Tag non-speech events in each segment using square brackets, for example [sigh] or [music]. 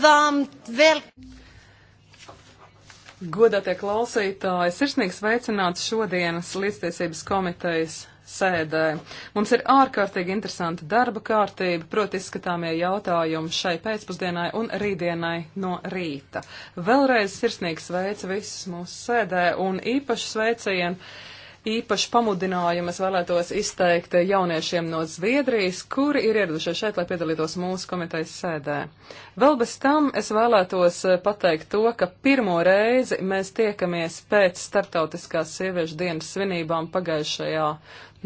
varmt vēl. Godātie klausītāji, sirsnīgi sveicināts šodienas līdztiesības komitejas sēdē. Mums ir ārkārtīgi interesanta darba kārtība, proti izskatāmie jautājumi šai pēcpusdienai un rītdienai no rīta. Vēlreiz sirsnīgi sveicu visus mūsu sēdē un īpaši sveicienu īpašu pamudinājumu es vēlētos izteikt jauniešiem no Zviedrijas, kuri ir ieradušies šeit, lai piedalītos mūsu komitejas sēdē. Vēl bez tam es vēlētos eh, pateikt to, ka pirmo reizi mēs tiekamies pēc starptautiskās sieviešu dienas svinībām pagājušajā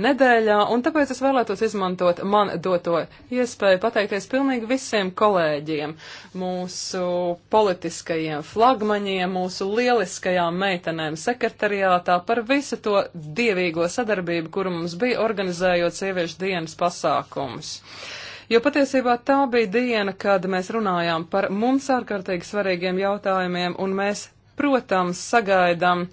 nedēļā, un tāpēc es vēlētos izmantot man doto iespēju pateikties pilnīgi visiem kolēģiem, mūsu politiskajiem flagmaņiem, mūsu lieliskajām meitenēm sekretariātā par visu to dievīgo sadarbību, kuru mums bija organizējot sieviešu dienas pasākumus. Jo patiesībā tā bija diena, kad mēs runājām par mums ārkārtīgi svarīgiem jautājumiem, un mēs, protams, sagaidām,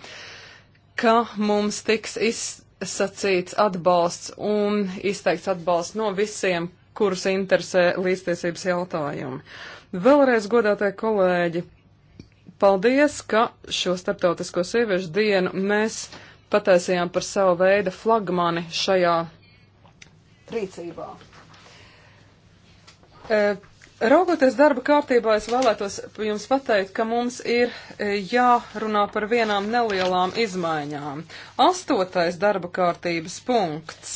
ka mums tiks izsākt nosacīts atbalsts un izteikts atbalsts no visiem, kurus interesē līdztiesības jautājumi. Vēlreiz, godātie kolēģi, paldies, ka šo starptautisko sieviešu dienu mēs pataisījām par savu veidu flagmani šajā rīcībā. E, Raugoties darba kārtībā, es vēlētos jums pateikt, ka mums ir e, jārunā par vienām nelielām izmaiņām. Astotais darba kārtības punkts.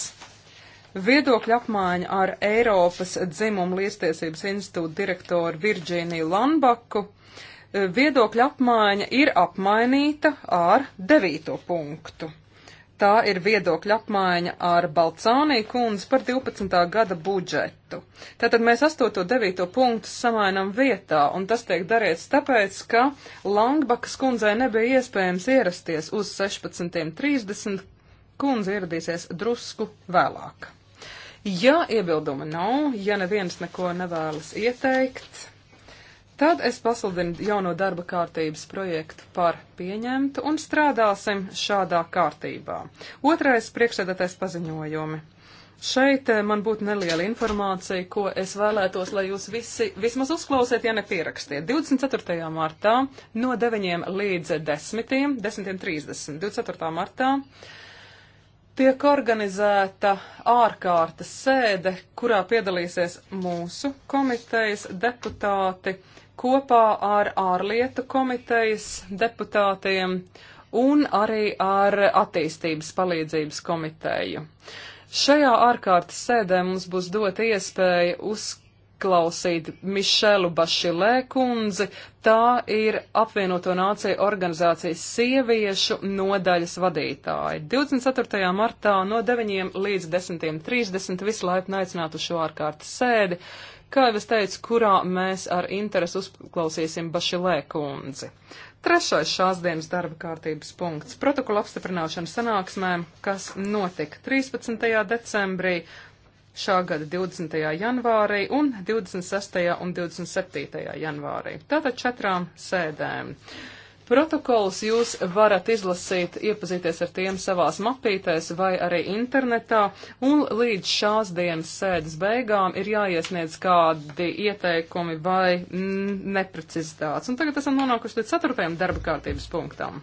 Viedokļa apmaiņa ar Eiropas dzimumu līdztiesības institūta direktoru Virģīniju Lambaku. E, viedokļa apmaiņa ir apmainīta ar devīto punktu tā ir viedokļa apmaiņa ar Balcānī kundzi par 12. gada budžetu. Tātad mēs 8. 9. punktu samainam vietā, un tas tiek darīts tāpēc, ka Langbakas kundzei nebija iespējams ierasties uz 16.30, kundze ieradīsies drusku vēlāk. Ja iebildumi nav, ja neviens neko nevēlas ieteikt, Tad es pasludinu jauno darba kārtības projektu par pieņemtu un strādāsim šādā kārtībā. Otrais priekšsēdētais paziņojumi. Šeit eh, man būtu neliela informācija, ko es vēlētos, lai jūs visi vismaz uzklausiet, ja nepierakstiet. 24. martā no 9 līdz 10, 10.30. 24. martā tiek organizēta ārkārtas sēde, kurā piedalīsies mūsu komitejas deputāti kopā ar ārlietu komitejas deputātiem un arī ar attīstības palīdzības komiteju. Šajā ārkārtas sēdē mums būs dot iespēja uzklausīt Mišelu Bašilē kundzi. Tā ir apvienoto nāciju organizācijas sieviešu nodaļas vadītāja. 24. martā no 9 līdz 10.30 visu laipni aicinātu šo ārkārtas sēdi kā jau es teicu, kurā mēs ar interesi uzklausīsim Bašilē kundzi. Trešais šās dienas darba kārtības punkts - protokola apstiprināšana sanāksmēm, kas notika 13. decembrī, šā gada 20. janvārī un 26. un 27. janvārī. Tātad četrām sēdēm. Uh, Protokols jūs varat izlasīt, iepazīties ar tiem savās mapītēs vai arī internetā, un līdz šās dienas sēdes beigām ir jāiesniedz kādi ieteikumi vai neprecizitāts. Un tagad esam nonākuši līdz ceturtajam darba kārtības punktam.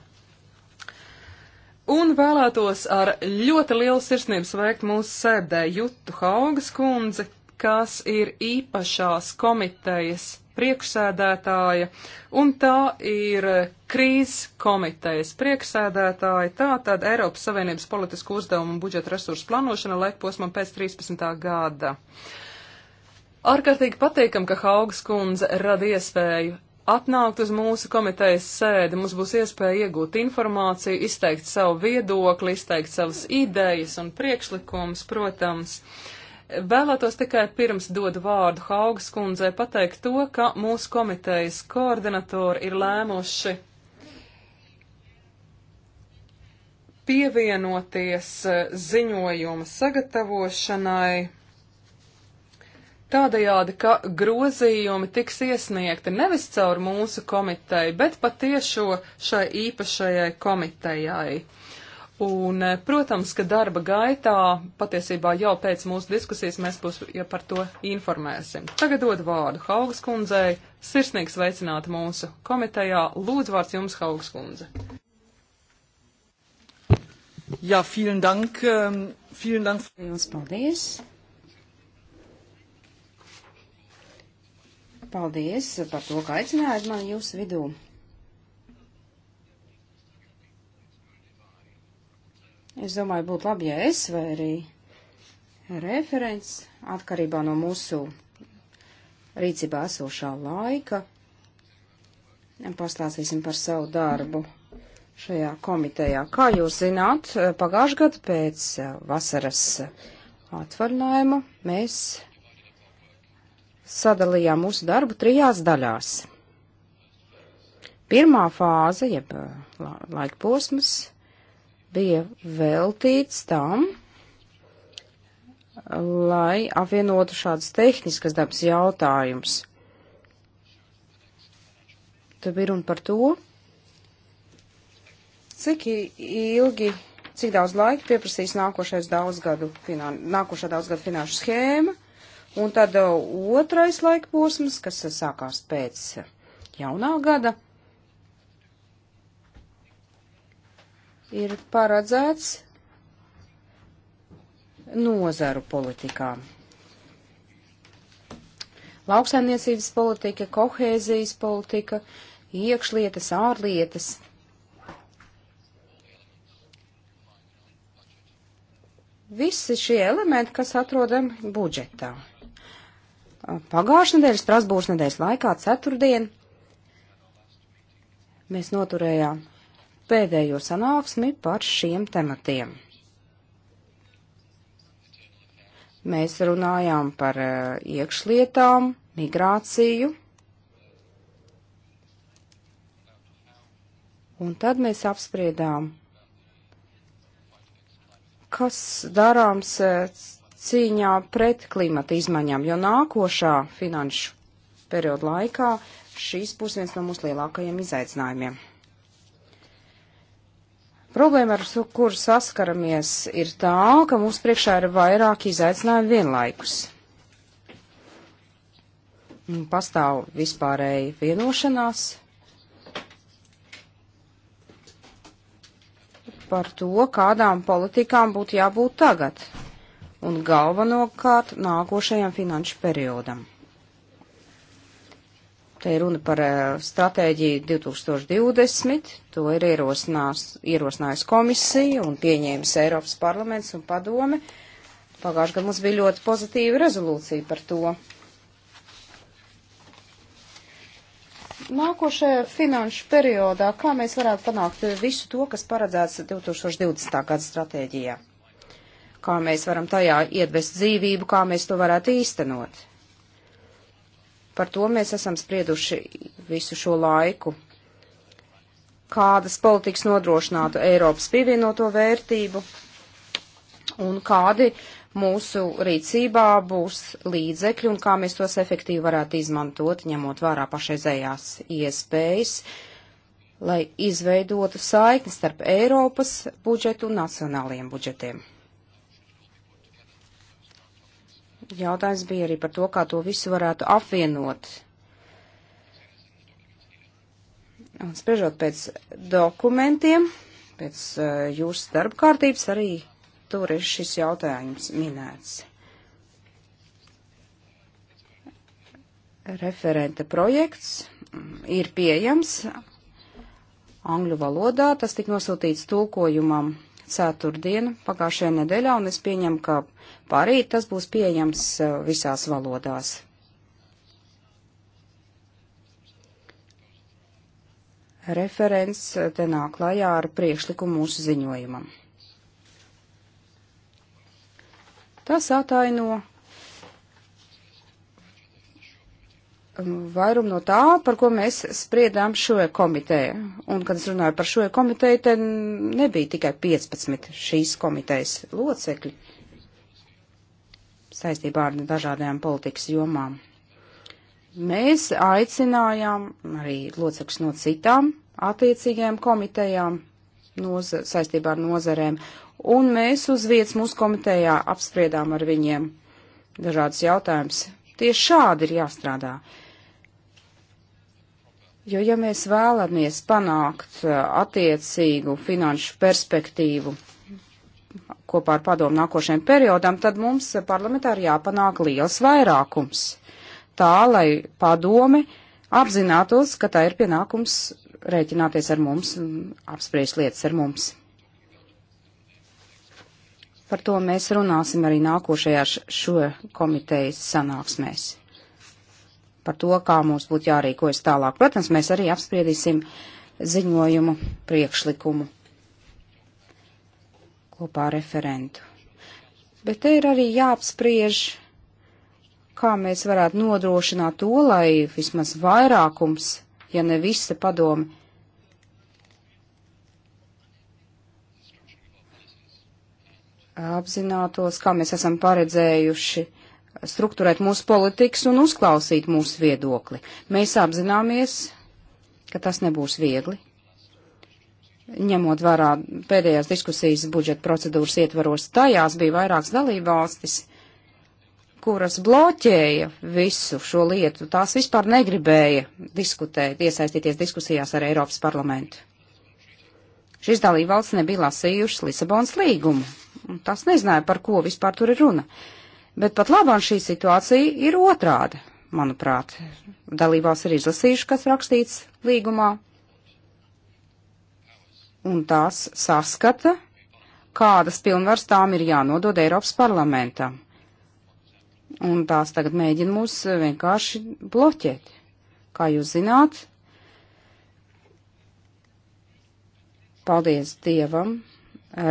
Un vēlētos ar ļoti lielu sirsnību sveikt mūsu sēdē Jutu Haugas kundzi, kas ir īpašās komitejas priekšsēdētāja, un tā ir krīzes komitejas priekšsēdētāja, tā tad Eiropas Savienības politisku uzdevumu un budžeta resursu plānošana laikposmam pēc 13. gada. Ārkārtīgi patīkam, ka Haugas kundze rada iespēju atnākt uz mūsu komitejas sēdi, mums būs iespēja iegūt informāciju, izteikt savu viedokli, izteikt savas idejas un priekšlikumus, protams. Uh, Vēlētos tikai pirms dodu vārdu Haugas kundzei pateikt to, ka mūsu komitejas koordinatori ir lēmuši pievienoties e, ziņojuma sagatavošanai tādējādi, ka grozījumi tiks iesniegti nevis caur mūsu komiteju, bet patiešo šai īpašajai komitejai. Un, eh, protams, ka darba gaitā, patiesībā jau pēc mūsu diskusijas, mēs būs, ja par to informēsim. Tagad dod vārdu Haugas kundzei, sirsnīgs veicināt mūsu komitejā. Lūdzu vārds jums, Haugas kundze. Jā, ja, vielen dank, ehm, vielen dank. Jums paldies. Paldies par to, ka aicinājāt mani jūsu vidū. Es domāju, būtu labi, ja es vai arī referents atkarībā no mūsu rīcībā esošā laika. Pastāstīsim par savu darbu šajā komitejā. Kā jūs zināt, pagājušajā gadā pēc vasaras atvaļinājuma mēs sadalījām mūsu darbu trijās daļās. Pirmā fāze, jeb laika posms, bija veltīts tam, lai apvienotu šādas tehniskas dabas jautājumus. Tad bija runa par to, cik ilgi, cik daudz laika pieprasīs nākošais daudzgadu, finan, nākošā daudzgadu finanšu schēma, un tad uh, otrais laika posms, kas sākās pēc jaunā gada. ir paredzēts nozaru politikā. Lauksaimniecības politika, kohēzijas politika, iekšlietas, ārlietas. Visi šie elementi, kas atrodam budžetā. Pagājušā nedēļa, Strasbūras nedēļas laikā, ceturtdien, mēs noturējām pēdējo sanāksmi par šiem tematiem. Mēs runājām par eh, iekšlietām, migrāciju. Un tad mēs apspriedām, kas darāms eh, cīņā pret klimata izmaiņām, jo nākošā finanšu perioda laikā šīs būs viens no mūsu lielākajiem izaicinājumiem. Problēma, ar kuru saskaramies, ir tā, ka mums priekšā ir vairāk izaicinājumu vienlaikus. Pastāv vispārēji vienošanās par to, kādām politikām būtu jābūt tagad un galvenokārt nākošajam finanšu periodam. Te ir runa par eh, stratēģiju 2020, to ir ierosinājusi komisija un pieņēmis Eiropas parlaments un padome. Pagājušajā gadā mums bija ļoti pozitīva rezolūcija par to. Nākošajā finanšu periodā, kā mēs varētu panākt visu to, kas paredzēts 2020. gada stratēģijā? Kā mēs varam tajā iedvest dzīvību, kā mēs to varētu īstenot? Par to mēs esam sprieduši visu šo laiku. Kādas politikas nodrošinātu Eiropas pievienoto vērtību un kādi mūsu rīcībā būs līdzekļi un kā mēs tos efektīvi varētu izmantot, ņemot vērā pašreizējās iespējas, lai izveidotu saikni starp Eiropas budžetu un nacionālajiem budžetiem. jautājums bija arī par to, kā to visu varētu apvienot. Un spriežot pēc dokumentiem, pēc uh, jūsu darba kārtības, arī tur ir šis jautājums minēts. Referenta projekts mm, ir pieejams angļu valodā, tas tik nosūtīts tulkojumam ceturtdienu pagājušajā nedēļā, un es pieņemu, ka parīt tas būs pieejams eh, visās valodās. Referents eh, te nāk klajā ar priekšlikumu mūsu ziņojumam. Tas ataino Um, vairum no tā, par ko mēs spriedām šo komiteju. Un, kad es runāju par šo komiteju, te nebija tikai 15 šīs komitejas locekļi saistībā ar dažādajām politikas jomām. Mēs aicinājām arī locekļus no citām attiecīgajām komitejām noz, saistībā ar nozarēm, un mēs uz vietas mūsu komitejā apspriedām ar viņiem dažādus jautājumus. Tieši šādi ir jāstrādā. Uh, Jo, ja mēs vēlamies panākt uh, attiecīgu finanšu perspektīvu kopā ar padomu nākošajam periodam, tad mums parlamentā ir jāpanāk liels vairākums. Tā, lai padome apzinātos, ka tā ir pienākums rēķināties ar mums un apspriest lietas ar mums. Par to mēs runāsim arī nākošajā šo komitejas sanāksmēs par to, kā mums būtu jārīkojas tālāk. Protams, mēs arī apspriedīsim ziņojumu priekšlikumu kopā ar referentu. Bet te ir arī jāapspriež, kā mēs varētu nodrošināt to, lai vismaz vairākums, ja ne visa padomi, apzinātos, kā mēs esam paredzējuši strukturēt mūsu politikas un uzklausīt mūsu viedokli. Mēs apzināmies, ka tas nebūs viegli, ņemot vērā pēdējās diskusijas budžeta procedūras ietvaros, tajās bija vairākas dalībvalstis, kuras bloķēja visu šo lietu. Tās vispār negribēja diskutēt, iesaistīties diskusijās ar Eiropas parlamentu. Šis dalībvalsts nebija lasījušas Lisabonas līgumu, un tas nezināja, par ko vispār tur ir runa. Uh, Bet pat labāk šī situācija ir otrāda, manuprāt. Dalībās ir izlasījuši, kas rakstīts līgumā, un tās saskata, kādas pilnvars tām ir jānodod Eiropas parlamentam. Un tās tagad mēģina mūs vienkārši bloķēt. Kā jūs zināt, paldies Dievam,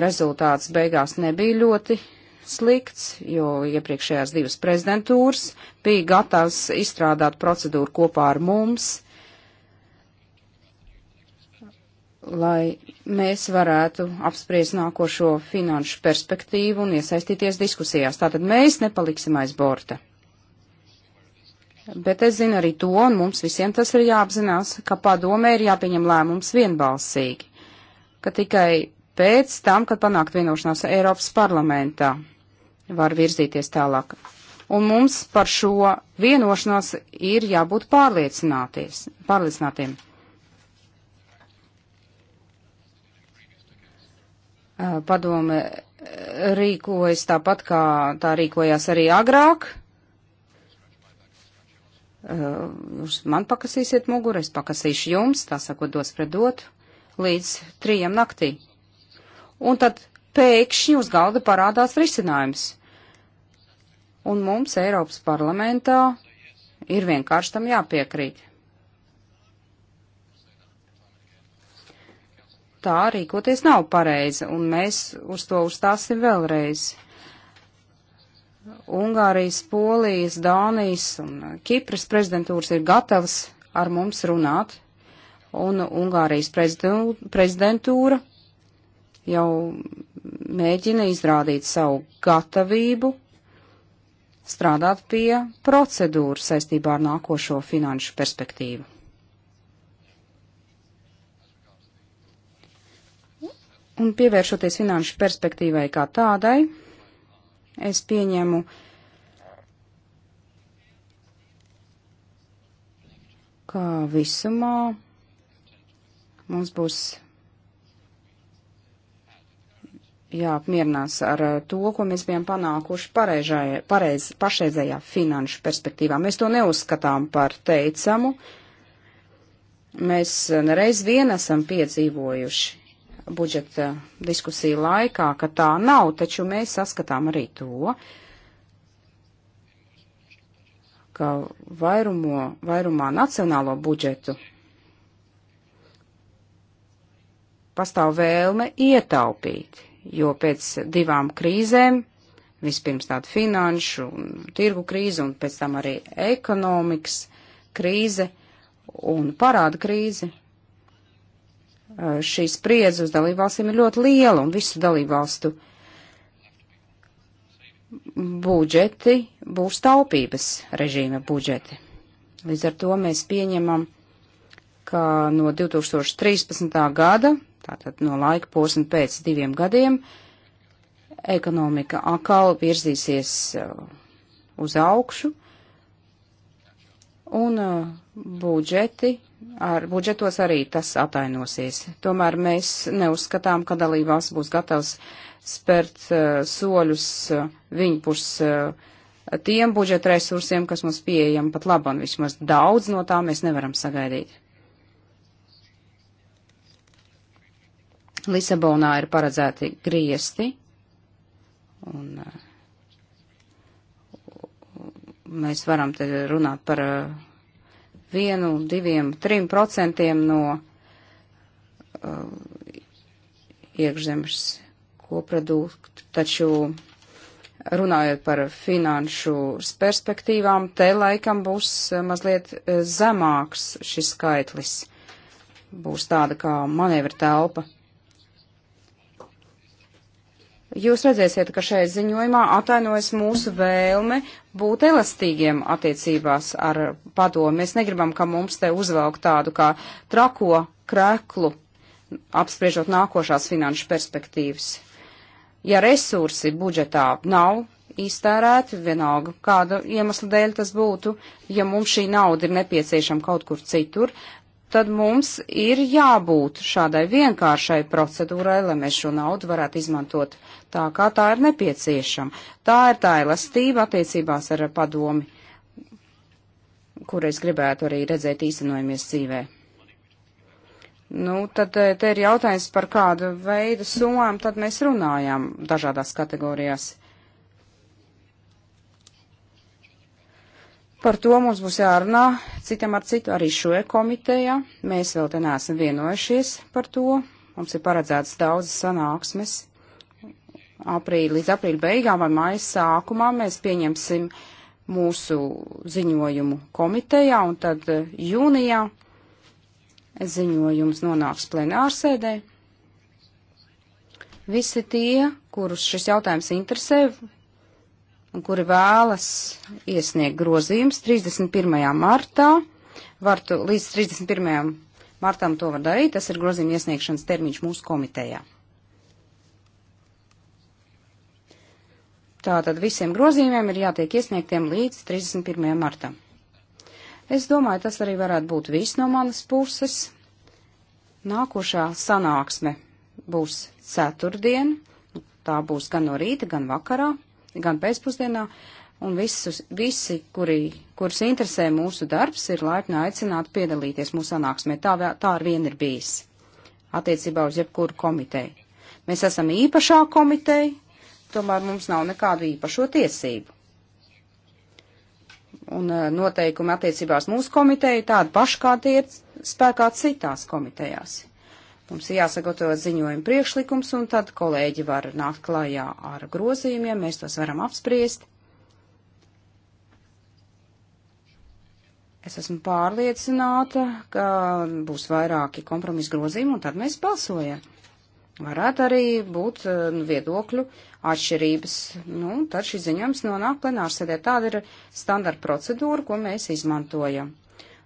rezultāts beigās nebija ļoti slikts, jo iepriekšējās divas prezidentūras bija gatavs izstrādāt procedūru kopā ar mums, lai mēs varētu apspriest nākošo finanšu perspektīvu un iesaistīties diskusijās. Tātad mēs nepaliksim aiz borta. Bet es zinu arī to, un mums visiem tas ir jāapzinās, ka padomē ir jāpieņem lēmums vienbalsīgi, ka tikai pēc tam, kad panākt vienošanās Eiropas parlamentā var virzīties tālāk. Un mums par šo vienošanos ir jābūt pārliecinātiem. Padome rīkojas tāpat, kā tā rīkojās arī agrāk. Jūs man pakasīsiet muguru, es pakasīšu jums, tā sakot, dos pret dotu, līdz trījiem naktī. Un tad pēkšņi uz galda parādās risinājums. Un mums Eiropas parlamentā ir vienkārši tam jāpiekrīt. Tā rīkoties nav pareizi, un mēs uz to uzstāsim vēlreiz. Ungārijas, Polijas, Dānijas un Kipras prezidentūras ir gatavas ar mums runāt, un Ungārijas prezidentūra jau mēģina izrādīt savu gatavību strādāt pie procedūru saistībā ar nākošo finanšu perspektīvu. Un pievēršoties finanšu perspektīvai kā tādai, es pieņemu ka visumā mums būs jāapmierinās ar eh, to, ko mēs bijām panākuši pareizajā, pareiz, pašreizējā finanšu perspektīvā. Mēs to neuzskatām par teicamu. Mēs eh, nereiz vien esam piedzīvojuši budžeta eh, diskusiju laikā, ka tā nav, taču mēs saskatām arī to, ka vairumo, vairumā nacionālo budžetu pastāv vēlme ietaupīt jo pēc divām krīzēm, vispirms tāda finanšu un tirgu krīze, un pēc tam arī ekonomikas krīze un parāda krīze, šī spriedze uz dalībvalstīm ir ļoti liela, un visu dalībvalstu budžeti būs taupības režīma budžeti. Līdz ar to mēs pieņemam, ka no 2013. gada Tātad no laika posma pēc diviem gadiem ekonomika atkal virzīsies uh, uz augšu un uh, budžeti, ar budžetos arī tas atainosies. Tomēr mēs neuzskatām, ka dalībās būs gatavs spērt uh, soļus uh, viņu pus uh, tiem budžeta resursiem, kas mums pieejam pat labam. Vismaz daudz no tā mēs nevaram sagaidīt. Lisabonā ir paredzēti griesti, un uh, mēs varam te runāt par uh, vienu, diviem, trim procentiem no uh, iekšzemes koproduktu, taču runājot par finanšu perspektīvām, te laikam būs mazliet zemāks šis skaitlis. Būs tāda kā manevra telpa. Jūs redzēsiet, ka šajā ziņojumā atainojas mūsu vēlme būt elastīgiem attiecībās ar padomu. Mēs negribam, ka mums te uzvelk tādu kā trako kreklu, apspriežot nākošās finanšu perspektīvas. Ja resursi budžetā nav iztērēti, vienalga kāda iemesla dēļ tas būtu, ja mums šī nauda ir nepieciešama kaut kur citur, tad mums ir jābūt šādai vienkāršai procedūrai, lai mēs šo naudu varētu izmantot tā, kā tā ir nepieciešama. Tā ir tā elastība attiecībās ar padomi, kur es gribētu arī redzēt īstenojamies dzīvē. Nu, tad eh, te ir jautājums par kādu veidu summām, tad mēs runājām dažādās kategorijās. Par to mums būs jārunā citam ar citu arī šoja komitejā. Mēs vēl te neesam vienojušies par to. Mums ir paredzēts daudzas sanāksmes. Aprīļa, līdz aprīļa beigām vai mājas sākumā mēs pieņemsim mūsu ziņojumu komitejā un tad eh, jūnijā ziņojums nonāks plenārsēdē. Visi tie, kurus šis jautājums interesē, kuri vēlas iesniegt grozījums 31. martā. Var tu, līdz 31. martam to var darīt, tas ir grozījuma iesniegšanas termiņš mūsu komitejā. Tātad visiem grozījumiem ir jātiek iesniegtiem līdz 31. martam. Es domāju, tas arī varētu būt viss no manas puses. Nākošā sanāksme būs ceturtdien, tā būs gan no rīta, gan vakarā gan pēcpusdienā, un visus, visi, kuri, kurus interesē mūsu darbs, ir laipni aicināti piedalīties mūsu sanāksmē. Tā, tā ar vien ir bijis attiecībā uz jebkuru komiteju. Mēs esam īpašā komiteja, tomēr mums nav nekādu īpašo tiesību. Un eh, noteikumi attiecībās mūsu komiteju tādi paši, kā tie ir spēkā citās komitejās. Mums ir jāsagatavo ziņojuma priekšlikums, un tad kolēģi var nākt klajā ar grozījumiem, mēs tos varam apspriest. Es esmu pārliecināta, ka būs vairāki kompromisu grozījumi, un tad mēs balsojam. Varētu arī būt eh, viedokļu atšķirības. Nu, tad šis ziņojums nonāk plenārsēdē. Tāda ir standarta procedūra, ko mēs izmantojam.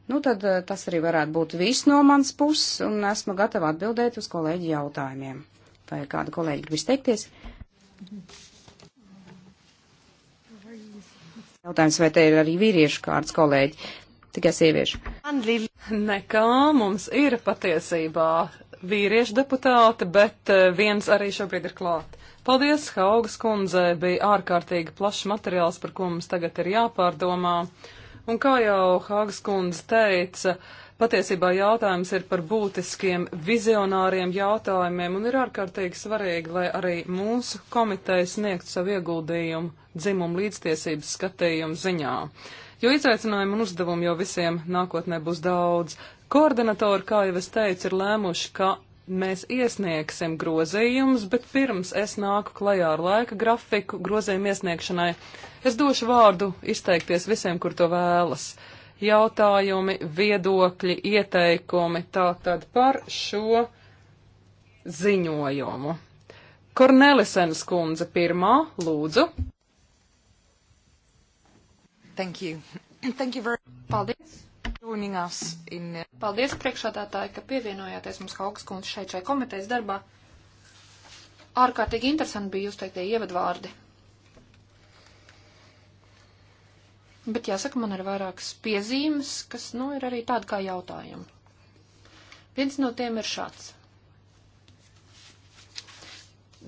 Nu, tad eh, tas arī varētu būt viss no mans puses, un esmu gatava atbildēt uz kolēģi jautājumiem. Vai kāda kolēģi grib izteikties? Jautājums, vai te ir arī vīriešu kārtas kolēģi, tikai sieviešu? Nekā mums ir patiesībā vīriešu deputāti, bet eh, viens arī šobrīd ir klāt. Paldies, Haugas kundze, bija ārkārtīgi plašs materiāls, par ko mums tagad ir jāpārdomā. Un kā jau Hāgas kundze teica, patiesībā jautājums ir par būtiskiem vizionāriem jautājumiem un ir ārkārtīgi svarīgi, lai arī mūsu komiteja sniegtu savu ieguldījumu dzimumu līdztiesības skatījumu ziņā. Jo izaicinājumu un uzdevumu jau visiem nākotnē būs daudz. Koordinatori, kā jau es teicu, ir lēmuši, ka mēs iesniegsim grozījumus, bet pirms es nāku klajā ar laika grafiku grozījumu iesniegšanai, es došu vārdu izteikties visiem, kur to vēlas. Jautājumi, viedokļi, ieteikumi tātad par šo ziņojumu. Kornelisens kundze pirmā, lūdzu. Thank you. [clears throat] Thank you very... Paldies. Uh, Paldies priekšādātāji, ka pievienojāties mums augstskundze šeit šai komitejas darbā. Ārkārtīgi interesanti bija jūs teiktie ievadvārdi. Bet jāsaka, man ir vairākas piezīmes, kas, nu, ir arī tāda kā jautājumi. Viens no tiem ir šāds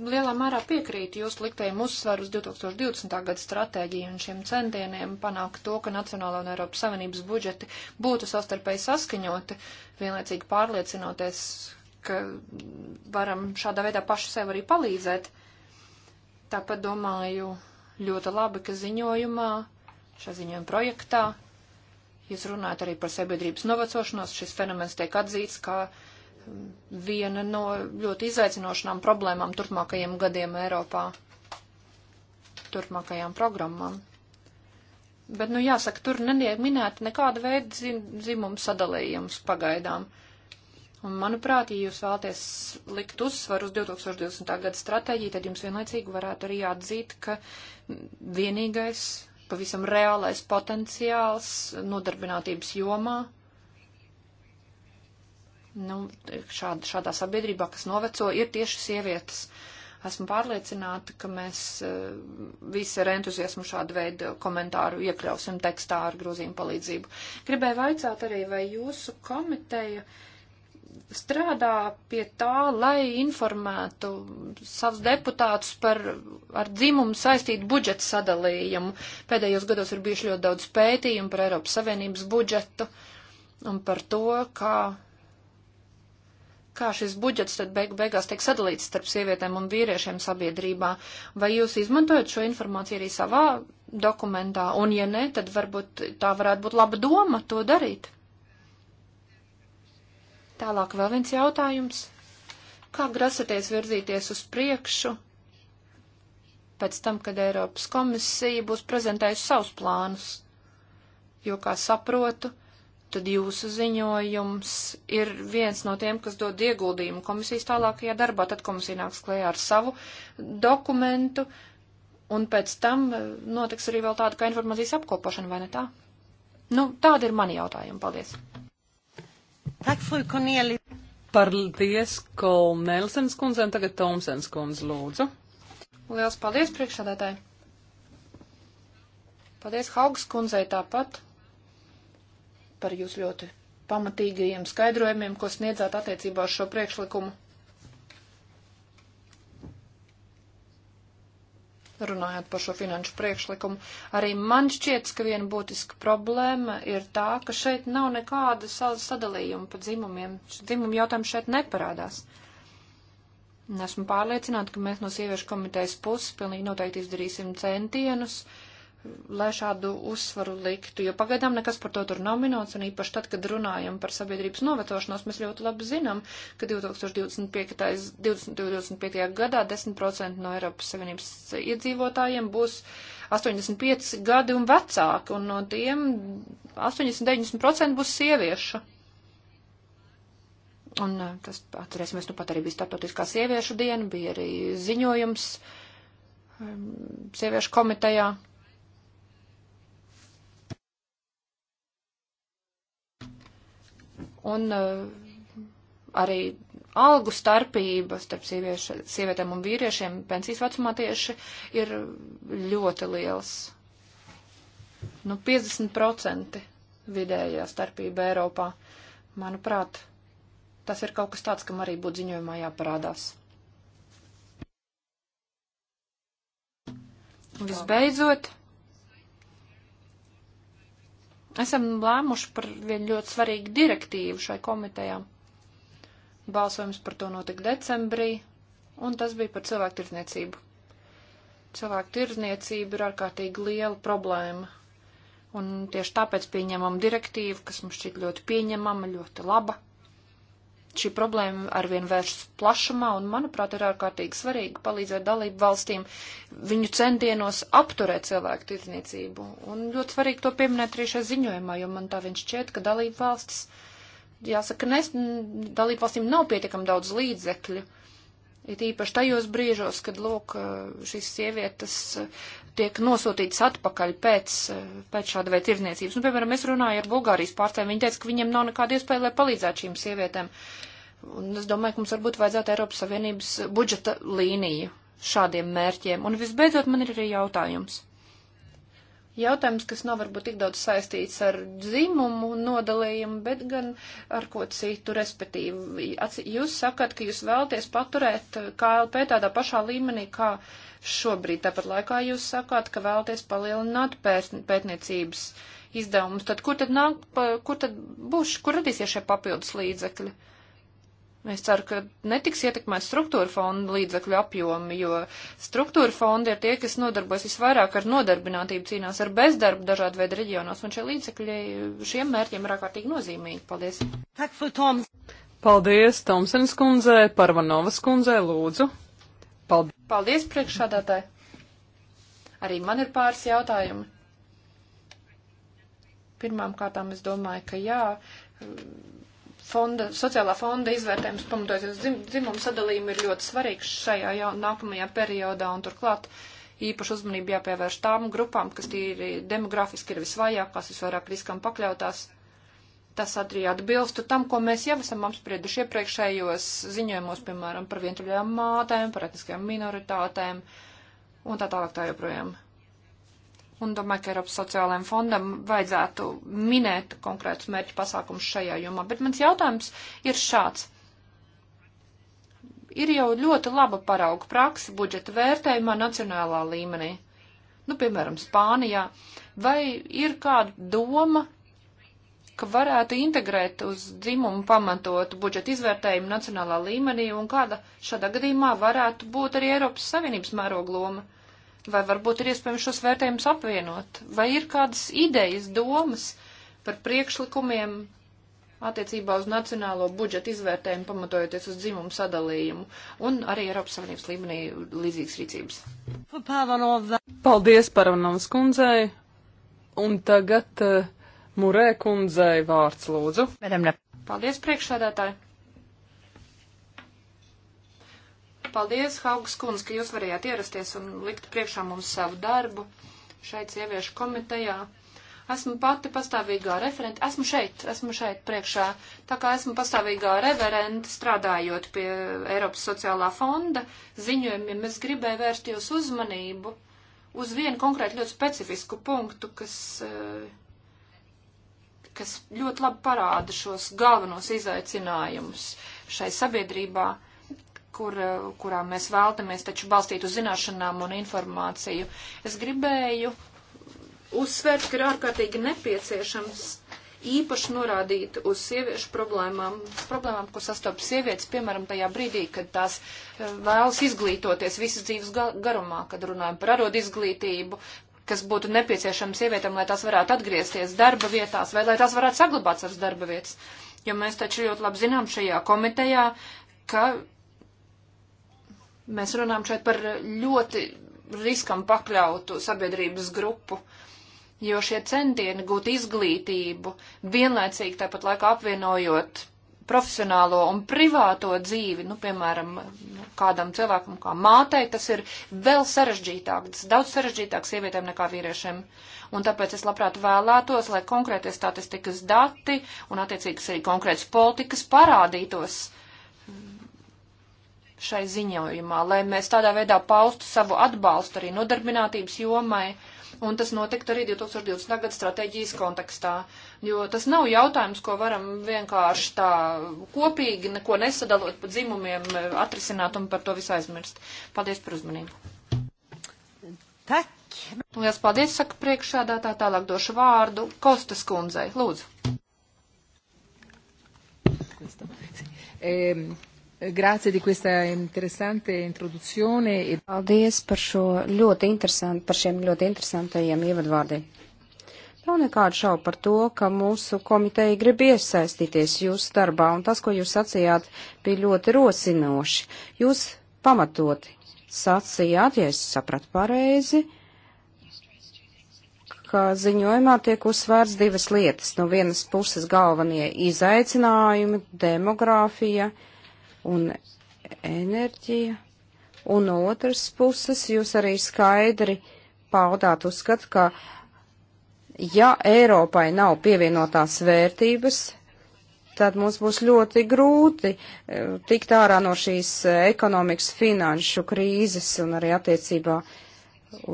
lielā mērā piekrītu jūsu liktajiem uzsvaru uz 2020. gada stratēģiju un šiem centieniem panākt to, ka Nacionāla un Eiropas Savienības budžeti būtu savstarpēji saskaņoti, vienlaicīgi pārliecinoties, ka varam šādā veidā paši sev arī palīdzēt. Tāpat domāju ļoti labi, ka ziņojumā, šā ziņojuma projektā, jūs runājat arī par sabiedrības novecošanos, šis fenomens tiek atzīts kā. Ka viena no ļoti izaicinošanām problēmām turpmākajiem gadiem Eiropā, turpmākajām programmām. Bet, nu, jāsaka, tur netiek minēta nekāda veida dzimuma sadalījums pagaidām. Un, manuprāt, ja jūs vēlaties likt uzsvaru uz 2020. gada stratēģiju, tad jums vienlaicīgi varētu arī atzīt, ka vienīgais, pavisam reālais potenciāls nodarbinātības jomā nu, šād, šādā sabiedrībā, kas noveco, ir tieši sievietes. Esmu pārliecināta, ka mēs eh, visi ar entuziasmu šādu veidu komentāru iekļausim tekstā ar grozījumu palīdzību. Gribēju vaicāt arī, vai jūsu komiteja strādā pie tā, lai informētu savus deputātus par ar dzimumu saistītu budžeta sadalījumu. Pēdējos gados ir bijuši ļoti daudz pētījumu par Eiropas Savienības budžetu un par to, kā kā šis budžets tad beig beigās tiek sadalīts starp sievietēm un vīriešiem sabiedrībā. Vai jūs izmantojat šo informāciju arī savā dokumentā? Un ja nē, tad varbūt tā varētu būt laba doma to darīt. Tālāk vēl viens jautājums. Kā grasaties virzīties uz priekšu pēc tam, kad Eiropas komisija būs prezentējusi savus plānus? Jo, kā saprotu, tad jūsu ziņojums ir viens no tiem, kas dod ieguldījumu komisijas tālākajā darbā. Tad komisija nāks klējā ar savu dokumentu, un pēc tam e, notiks arī vēl tāda kā informācijas apkopošana, vai ne tā? Nu, tādi ir mani jautājumi. Paldies! Tak, fru Korneli. Paldies, Kolnelsens kundze, un tagad Tomsens kundze, lūdzu. Liels paldies, priekšsādātāji! Paldies Haugas kundzei tāpat par jūsu ļoti pamatīgajiem skaidrojumiem, ko sniedzāt attiecībā uz šo priekšlikumu. runājot par šo finanšu priekšlikumu, arī man šķiet, ka viena būtiska problēma ir tā, ka šeit nav nekāda sadalījuma pa dzimumiem. Dzimumu jautājums šeit neparādās. Esmu pārliecināta, ka mēs no sieviešu komitejas puses pilnīgi noteikti izdarīsim centienus, uh, lai šādu uzsvaru liktu, jo pagaidām nekas par to tur nav minēts, un īpaši tad, kad runājam par sabiedrības novetošanos, mēs ļoti labi zinām, ka 2025. 2025. gadā 10% no Eiropas Savienības iedzīvotājiem būs 85 gadi un vecāki, un no tiem 80-90% būs sieviešu. Un eh, tas, atcerēsimies, nu pat arī bija starptautiskā sieviešu diena, bija arī ziņojums ehm, sieviešu komitejā, un uh, arī algu starpība starp sieviešu, sievietēm un vīriešiem pensijas vecumā tieši ir ļoti liels. Nu, 50% vidējā starpība Eiropā. Manuprāt, tas ir kaut kas tāds, kam arī būtu ziņojumā jāparādās. Visbeidzot. Labi. Esam lēmuši par vienu ļoti svarīgu direktīvu šai komitejām. Balsojums par to notika decembrī, un tas bija par cilvēku tirdzniecību. Cilvēku tirdzniecība ir ārkārtīgi liela problēma, un tieši tāpēc pieņemam direktīvu, kas mums šķiet ļoti pieņemama, ļoti laba šī problēma arvien vēršas plašumā, un, manuprāt, ir ārkārtīgi svarīgi palīdzēt dalību valstīm viņu centienos apturēt cilvēku tirdzniecību. Un ļoti svarīgi to pieminēt arī šajā ziņojumā, jo man tā viņš šķiet, ka dalību valstis, jāsaka, nes, dalību valstīm nav pietiekam daudz līdzekļu. Uh, It īpaši tajos brīžos, kad, lūk, šīs sievietes eh, tiek nosūtītas atpakaļ pēc, eh, pēc šāda veida tirzniecības. Nu, piemēram, es runāju ar Bulgārijas pārstāvjiem, viņi teica, ka viņiem nav nekāda iespēja, lai palīdzētu šīm sievietēm. Un es domāju, ka mums varbūt vajadzētu Eiropas Savienības budžeta līniju šādiem mērķiem. Un visbeidzot, man ir arī jautājums jautājums, kas nav varbūt tik daudz saistīts ar dzimumu nodalījumu, bet gan ar ko citu, respektīvi. Jūs sakat, ka jūs vēlaties paturēt KLP tādā pašā līmenī, kā šobrīd. Tāpat laikā jūs sakāt, ka vēlaties palielināt pētniecības izdevumus. Tad kur tad nāk, kur tad būs, kur radīsies šie papildus līdzekļi? Es ceru, ka netiks ietekmēt struktūra fonda līdzakļu apjomi, jo struktūra fondi ir tie, kas nodarbojas visvairāk ar nodarbinātību, cīnās ar bezdarbu dažādu veidu reģionos, un šie līdzakļi šiem mērķiem ir ārkārtīgi nozīmīgi. Paldies! Toms. Paldies, Tomsens kundzē, Parvanovas kundzē, lūdzu! Paldies, Paldies priekšādātāji! Arī man ir pāris jautājumi. Pirmām kārtām es domāju, ka jā fonda, sociālā fonda izvērtējums pamatojoties dzim, dzimumu sadalījumu ir ļoti svarīgs šajā jau, nākamajā periodā un turklāt īpaši uzmanību jāpievērš tām grupām, kas tīri demografiski ir visvājākās, visvairāk riskam pakļautās. Tas arī atbilstu tam, ko mēs jau esam apsprieduši iepriekšējos ziņojumos, piemēram, par vientuļajām mātēm, par etniskajām minoritātēm un tā tālāk tā joprojām. Un domāju, ka Eiropas sociālajiem fondam vajadzētu minēt konkrētus mērķu pasākumus šajā jomā. Bet mans jautājums ir šāds. Ir jau ļoti laba parauga praksa budžeta vērtējumā nacionālā līmenī. Nu, piemēram, Spānijā. Vai ir kāda doma, ka varētu integrēt uz dzimumu pamatotu budžeta izvērtējumu nacionālā līmenī un kāda šādā gadījumā varētu būt arī Eiropas Savienības mēroga loma? Vai varbūt ir iespējams šos vērtējumus apvienot? Vai ir kādas idejas, domas par priekšlikumiem attiecībā uz nacionālo budžetu izvērtējumu, pamatojoties uz dzimumu sadalījumu un arī Eiropas Savienības līmenī līdzīgas rīcības? Paldies Parvanovas kundzei! Un tagad uh, Murē kundzei vārds lūdzu. Paldies priekšsēdētāji! paldies, Haugas kundz, ka jūs varējāt ierasties un likt priekšā mums savu darbu šeit sieviešu komitejā. Esmu pati pastāvīgā referente, esmu šeit, esmu šeit priekšā, tā kā esmu pastāvīgā referente strādājot pie Eiropas sociālā fonda ziņojumiem, es gribēju vērst jūs uzmanību uz vienu konkrētu ļoti specifisku punktu, kas, eh, kas ļoti labi parāda šos galvenos izaicinājumus šai sabiedrībā kur, eh, kurām mēs vēltamies taču balstīt uz zināšanām un informāciju. Es gribēju uzsvērt, ka ir ārkārtīgi nepieciešams īpaši norādīt uz sieviešu problēmām, problēmām, ko sastopas sievietes, piemēram, tajā brīdī, kad tās eh, vēlas izglītoties visas dzīves garumā, kad runājam par arodu izglītību, kas būtu nepieciešama sievietēm, lai tās varētu atgriezties darba vietās vai lai tās varētu saglabāt savas darba vietas. Jo mēs taču ļoti labi zinām šajā komitejā, ka Mēs runājam šeit par ļoti riskam pakļautu sabiedrības grupu, jo šie centieni gūt izglītību, vienlaicīgi tāpat laikā apvienojot profesionālo un privāto dzīvi, nu, piemēram, kādam cilvēkam kā mātei, tas ir vēl sarežģītāk, tas daudz sarežģītāk sievietēm nekā vīriešiem. Un tāpēc es labprāt vēlētos, lai konkrētie statistikas dati un attiecīgas arī konkrētas politikas parādītos, šai ziņojumā, lai mēs tādā veidā paustu savu atbalstu arī nodarbinātības jomai, un tas notiktu arī 2020. gada stratēģijas kontekstā, jo tas nav jautājums, ko varam vienkārši tā kopīgi, neko nesadalot pa dzimumiem, eh, atrisināt un par to visu aizmirst. Paldies par uzmanību. Tak. Lielas paldies, saka priekšādātā, tālāk došu vārdu Kostas kundzei. Lūdzu. Um. Eh, Grācija di questa interesante introduzione. E Paldies par šo ļoti interesantu, par šiem ļoti interesantajiem ievadvārdiem. Nav nekādu šaubu par to, ka mūsu komiteja grib iesaistīties jūsu darbā, un tas, ko jūs sacījāt, bija ļoti rosinoši. Jūs pamatoti sacījāt, ja es sapratu pareizi, ka ziņojumā tiek uzsvērts divas lietas. No vienas puses galvenie izaicinājumi, demogrāfija un enerģija. Un no otras puses jūs arī skaidri paudāt uzskatu, ka ja Eiropai nav pievienotās vērtības, tad mums būs ļoti grūti eh, tikt ārā no šīs eh, ekonomikas finanšu krīzes un arī attiecībā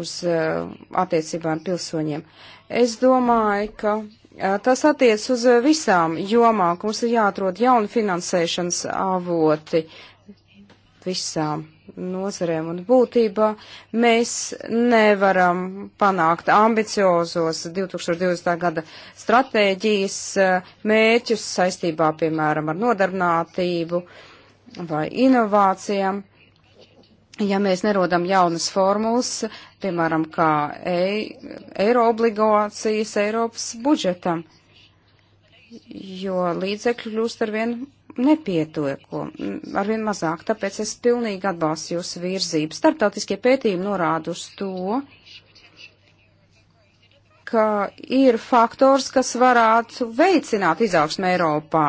uz eh, attiecībām pilsoņiem. Es domāju, ka Tas attiec uz e, visām jomām, ka mums ir jāatrod jauni finansēšanas avoti visām nozarēm un būtībā mēs nevaram panākt ambiciozos 2020. gada stratēģijas e, mēķus saistībā, piemēram, ar nodarbinātību vai inovācijām, ja mēs nerodam jaunas formulas, piemēram, kā e eiro obligācijas Eiropas budžetam, jo līdzekļu kļūst arvien nepietieko, arvien mazāk, tāpēc es pilnīgi atbalstu jūsu virzību. Startautiskie pētījumi norāda uz to, ka ir faktors, kas varētu veicināt izaugsmu Eiropā.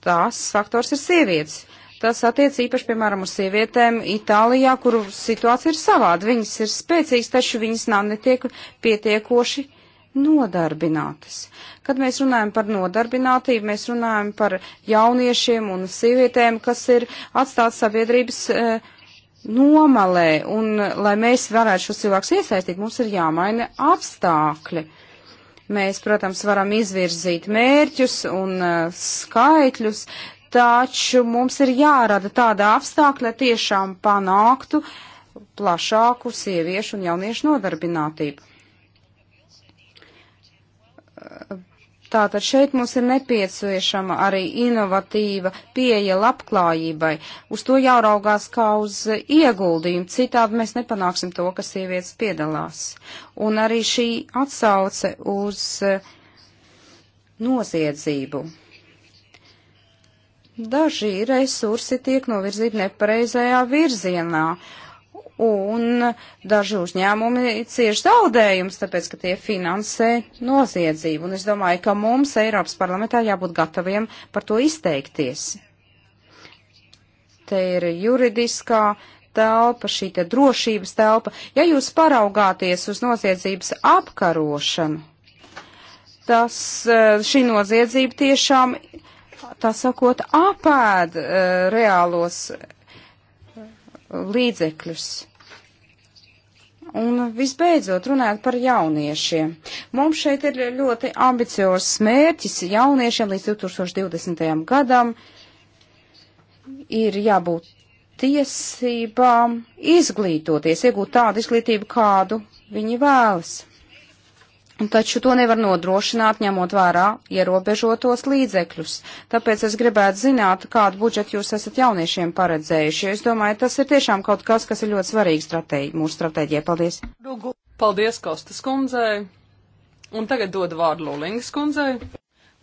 Tās faktors ir sievietes Tas attiec īpaši, piemēram, uz sievietēm Itālijā, kuru situācija ir savāda. Viņas ir spēcīgas, taču viņas nav netiek pietiekoši nodarbinātas. Kad mēs runājam par nodarbinātību, mēs runājam par jauniešiem un sievietēm, kas ir atstāti sabiedrības e, nomalē, un lai mēs varētu šos cilvēkus iesaistīt, mums ir jāmaina apstākļi. Mēs, protams, varam izvirzīt mērķus un uh, skaitļus, taču mums ir jārada tāda apstākļa tiešām panāktu plašāku sieviešu un jauniešu nodarbinātību. Tātad šeit mums ir nepieciešama arī inovatīva pieeja labklājībai. Uz to jāraugās kā uz ieguldījumu, citādi mēs nepanāksim to, ka sievietes piedalās. Un arī šī atsauce uz noziedzību. Daži resursi tiek novirzīti nepareizajā virzienā, un daži uzņēmumi cieš zaudējums, tāpēc, ka tie finansē noziedzību. Un es domāju, ka mums Eiropas parlamentā jābūt gataviem par to izteikties. Te ir juridiskā telpa, šī te drošības telpa. Ja jūs paraugāties uz noziedzības apkarošanu, tas eh, šī noziedzība tiešām tā sakot, apēd uh, reālos eh, līdzekļus. Un visbeidzot, runājot par jauniešiem. Mums šeit ir ļoti ambiciozs mērķis jauniešiem līdz 2020. gadam. Ir jābūt tiesībām izglītoties, iegūt tādu izglītību, kādu viņi vēlas. Taču to nevar nodrošināt, ņemot vērā ierobežotos līdzekļus. Tāpēc es gribētu zināt, kādu budžetu jūs esat jauniešiem paredzējuši. Es domāju, tas ir tiešām kaut kas, kas ir ļoti svarīgi stratēģi, mūsu stratēģijai. Paldies! Paldies, Kostas kundzei! Un tagad dodu vārdu Lulingas kundzei.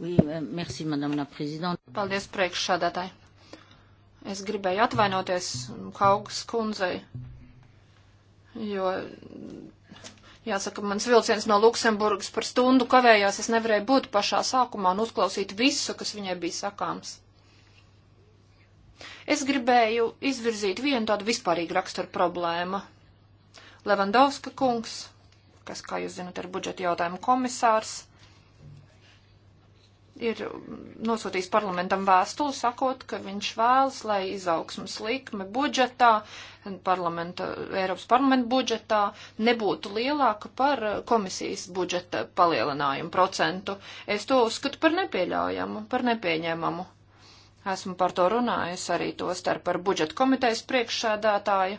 Oui, euh, merci, madame la présidente. Paldies, priekšsādātāji. Es gribēju atvainoties Kaugas kundzei, jo Jāsaka, mans vilciens no Luksemburgas par stundu kavējās, es nevarēju būt pašā sākumā un uzklausīt visu, kas viņai bija sakāms. Es gribēju izvirzīt vienu tādu vispārīgu raksturu problēmu. Levandovska kungs, kas, kā jūs zinat, ir budžeta jautājumu komisārs, ir nosūtījis parlamentam vēstuli, sakot, ka viņš vēlas, lai izaugsmas likme budžetā, parlamenta, Eiropas parlamenta budžetā nebūtu lielāka par komisijas budžeta palielinājumu procentu. Es to uzskatu par nepieļaujamu, par nepieņēmamu. Esmu par to runājis arī to starp ar budžeta komitejas priekšsēdētāju.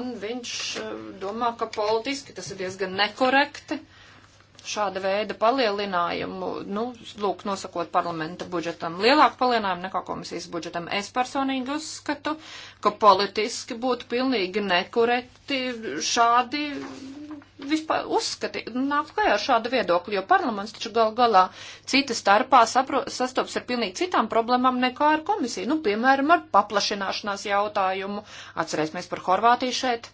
Un viņš eh, domā, ka politiski tas ir diezgan nekorekti. Uh, šāda veida palielinājumu, nu, lūk, nosakot parlamenta budžetam lielāku palielinājumu nekā komisijas budžetam. Es personīgi uzskatu, ka politiski būtu pilnīgi nekorekti šādi vispār uzskati, nākt klajā ar šādu viedokli, jo parlaments taču gal galā cita starpā sapro, sastops ar pilnīgi citām problēmām nekā ar komisiju. Nu, piemēram, ar paplašināšanās jautājumu. Atcerēsimies par Horvātiju šeit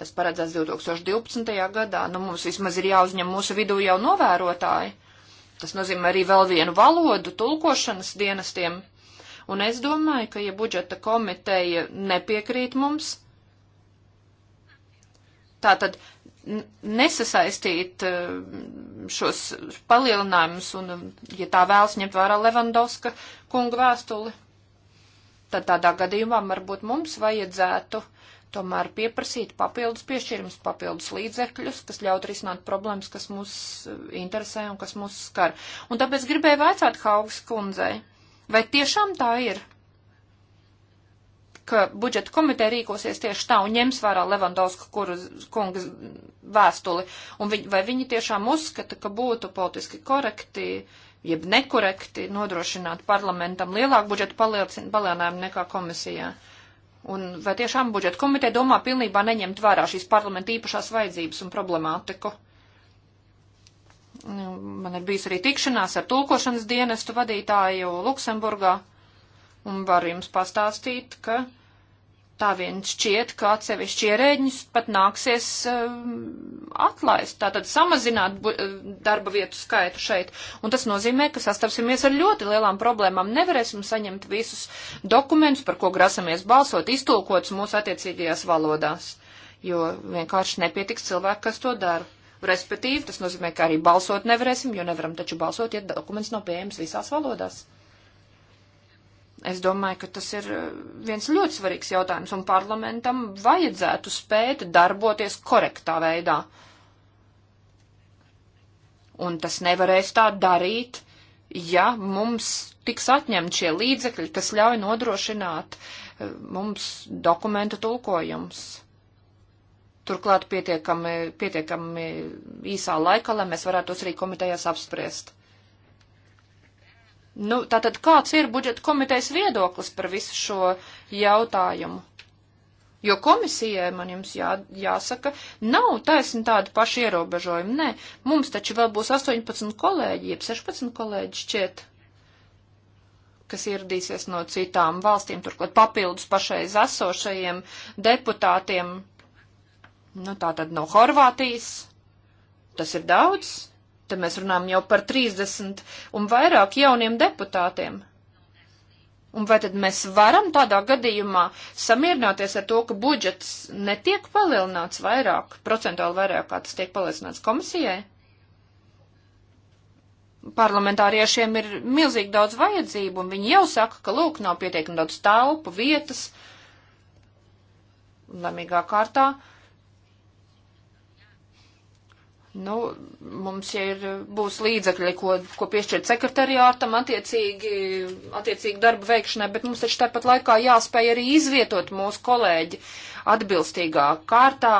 Tas paredzēts 2012. gadā. Nu, mums vismaz ir jāuzņem mūsu vidū jau novērotāji. Tas nozīmē arī vēl vienu valodu tulkošanas dienestiem. Un es domāju, ka, ja budžeta komiteja nepiekrīt mums, tātad nesasaistīt eh, šos palielinājumus un, ja tā vēlas ņemt vērā Levandovska kunga vēstuli, tad tādā gadījumā varbūt mums vajadzētu tomēr pieprasīt papildus piešķirums, papildus līdzekļus, kas ļaut risināt problēmas, kas mūs eh, interesē un kas mūs skar. Un tāpēc gribēju vaicāt Haugas kundzei, vai tiešām tā ir, ka budžeta komiteja rīkosies tieši tā un ņems vērā Levandovska kungas vēstuli, un viņ, vai viņi tiešām uzskata, ka būtu politiski korekti, jeb nekorekti nodrošināt parlamentam lielāku budžetu palielinājumu nekā komisijā? Uh, Un vai tiešām budžeta komiteja domā pilnībā neņemt vērā šīs parlamenta īpašās vajadzības un problemātiku? Nu, man ir bijis arī tikšanās ar tulkošanas dienestu vadītāju Luksemburgā, un var jums pastāstīt, ka Tā vien šķiet, ka atsevišķi ierēģņus pat nāksies um, atlaist, tātad samazināt bu, uh, darba vietu skaitu šeit. Un tas nozīmē, ka sastapsimies ar ļoti lielām problēmām. Nevarēsim saņemt visus dokumentus, par ko grasamies balsot, iztulkots mūsu attiecīgajās valodās, jo vienkārši nepietiks cilvēki, kas to dara. Respektīvi, tas nozīmē, ka arī balsot nevarēsim, jo nevaram taču balsot, ja dokuments nav pieejams visās valodās. Es domāju, ka tas ir eh, viens ļoti svarīgs jautājums, un parlamentam vajadzētu spēt darboties korektā veidā. Un tas nevarēs tā darīt, ja mums tiks atņemt šie līdzekļi, kas ļauj nodrošināt eh, mums dokumentu tulkojums. Turklāt pietiekami, pietiekami īsā laikā, lai mēs varētu tos arī komitejās apspriest. Nu, tātad kāds ir budžeta komitejas viedoklis par visu šo jautājumu? Jo komisijai, man jums jā, jāsaka, nav taisni tādi paši ierobežojumi. Nē, mums taču vēl būs 18 kolēģi, jeb 16 kolēģi šķiet, kas ieradīsies no citām valstīm, turklāt papildus pašreiz esošajiem deputātiem. Nu, tā tad no Horvātijas. Tas ir daudz. Te mēs runājam jau par 30 un vairāk jauniem deputātiem. Un vai tad mēs varam tādā gadījumā samierināties ar to, ka budžets netiek palielināts vairāk, procentuāli vairāk, kā tas tiek palielināts komisijai? parlamentāriešiem ir milzīgi daudz vajadzību, un viņi jau saka, ka, lūk, nav pietiekami daudz telpu, vietas, lemīgā kārtā. Uh, Nu, mums ir, būs līdzekļi, ko, ko piešķirt sekretariātam attiecīgi, attiecīgi darba veikšanai, bet mums taču tāpat laikā jāspēj arī izvietot mūsu kolēģi atbilstīgā kārtā,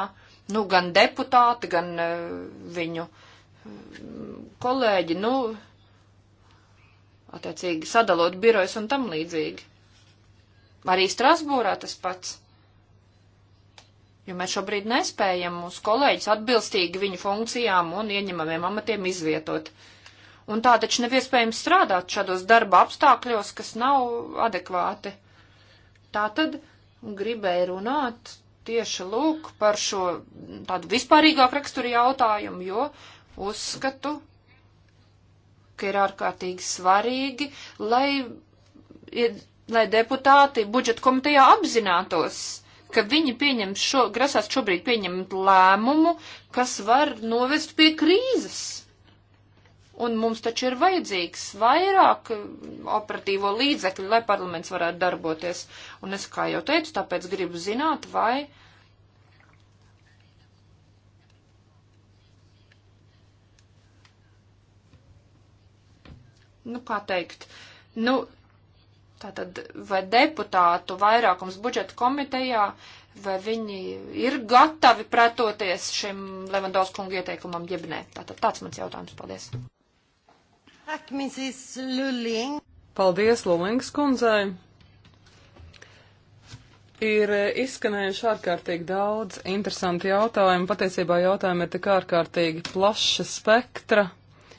nu, gan deputāti, gan eh, viņu mm, kolēģi, nu, attiecīgi sadalot birojas un tam līdzīgi. Arī Strasbūrā tas pats jo mēs šobrīd nespējam mūsu kolēģis atbilstīgi viņu funkcijām un ieņemamiem amatiem izvietot. Un tā taču nav iespējams strādāt šādos darba apstākļos, kas nav adekvāti. Tā tad gribēju runāt tieši lūk par šo tādu vispārīgāku raksturu jautājumu, jo uzskatu, ka ir ārkārtīgi svarīgi, lai, lai deputāti budžeta komitejā apzinātos ka viņi pieņem šo, grasās šobrīd pieņemt lēmumu, kas var novest pie krīzes. Un mums taču ir vajadzīgs vairāk mm, operatīvo līdzekļu, lai parlaments varētu darboties. Un es, kā jau teicu, tāpēc gribu zināt, vai. Nu, kā teikt, nu, Tātad, vai deputātu vairākums budžeta komitejā, vai viņi ir gatavi pretoties šim Levandovs kungu ieteikumam, jeb nē? Tātad tāds mans jautājums. Paldies. Ak, Mrs. Luling. Paldies Lulings kundzei. Ir izskanējuši ārkārtīgi daudz interesanti jautājumi. Patiesībā jautājumi ir tik ārkārtīgi plaša spektra,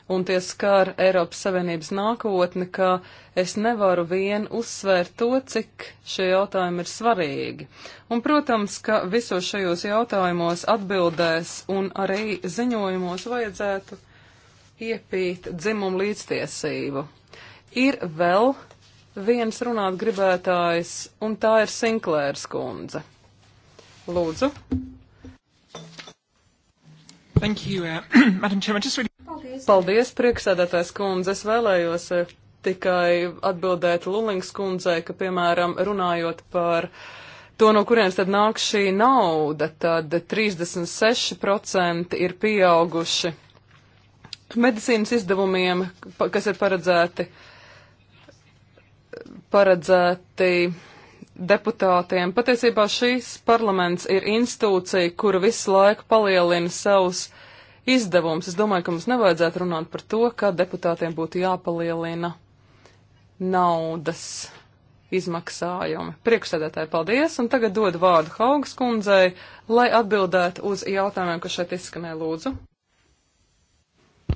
un tie skar Eiropas Savienības nākotni, ka es nevaru vien uzsvērt to, cik šie jautājumi ir svarīgi. Un, protams, ka visos šajos jautājumos atbildēs un arī ziņojumos vajadzētu iepīt dzimumu līdztiesību. Ir vēl viens runāt gribētājs, un tā ir Sinklērs kundze. Lūdzu. Thank you, uh, [clears throat] Madam Chairman. Just really... Paldies, Paldies priekšsēdētājs kundze. Es vēlējos eh, tikai atbildēt Lulings kundzei, ka, piemēram, runājot par to, no kurienes tad nāk šī nauda, tad 36% ir pieauguši medicīnas izdevumiem, kas ir paredzēti, paredzēti deputātiem. Patiesībā šīs parlaments ir institūcija, kura visu laiku palielina savus izdevums. Es domāju, ka mums nevajadzētu runāt par to, ka deputātiem būtu jāpalielina naudas izmaksājumi. Priekšsēdētāji, paldies, un tagad dodu vārdu Haugas kundzei, lai atbildētu uz jautājumiem, kas šeit izskanē lūdzu.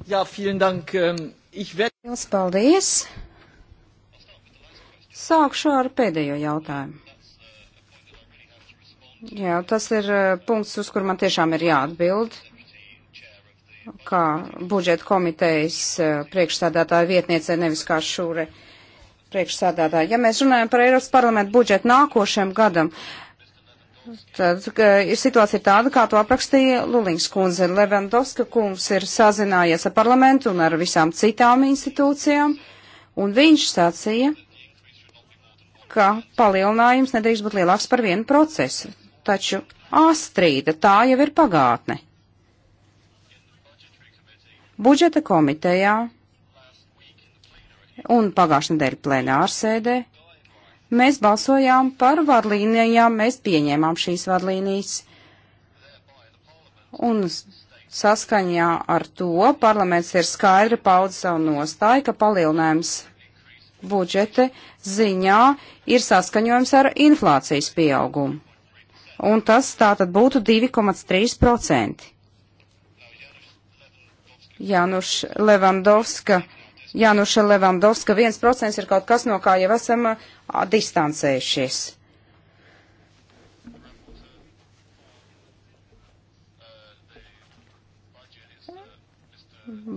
Jā, vielen dank. Ähm, ich werde... Jums paldies. Sākšu ar pēdējo jautājumu. Jā, tas ir äh, punkts, uz kur man tiešām ir jāatbild. Uh, kā budžeta komitejas eh, priekšstādātāja vietniece, nevis kā šūre priekšstādātāja. Ja mēs runājam par Eiropas parlamentu budžetu nākošajam gadam, tad eh, ir situācija tāda, kā to aprakstīja Lulings kundze. Levandovska kungs ir sazinājies ar parlamentu un ar visām citām institūcijām, un viņš sacīja, ka palielinājums nedrīkst būt lielāks par vienu procesu. Taču Astrīda tā jau ir pagātne budžeta komitejā un pagājušā nedēļa plenārsēdē mēs balsojām par vadlīnijām, mēs pieņēmām šīs vadlīnijas. Un saskaņā ar to parlaments ir skaidri paudz savu nostāju, ka palielinājums budžete ziņā ir saskaņojums ar inflācijas pieaugumu. Un tas tātad būtu 2,3%. Jānuša Levandovska. Jānuša Levandovska 1% ir kaut kas, no kā jau esam uh, distancējušies.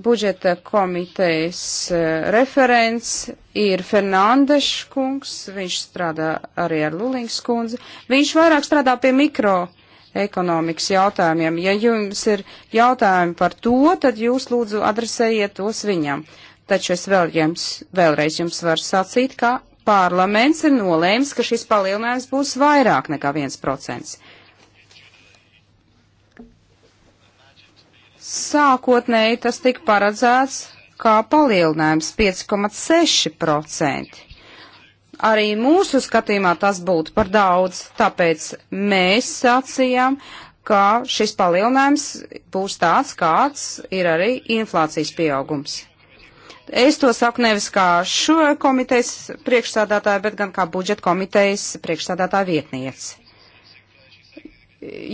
Budžeta komitejas uh, referents ir Fernandeš kungs, viņš strādā arī ar Lulings kundzi. Viņš vairāk strādā pie mikro ekonomikas jautājumiem. Ja jums ir jautājumi par to, tad jūs lūdzu adresējiet tos viņam. Taču es vēl jums, vēlreiz jums varu sacīt, ka parlaments ir nolēms, ka šis palielinājums būs vairāk nekā 1%. Sākotnēji tas tika paredzēts kā palielinājums 5,6%. Arī mūsu skatījumā tas būtu par daudz, tāpēc mēs sacījām, ka šis palielinājums būs tāds, kāds ir arī inflācijas pieaugums. Es to saku nevis kā šo komitejas priekšstādātāju, bet gan kā budžeta komitejas priekšstādātāja vietniece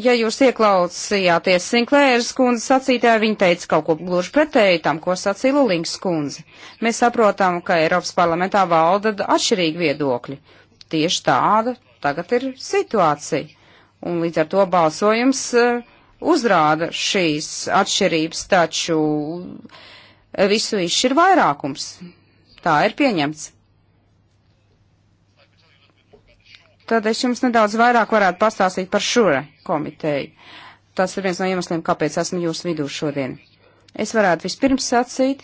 ja jūs ieklausījāties Sinklēras kundze sacītē, viņa teica kaut ko gluži pretēji tam, ko sacīja Lulings kundze. Mēs saprotam, ka Eiropas parlamentā valda atšķirīgi viedokļi. Tieši tāda tagad ir situācija. Un līdz ar to balsojums eh, uzrāda šīs atšķirības, taču eh, visu izšķir vairākums. Tā ir pieņemts. tad es jums nedaudz vairāk varētu pastāstīt par šo komiteju. Tas ir viens no iemesliem, kāpēc esmu jūsu vidū šodien. Es varētu vispirms sacīt,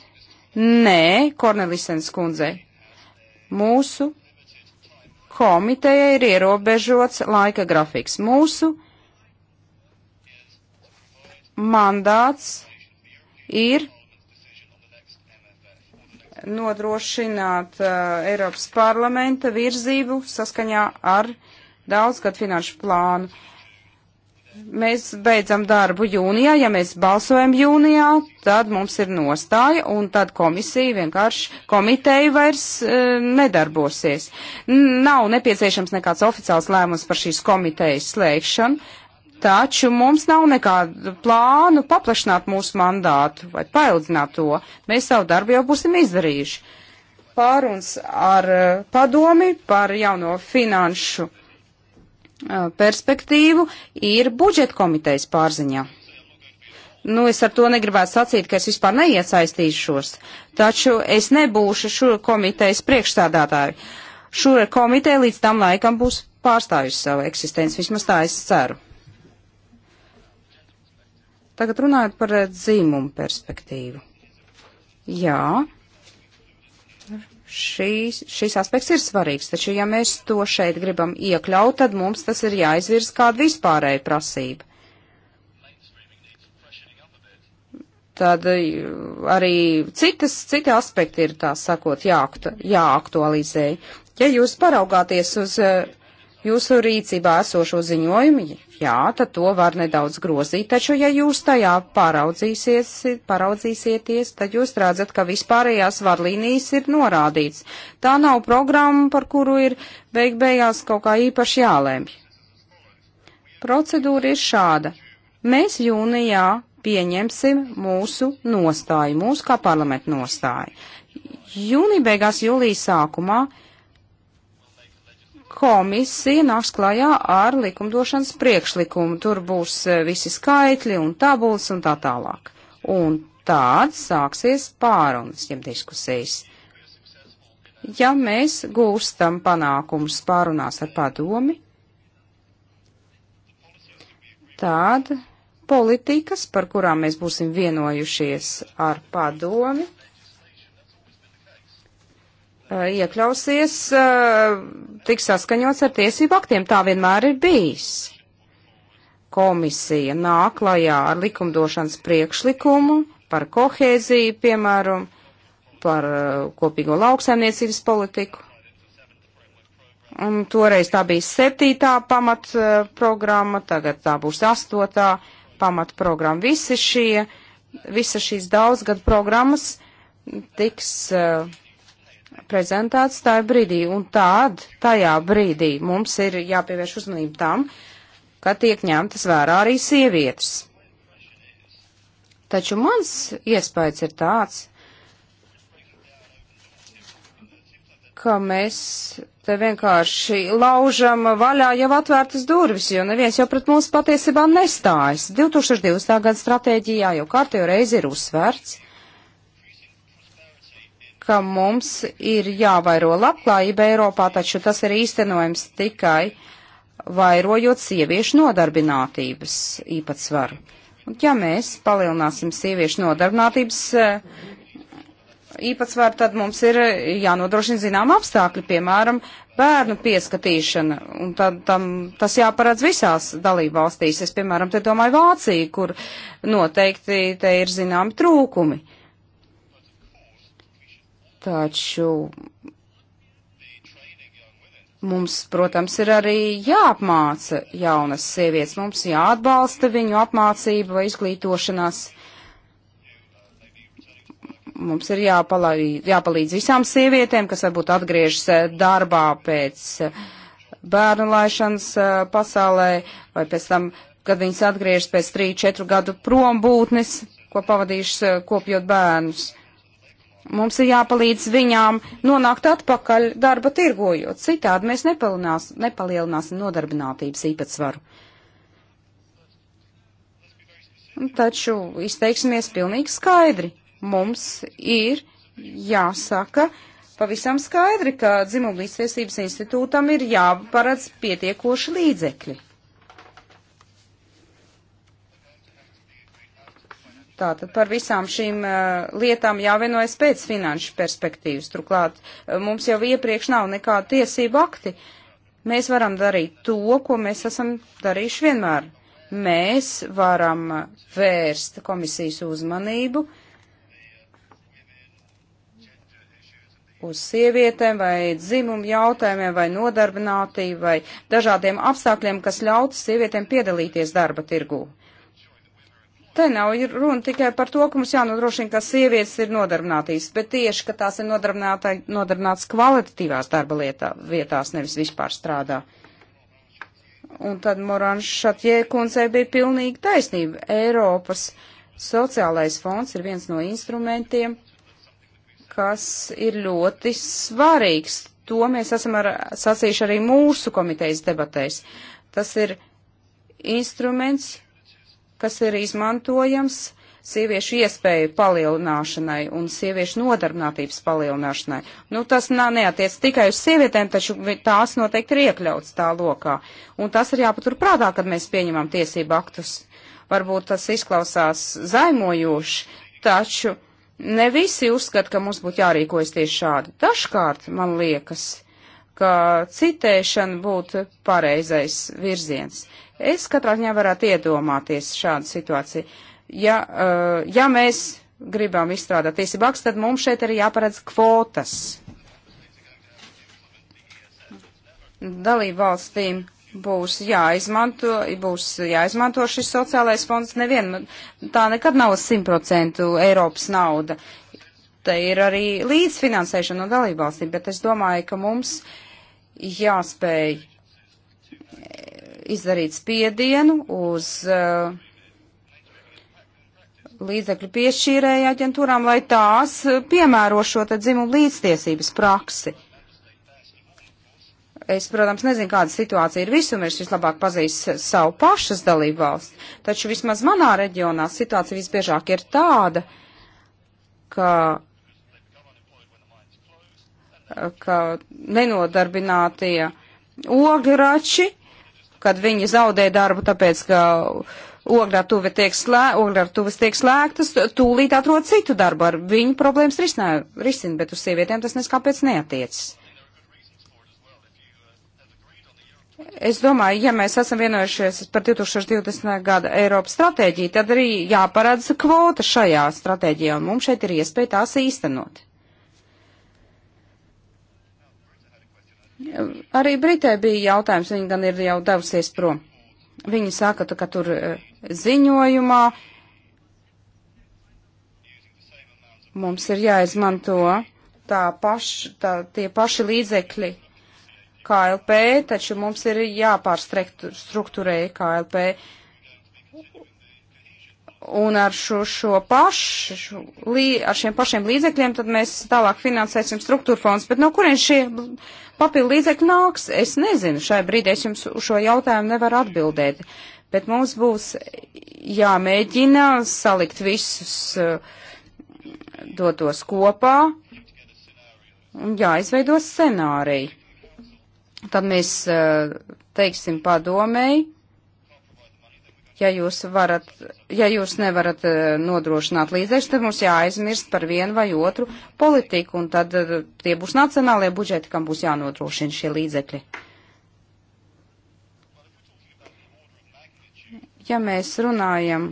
nē, Kornelisens kundzei, mūsu komiteja ir ierobežots laika grafiks. Mūsu mandāts ir nodrošināt uh, Eiropas parlamenta virzību saskaņā ar daudzgad finanšu plānu. Mēs beidzam darbu jūnijā, ja mēs balsojam jūnijā, tad mums ir nostāja un tad komisija vienkārši komiteja vairs uh, nedarbosies. N nav nepieciešams nekāds oficiāls lēmums par šīs komitejas slēgšanu, Taču mums nav nekādu plānu paplašināt mūsu mandātu vai paildzināt to. Mēs savu darbu jau būsim izdarījuši. Pāruns ar eh, padomi par jauno finanšu eh, perspektīvu ir budžeta komitejas pārziņā. Nu, es ar to negribētu sacīt, ka es vispār neiesaistīšos, taču es nebūšu šura komitejas priekšstādātāju. Šura komiteja līdz tam laikam būs pārstājusi savu eksistenci, vismaz tā es ceru. Tagad runājot par eh, dzīmumu perspektīvu. Jā, šīs, šis aspekts ir svarīgs, taču ja mēs to šeit gribam iekļaut, tad mums tas ir jāizvirz kāda vispārēja prasība. Tad eh, arī citas, citi aspekti ir tā sakot jāaktu, jāaktualizē. Ja jūs paraugāties uz uh, jūsu rīcībā esošo ziņojumu, jā, tad to var nedaudz grozīt, taču ja jūs tajā paraudzīsieties, tad jūs redzat, ka vispārējās varlīnijas ir norādīts. Tā nav programma, par kuru ir beig beigās kaut kā īpaši jālēmj. Procedūra ir šāda. Mēs jūnijā pieņemsim mūsu nostāju, mūsu kā parlamentu nostāju. Jūnija beigās, jūlijas sākumā komisija nāks klajā ar likumdošanas priekšlikumu. Tur būs e, visi skaitļi un tabulas un tā tālāk. Un tād sāksies pārunas, jeb diskusijas. Ja mēs gūstam panākumus pārunās ar padomi, tad politikas, par kurām mēs būsim vienojušies ar padomi, iekļausies, tiks saskaņots ar tiesību aktiem. Tā vienmēr ir bijis. Komisija nāk klajā ar likumdošanas priekšlikumu par kohēziju, piemēram, par kopīgo lauksaimniecības politiku. Un toreiz tā bija septītā pamatprogramma, tagad tā būs astotā pamatprogramma. Visi šie, visa šīs daudzgad programmas tiks uh, prezentēts tajā brīdī, un tād tajā brīdī mums ir jāpievērš uzmanību tam, ka tiek ņemtas vērā arī sievietes. Taču mans iespējas ir tāds, ka mēs te vienkārši laužam vaļā jau atvērtas durvis, jo neviens jau pret mūsu patiesībā nestājas. 2020. gada stratēģijā jau kārtējo reizi ir uzsverts, ka mums ir jāvairo labklājība Eiropā, taču tas ir īstenojams tikai vairojot sieviešu nodarbinātības īpatsvaru. Un ja mēs palielināsim sieviešu nodarbinātības eh, īpatsvaru, tad mums ir jānodrošina zinām apstākļi, piemēram, bērnu pieskatīšana, un tad tam, tas jāparāds visās dalībvalstīs. Es, piemēram, te domāju Vāciju, kur noteikti te ir zinām trūkumi. Uh, Taču mums, protams, ir arī jāapmāca jaunas sievietes. Mums jāatbalsta viņu apmācība vai izglītošanās. Mums ir jāpalīdz, jāpalīdz visām sievietēm, kas varbūt atgriežas eh, darbā pēc eh, bērnu laišanas eh, pasaulē vai pēc tam, kad viņas atgriežas pēc 3-4 gadu prombūtnes, ko pavadījušas kopjot bērnus. Mums ir jāpalīdz viņām nonākt atpakaļ darba tirgojot, citādi mēs nepalielināsim nodarbinātības īpatsvaru. Taču izteiksimies pilnīgi skaidri. Mums ir jāsaka pavisam skaidri, ka dzimumlīdztiesības institūtam ir jāparedz pietiekoši līdzekļi. Tātad par visām šīm uh, lietām jāvienojas pēc finanšu perspektīvas. Turklāt uh, mums jau iepriekš nav nekāda tiesība akti. Mēs varam darīt to, ko mēs esam darījuši vienmēr. Mēs varam uh, vērst komisijas uzmanību uz sievietēm vai dzimumu jautājumiem vai nodarbinātību vai dažādiem apstākļiem, kas ļautu sievietēm piedalīties darba tirgū. Te nav runa tikai par to, ka mums jānodrošina, ka sievietes ir nodarbinātīs, bet tieši, ka tās ir nodarbinātas kvalitatīvās darba lietā, vietās, nevis vispār strādā. Un tad Morāns Šatjē kundzei bija pilnīgi taisnība. Eiropas sociālais fonds ir viens no instrumentiem, kas ir ļoti svarīgs. To mēs esam ar, sacījuši arī mūsu komitejas debatēs. Tas ir instruments, kas ir izmantojams sieviešu iespēju palielināšanai un sieviešu nodarbinātības palielināšanai. Nu, tas neatiec tikai uz sievietēm, taču tās noteikti ir iekļauts tā lokā. Un tas ir jāpatur prātā, kad mēs pieņemam tiesību aktus. Varbūt tas izklausās zaimojoši, taču ne visi uzskata, ka mums būtu jārīkojas tieši šādi. Dažkārt man liekas, ka citēšana būtu pareizais virziens. Es katrā ziņā varētu iedomāties šādu situāciju. Ja, uh, ja mēs gribam izstrādāt tiesību aktu, tad mums šeit arī jāparedz kvotas. Dalību valstīm būs jāizmanto, būs jāizmanto šis sociālais fonds. Nevien, tā nekad nav 100% Eiropas nauda. Te ir arī līdzfinansēšana no dalībvalstīm, bet es domāju, ka mums jāspēj izdarīt spiedienu uz uh, līdzekļu piešķīrēja aģentūrām, lai tās uh, piemēro šo te dzimumu līdztiesības praksi. Es, protams, nezinu, kāda situācija ir visur, es vislabāk pazīstu savu pašas dalību valsts, taču vismaz manā reģionā situācija visbiežāk ir tāda, ka, ka nenodarbinātie ograči kad viņi zaudē darbu, tāpēc, ka ogļartuve tiek, slē, ogļartuves tiek slēgtas, tūlīt atrod citu darbu, ar viņu problēmas risinā, risina, bet uz sievietēm tas neskāpēc neatiecas. Es domāju, ja mēs esam vienojušies par 2020. gada Eiropas stratēģiju, tad arī jāparādz kvota šajā stratēģijā, un mums šeit ir iespēja tās īstenot. Arī Britē bija jautājums, viņa gan ir jau devusies prom. Viņa saka, ka tur e, ziņojumā mums ir jāizmanto tā paš, tā, tie paši līdzekļi KLP, taču mums ir jāpārstruktūrē KLP un ar šo, šo pašu, šo, lī, ar šiem pašiem līdzekļiem, tad mēs tālāk finansēsim struktūra fonds. Bet no kurien šie papildu līdzekļi nāks, es nezinu. Šai brīdī es jums uz šo jautājumu nevaru atbildēt. Bet mums būs jāmēģina salikt visus eh, dotos kopā un jāizveido scenāriju. Tad mēs eh, teiksim padomēji ja jūs, varat, ja jūs nevarat e, nodrošināt līdzekļus, tad mums jāaizmirst par vienu vai otru politiku, un tad e, tie būs nacionālajie budžeti, kam būs jānodrošina šie līdzekļi. Ja mēs runājam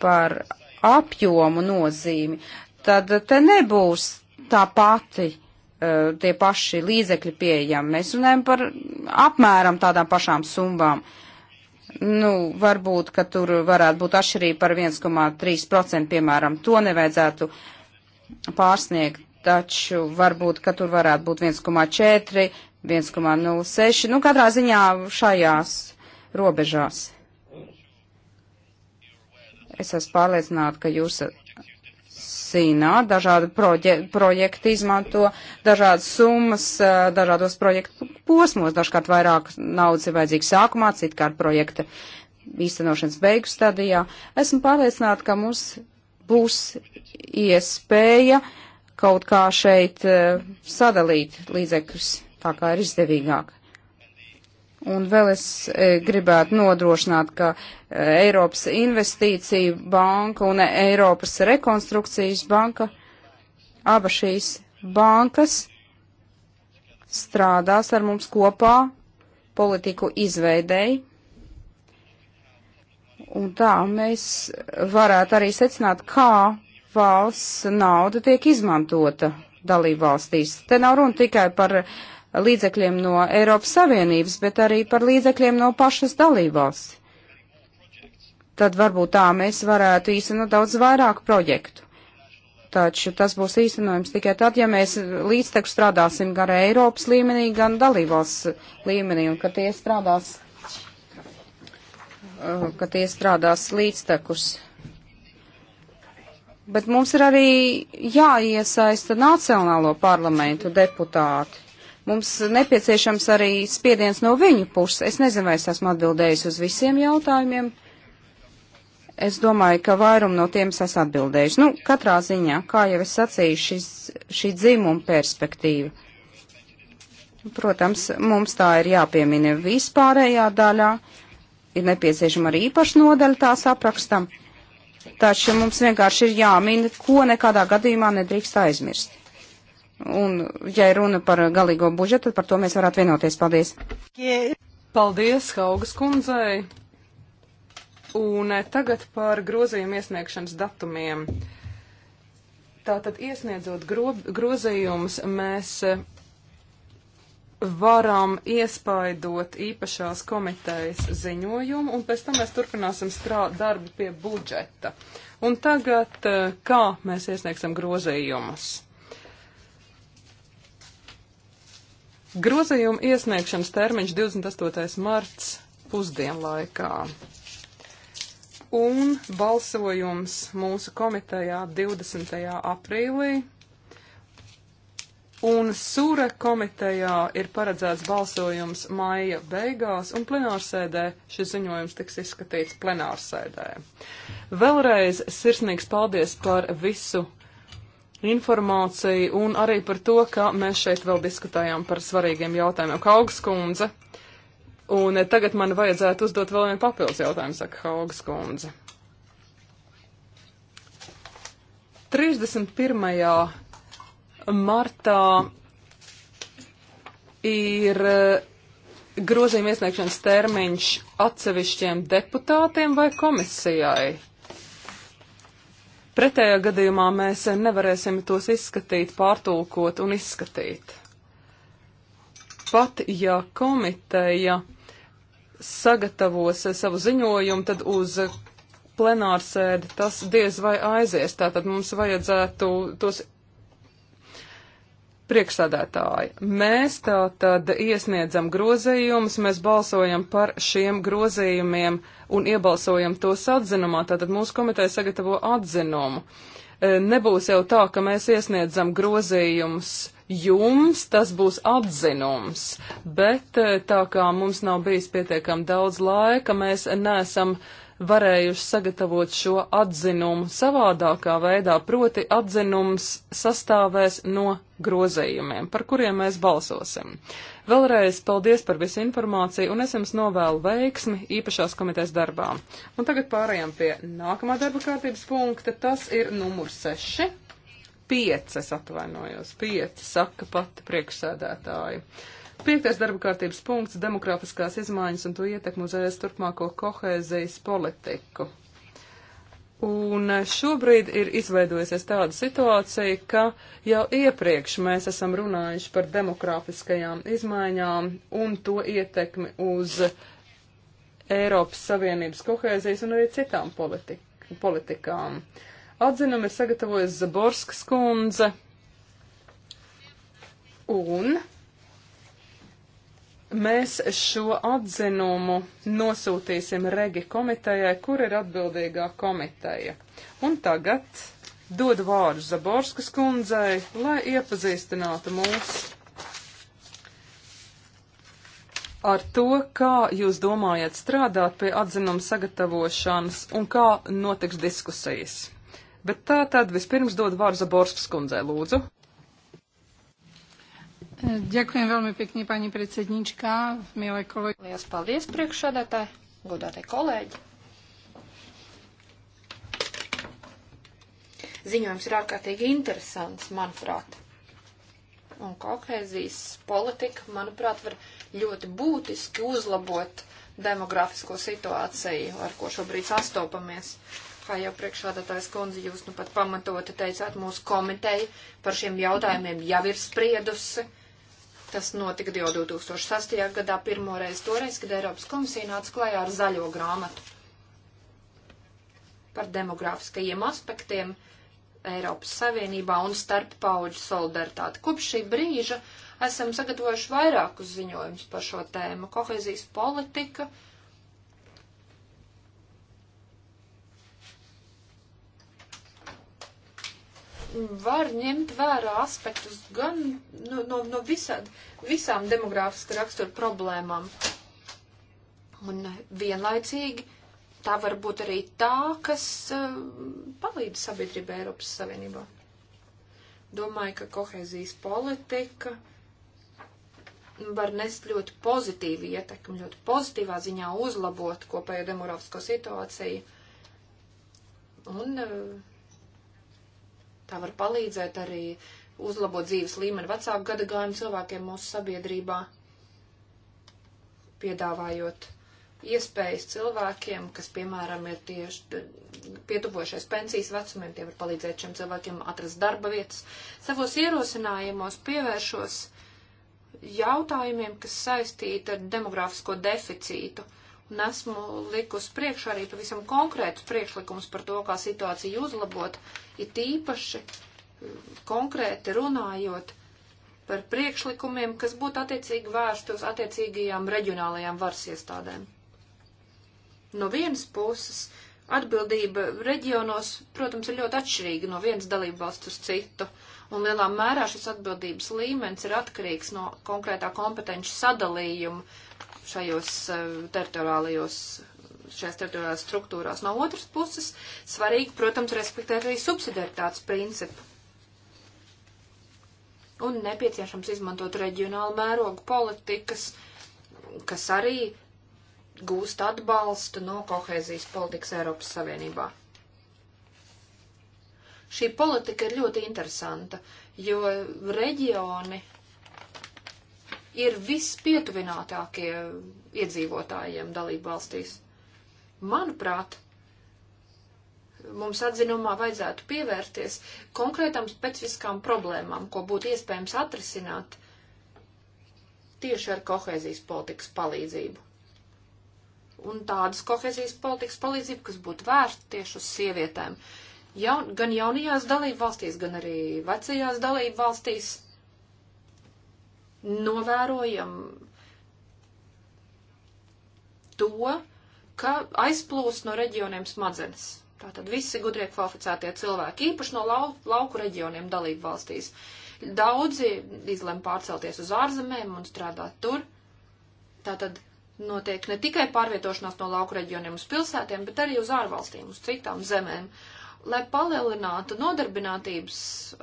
par apjomu nozīmi, tad te nebūs tā pati e, tie paši līdzekļi pieejami. Mēs runājam par apmēram tādām pašām sumbām. Uh, Nu, varbūt, ka tur varētu būt atšķirība par 1,3%, piemēram, to nevajadzētu pārsniegt, taču varbūt, ka tur varētu būt 1,4, 1,06, nu, katrā ziņā šajās robežās. Es esmu pārliecināta, ka jūs zināt, dažādi proje, projekti izmanto dažādas summas, dažādos projektu posmos, dažkārt vairāk naudas ir vajadzīgs sākumā, citkārt projekta īstenošanas beigu stadijā. Esmu pārliecināta, ka mums būs iespēja kaut kā šeit sadalīt līdzekļus tā kā ir izdevīgāk. Un vēl es e, gribētu nodrošināt, ka e, Eiropas investīcija banka un e, Eiropas rekonstrukcijas banka, abas šīs bankas strādās ar mums kopā politiku izveidēji. Un tā mēs varētu arī secināt, kā valsts nauda tiek izmantota dalībvalstīs. Te nav runa tikai par uh, līdzekļiem no Eiropas Savienības, bet arī par līdzekļiem no pašas dalībvalsts. Tad varbūt tā mēs varētu īstenot daudz vairāk projektu. Taču tas būs īstenojams tikai tad, ja mēs līdzteku strādāsim gan Eiropas līmenī, gan dalībvalsts līmenī, un ka tie strādās, uh, ka tie strādās līdztekus. Bet mums ir arī jāiesaista Nacionālo parlamentu deputāti. Mums nepieciešams arī spiediens no viņu puses. Es nezinu, vai es esmu atbildējis uz visiem jautājumiem. Es domāju, ka vairumu no tiem es esmu atbildējis. Nu, katrā ziņā, kā jau es sacīju, šis, šī dzimuma perspektīva. Protams, mums tā ir jāpiemina vispārējā daļā, ir nepieciešama arī īpaša nodaļa tās aprakstam, taču mums vienkārši ir jāmin, ko nekādā gadījumā nedrīkst aizmirst. Un, ja ir runa par galīgo budžetu, tad par to mēs varētu vienoties. Paldies! Paldies, Haugas kundzei! Un eh, tagad par grozījumu iesniegšanas datumiem. Tātad iesniedzot gro, grozījumus, mēs eh, varam iespaidot īpašās komitejas ziņojumu, un pēc tam mēs turpināsim strādāt darbu pie budžeta. Un tagad, eh, kā mēs iesniegsim grozījumus? Grozījuma iesniegšanas termiņš 28. marts pusdienlaikā. Un balsojums mūsu komitejā 20. aprīlī. Un Sūra komitejā ir paredzēts balsojums maija beigās, un plenārsēdē šis ziņojums tiks izskatīts plenārsēdē. Vēlreiz sirsnīgs paldies par visu informāciju un arī par to, ka mēs šeit vēl diskutējām par svarīgiem jautājumiem. Haugas kundze. Un tagad man vajadzētu uzdot vēl vienu papildus jautājumu, saka Haugas kundze. 31. martā ir eh, grozījuma iesniegšanas termiņš atsevišķiem deputātiem vai komisijai? Pretējā gadījumā mēs nevarēsim tos izskatīt, pārtulkot un izskatīt. Pat ja komiteja sagatavos savu ziņojumu, tad uz plenārsēdi tas diez vai aizies. Tātad mums vajadzētu tos Priekšsādātāji, mēs tā tad iesniedzam grozījumus, mēs balsojam par šiem grozījumiem un iebalsojam tos atzinumā, tātad mūsu komiteja sagatavo atzinumu. E, nebūs jau tā, ka mēs iesniedzam grozījumus jums, tas būs atzinums, bet e, tā kā mums nav bijis pietiekam daudz laika, mēs nesam. Uh, varējuši sagatavot šo atzinumu savādākā veidā, proti atzinums sastāvēs no grozējumiem, par kuriem mēs balsosim. Vēlreiz paldies par visu informāciju un es jums novēlu veiksmi īpašās komitejas darbā. Un tagad pārējām pie nākamā darba kārtības punkta, tas ir numurs 6. 5, es atvainojos, 5, saka pati priekšsēdētāja. Piektais darba kārtības punkts - demografiskās izmaiņas un to ietekmu uz ēst turpmāko kohēzijas politiku. Un šobrīd ir izveidojusies tāda situācija, ka jau iepriekš mēs esam runājuši par demografiskajām izmaiņām un to ietekmi uz Eiropas Savienības kohēzijas un arī citām politik politikām. Atzinumu ir sagatavojis Zaborskas kundze. Un Mēs šo atzinumu nosūtīsim Regi komitejai, kur ir atbildīgā komiteja. Un tagad dodu vārdu Zaborskas kundzei, lai iepazīstinātu mūs ar to, kā jūs domājat strādāt pie atzinuma sagatavošanas un kā notiks diskusijas. Bet tā tad vispirms dodu vārdu Zaborskas kundzei, lūdzu. Ďakujem veľmi pekne, pani predsednička, milé kolēģi. Lielas paldies priekšsādātāji, godātie kolēģi. Ziņojums ir ārkārtīgi interesants, manuprāt. Un kohēzijas politika, manuprāt, var ļoti būtiski uzlabot demografisko situāciju, ar ko šobrīd sastopamies kā jau priekšādātājs kundze, jūs nu pat pamatoti teicāt, mūsu komiteja par šiem jautājumiem jau ir spriedusi. Mm. Tas notika jau 2006. gadā pirmoreiz toreiz, kad Eiropas komisija nāca klajā ar zaļo grāmatu par demogrāfiskajiem aspektiem Eiropas Savienībā un starppauģu solidaritāti. Kopš šī brīža esam sagatavojuši vairākus ziņojumus par šo tēmu - kohezijas politika, uh, var ņemt vērā aspektus gan no, no, no visād, visām demogrāfiska rakstura problēmām. Un vienlaicīgi tā var būt arī tā, kas uh, palīdz sabiedrībai Eiropas Savienībā. Domāju, ka kohēzijas politika var nest ļoti pozitīvu ietekmi, ļoti pozitīvā ziņā uzlabot kopējo demogrāfisko situāciju. Un uh, Tā var palīdzēt arī uzlabot dzīves līmeni vecāku gadagājumu cilvēkiem mūsu sabiedrībā, piedāvājot iespējas cilvēkiem, kas, piemēram, ir tieši pietuvojušies pensijas vecumiem, tie var palīdzēt šiem cilvēkiem atrast darba vietas. Savos ierosinājumos pievēršos jautājumiem, kas saistīti ar demografisko deficītu un esmu likus priekšā arī pavisam konkrētus priekšlikumus par to, kā situāciju uzlabot, ir tīpaši eh, konkrēti runājot par priekšlikumiem, kas būtu attiecīgi vērsti uz attiecīgajām reģionālajām varas iestādēm. No vienas puses, atbildība reģionos, protams, ir ļoti atšķirīga no vienas dalību valsts uz citu, un lielā mērā šis atbildības līmenis ir atkarīgs no konkrētā kompetenci sadalījuma šajos eh, teritoriālajos, šajās teritoriālās struktūrās. No otras puses, svarīgi, protams, respektēt arī subsidiaritātes principu. Un nepieciešams izmantot reģionālu mērogu politikas, kas arī gūst atbalstu no kohēzijas politikas Eiropas Savienībā. Šī politika ir ļoti interesanta, jo reģioni ir vispietuvinātākie iedzīvotājiem dalību valstīs. Manuprāt, mums atzinumā vajadzētu pievērties konkrētām specifiskām problēmām, ko būtu iespējams atrisināt tieši ar kohēzijas politikas palīdzību. Un tādas kohēzijas politikas palīdzību, kas būtu vērsta tieši uz sievietēm. Jaun, gan jaunajās dalību valstīs, gan arī vecajās dalību valstīs novērojam to, ka aizplūst no reģioniem smadzenes. Tātad visi gudrie kvalificētie cilvēki, īpaši no lau, lauku reģioniem dalību valstīs. Daudzi izlem pārcelties uz ārzemēm un strādāt tur. Tātad notiek ne tikai pārvietošanās no lauku reģioniem uz pilsētiem, bet arī uz ārvalstīm, uz citām zemēm. Uh, lai palielinātu nodarbinātības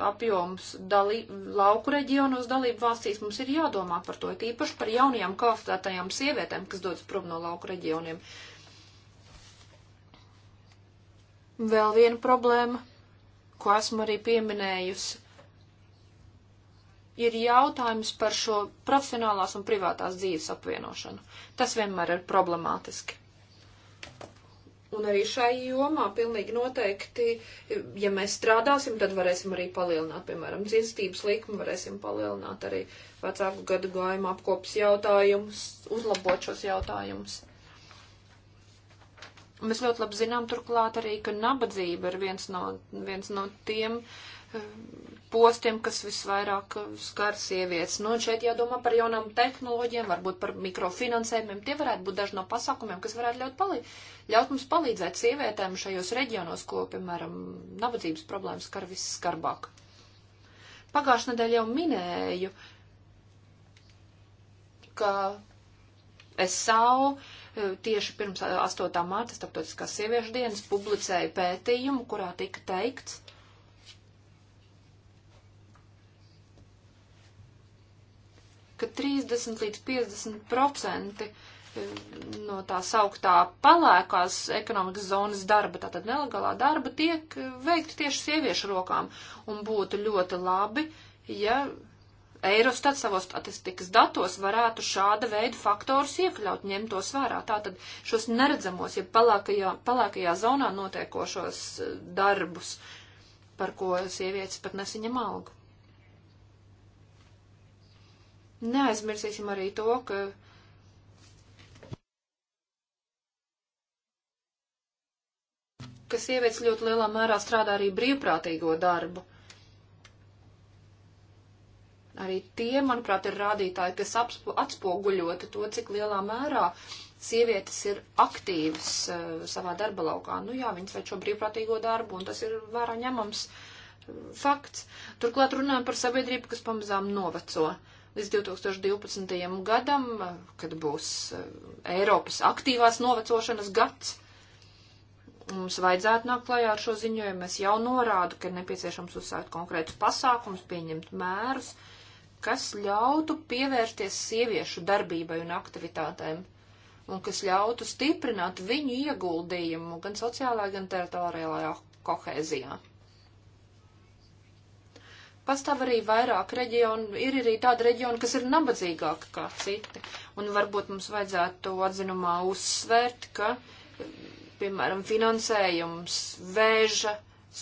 apjoms dalī, lauku reģionos dalību valstīs, mums ir jādomā par to, tīpaši par jaunajām kvalificētajām sievietēm, kas dodas prom no lauku reģioniem. Vēl viena problēma, ko esmu arī pieminējusi, ir jautājums par šo profesionālās un privātās dzīves apvienošanu. Tas vienmēr ir problemātiski. Un arī šai jomā pilnīgi noteikti, ja mēs strādāsim, tad varēsim arī palielināt, piemēram, dzīvestības likmi, varēsim palielināt arī vecāku gadu gājumu apkopas jautājumus, uzlabot šos jautājumus. Mēs ļoti labi zinām turklāt arī, ka nabadzība ir viens no, viens no tiem uh, postiem, kas visvairāk skar sievietes. Nu, šeit jādomā par jaunām tehnoloģijām, varbūt par mikrofinansējumiem. Tie varētu būt daži no pasākumiem, kas varētu ļaut, palī ļaut mums palīdzēt sievietēm šajos reģionos, ko, piemēram, nabadzības problēmas skar visskarbāk. Pagājušajā nedēļā jau minēju, ka es savu e, tieši pirms 8. E, mārta starptautiskās sieviešu dienas publicēju pētījumu, kurā tika teikts, ka 30 līdz 50 procenti eh, no tā sauktā palēkās ekonomikas zonas darba, tātad nelegālā darba, tiek eh, veikti tieši sieviešu rokām. Un būtu ļoti labi, ja Eirostat savos statistikas datos varētu šāda veida faktorus iekļaut, ņemt tos vērā. Tātad šos neredzamos, ja palēkajā, palēkajā zonā notiekošos eh, darbus, par ko sievietes pat nesaņem algu. Neaizmirsīsim arī to, ka ka sievietes ļoti lielā mērā strādā arī brīvprātīgo darbu. Arī tie, manuprāt, ir rādītāji, kas atspoguļoti to, cik lielā mērā sievietes ir aktīvas uh, savā darba laukā. Nu jā, viņas veic šo brīvprātīgo darbu, un tas ir vērā ņemams uh, fakts. Turklāt runājam par sabiedrību, kas pamazām noveco. Uh, līdz 2012. gadam, kad būs eh, Eiropas aktīvās novecošanas gads. Mums vajadzētu nākt klajā ar šo ziņojumu. Es jau norādu, ka ir nepieciešams uzsākt konkrētus pasākumus, pieņemt mērus, kas ļautu pievērsties sieviešu darbībai un aktivitātēm un kas ļautu stiprināt viņu ieguldījumu gan sociālā, gan teritoriālajā kohēzijā. Pastāv arī vairāk reģionu, ir arī tāda reģiona, kas ir nabadzīgāka kā citi, un varbūt mums vajadzētu to atzinumā uzsvērt, ka, piemēram, finansējums vēža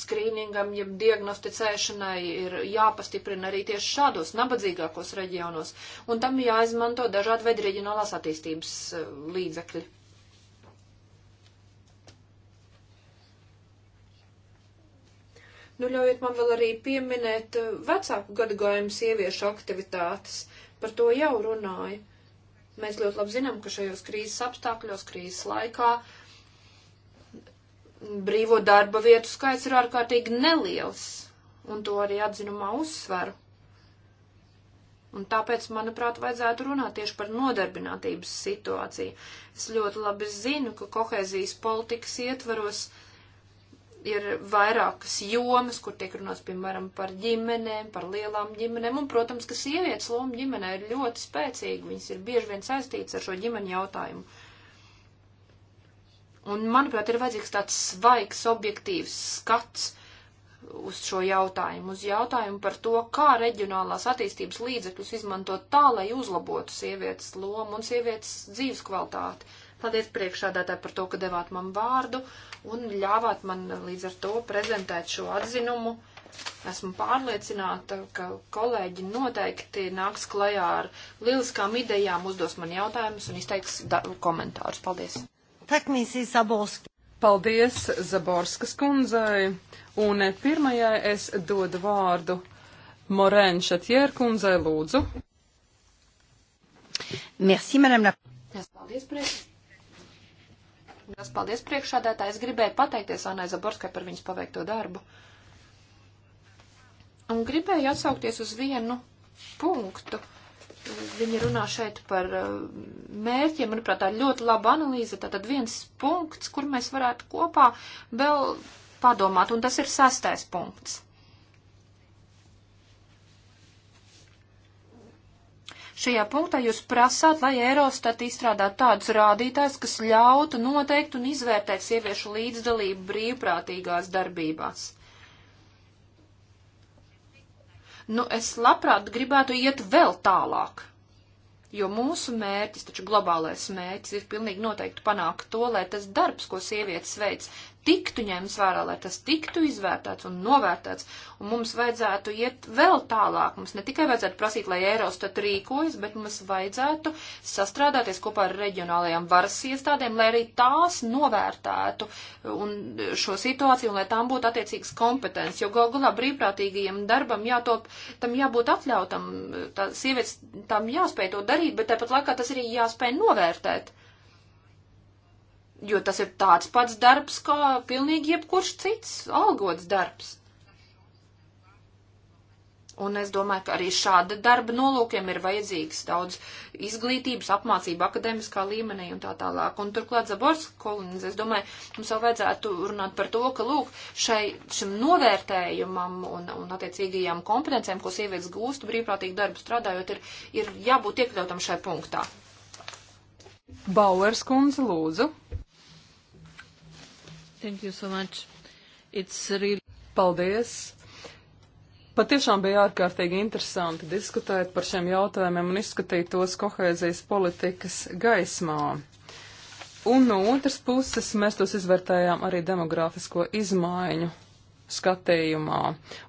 skrīningam, jeb diagnosticēšanai ir jāpastiprina arī tieši šādos nabadzīgākos reģionos, un tam jāizmanto dažādi veidi reģionālās attīstības eh, līdzekļi. Nu, ļaujiet man vēl arī pieminēt eh, vecāku gadagājumu sieviešu aktivitātes. Par to jau runāju. Mēs ļoti labi zinām, ka šajos krīzes apstākļos, krīzes laikā brīvo darba vietu skaits ir ārkārtīgi neliels, un to arī atzinumā uzsveru. Un tāpēc, manuprāt, vajadzētu runāt tieši par nodarbinātības situāciju. Es ļoti labi zinu, ka kohēzijas politikas ietvaros uh, ir vairākas jomas, kur tiek runāts, piemēram, par ģimenēm, par lielām ģimenēm, un, protams, ka sievietes loma ģimenē ir ļoti spēcīga, viņas ir bieži vien saistītas ar šo ģimeni jautājumu. Un, manuprāt, ir vajadzīgs tāds svaigs, objektīvs skats uz šo jautājumu, uz jautājumu par to, kā reģionālās attīstības līdzekļus izmantot tā, lai uzlabotu sievietes lomu un sievietes dzīves kvalitāti Paldies priekšādātāji par to, ka devāt man vārdu un ļāvāt man līdz ar to prezentēt šo atzinumu. Esmu pārliecināta, ka kolēģi noteikti nāks klajā ar lieliskām idejām, uzdos man jautājumus un izteiks komentārus. Paldies! Tekmīsīs Zaborski. Paldies Zaborskas kundzei. Un pirmajai es dodu vārdu Morēna Šatjēra kundzei lūdzu. Merci, madame la. Paldies, priekšsēdētāji. Liels paldies priekšādētāji. Es gribēju pateikties Anai Zaborskai par viņas paveikto darbu. Un gribēju atsaukties uz vienu punktu. Viņa runā šeit par uh, mērķiem, manuprāt, tā ir ļoti laba analīze. Tātad viens punkts, kur mēs varētu kopā vēl padomāt, un tas ir sastais punkts. Šajā punktā jūs prasāt, lai Eurostat izstrādātu tādus rādītājus, kas ļautu noteikt un izvērtēt sieviešu līdzdalību brīvprātīgās darbībās. Nu, es labprāt gribētu iet vēl tālāk. Jo mūsu mērķis, taču globālais mērķis ir pilnīgi noteikti panākt to, lai tas darbs, ko sievietes veids, tiktu ņemts vērā, lai tas tiktu izvērtēts un novērtēts. Un mums vajadzētu iet vēl tālāk. Mums ne tikai vajadzētu prasīt, lai Eirostat rīkojas, bet mums vajadzētu sastrādāties kopā ar reģionālajām varas iestādēm, lai arī tās novērtētu uh, un uh, šo situāciju un lai tām būtu attiecīgas kompetences. Jo gal galā brīvprātīgajiem darbam jātop, tam jābūt atļautam, uh, tā sievietes tam jāspēj to darīt, bet tāpat laikā tas arī jāspēj novērtēt jo tas ir tāds pats darbs, kā pilnīgi jebkurš cits algots darbs. Un es domāju, ka arī šāda darba nolūkiem ir vajadzīgs daudz izglītības, apmācība akadēmiskā līmenī un tā tālāk. Un turklāt Zaborska kolonizē, es domāju, mums vēl vajadzētu runāt par to, ka, lūk, šai, šim novērtējumam un, un attiecīgajām kompetencijām, ko sievietes gūst brīvprātīgi darbu strādājot, ir, ir jābūt iekļautam šai punktā. Bauers kundze, lūdzu. Thank you so much. It's really... Paldies! Patiešām bija ārkārtīgi interesanti diskutēt par šiem jautājumiem un izskatīt tos kohēzijas politikas gaismā. Un no otras puses mēs tos izvērtējām arī demografisko izmaiņu skatījumā.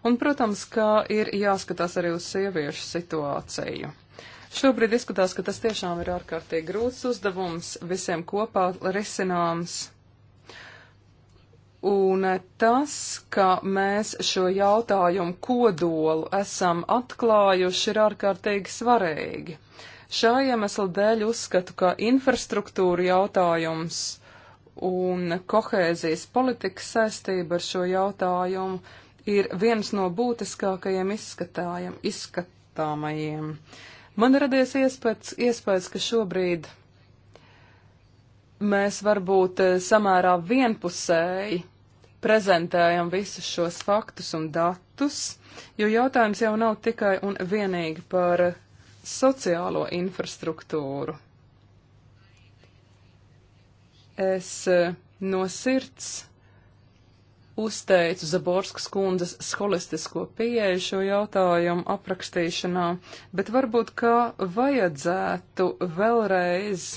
Un, protams, kā ir jāskatās arī uz sieviešu situāciju. Šobrīd izskatās, ka tas tiešām ir ārkārtīgi grūts uzdevums visiem kopā risināms. Un tas, ka mēs šo jautājumu kodolu esam atklājuši, ir ārkārtīgi svarīgi. Šā iemesla dēļ uzskatu, ka infrastruktūra jautājums un kohēzijas politikas saistība ar šo jautājumu ir viens no būtiskākajiem izskatāmajiem. Man radies iespējas, iespējas ka šobrīd mēs varbūt eh, samērā vienpusēji prezentējam visus šos faktus un datus, jo jautājums jau nav tikai un vienīgi par sociālo infrastruktūru. Es eh, no sirds uzteicu Zaborskas kundzes skolistisko pieeju šo jautājumu aprakstīšanā, bet varbūt kā vajadzētu vēlreiz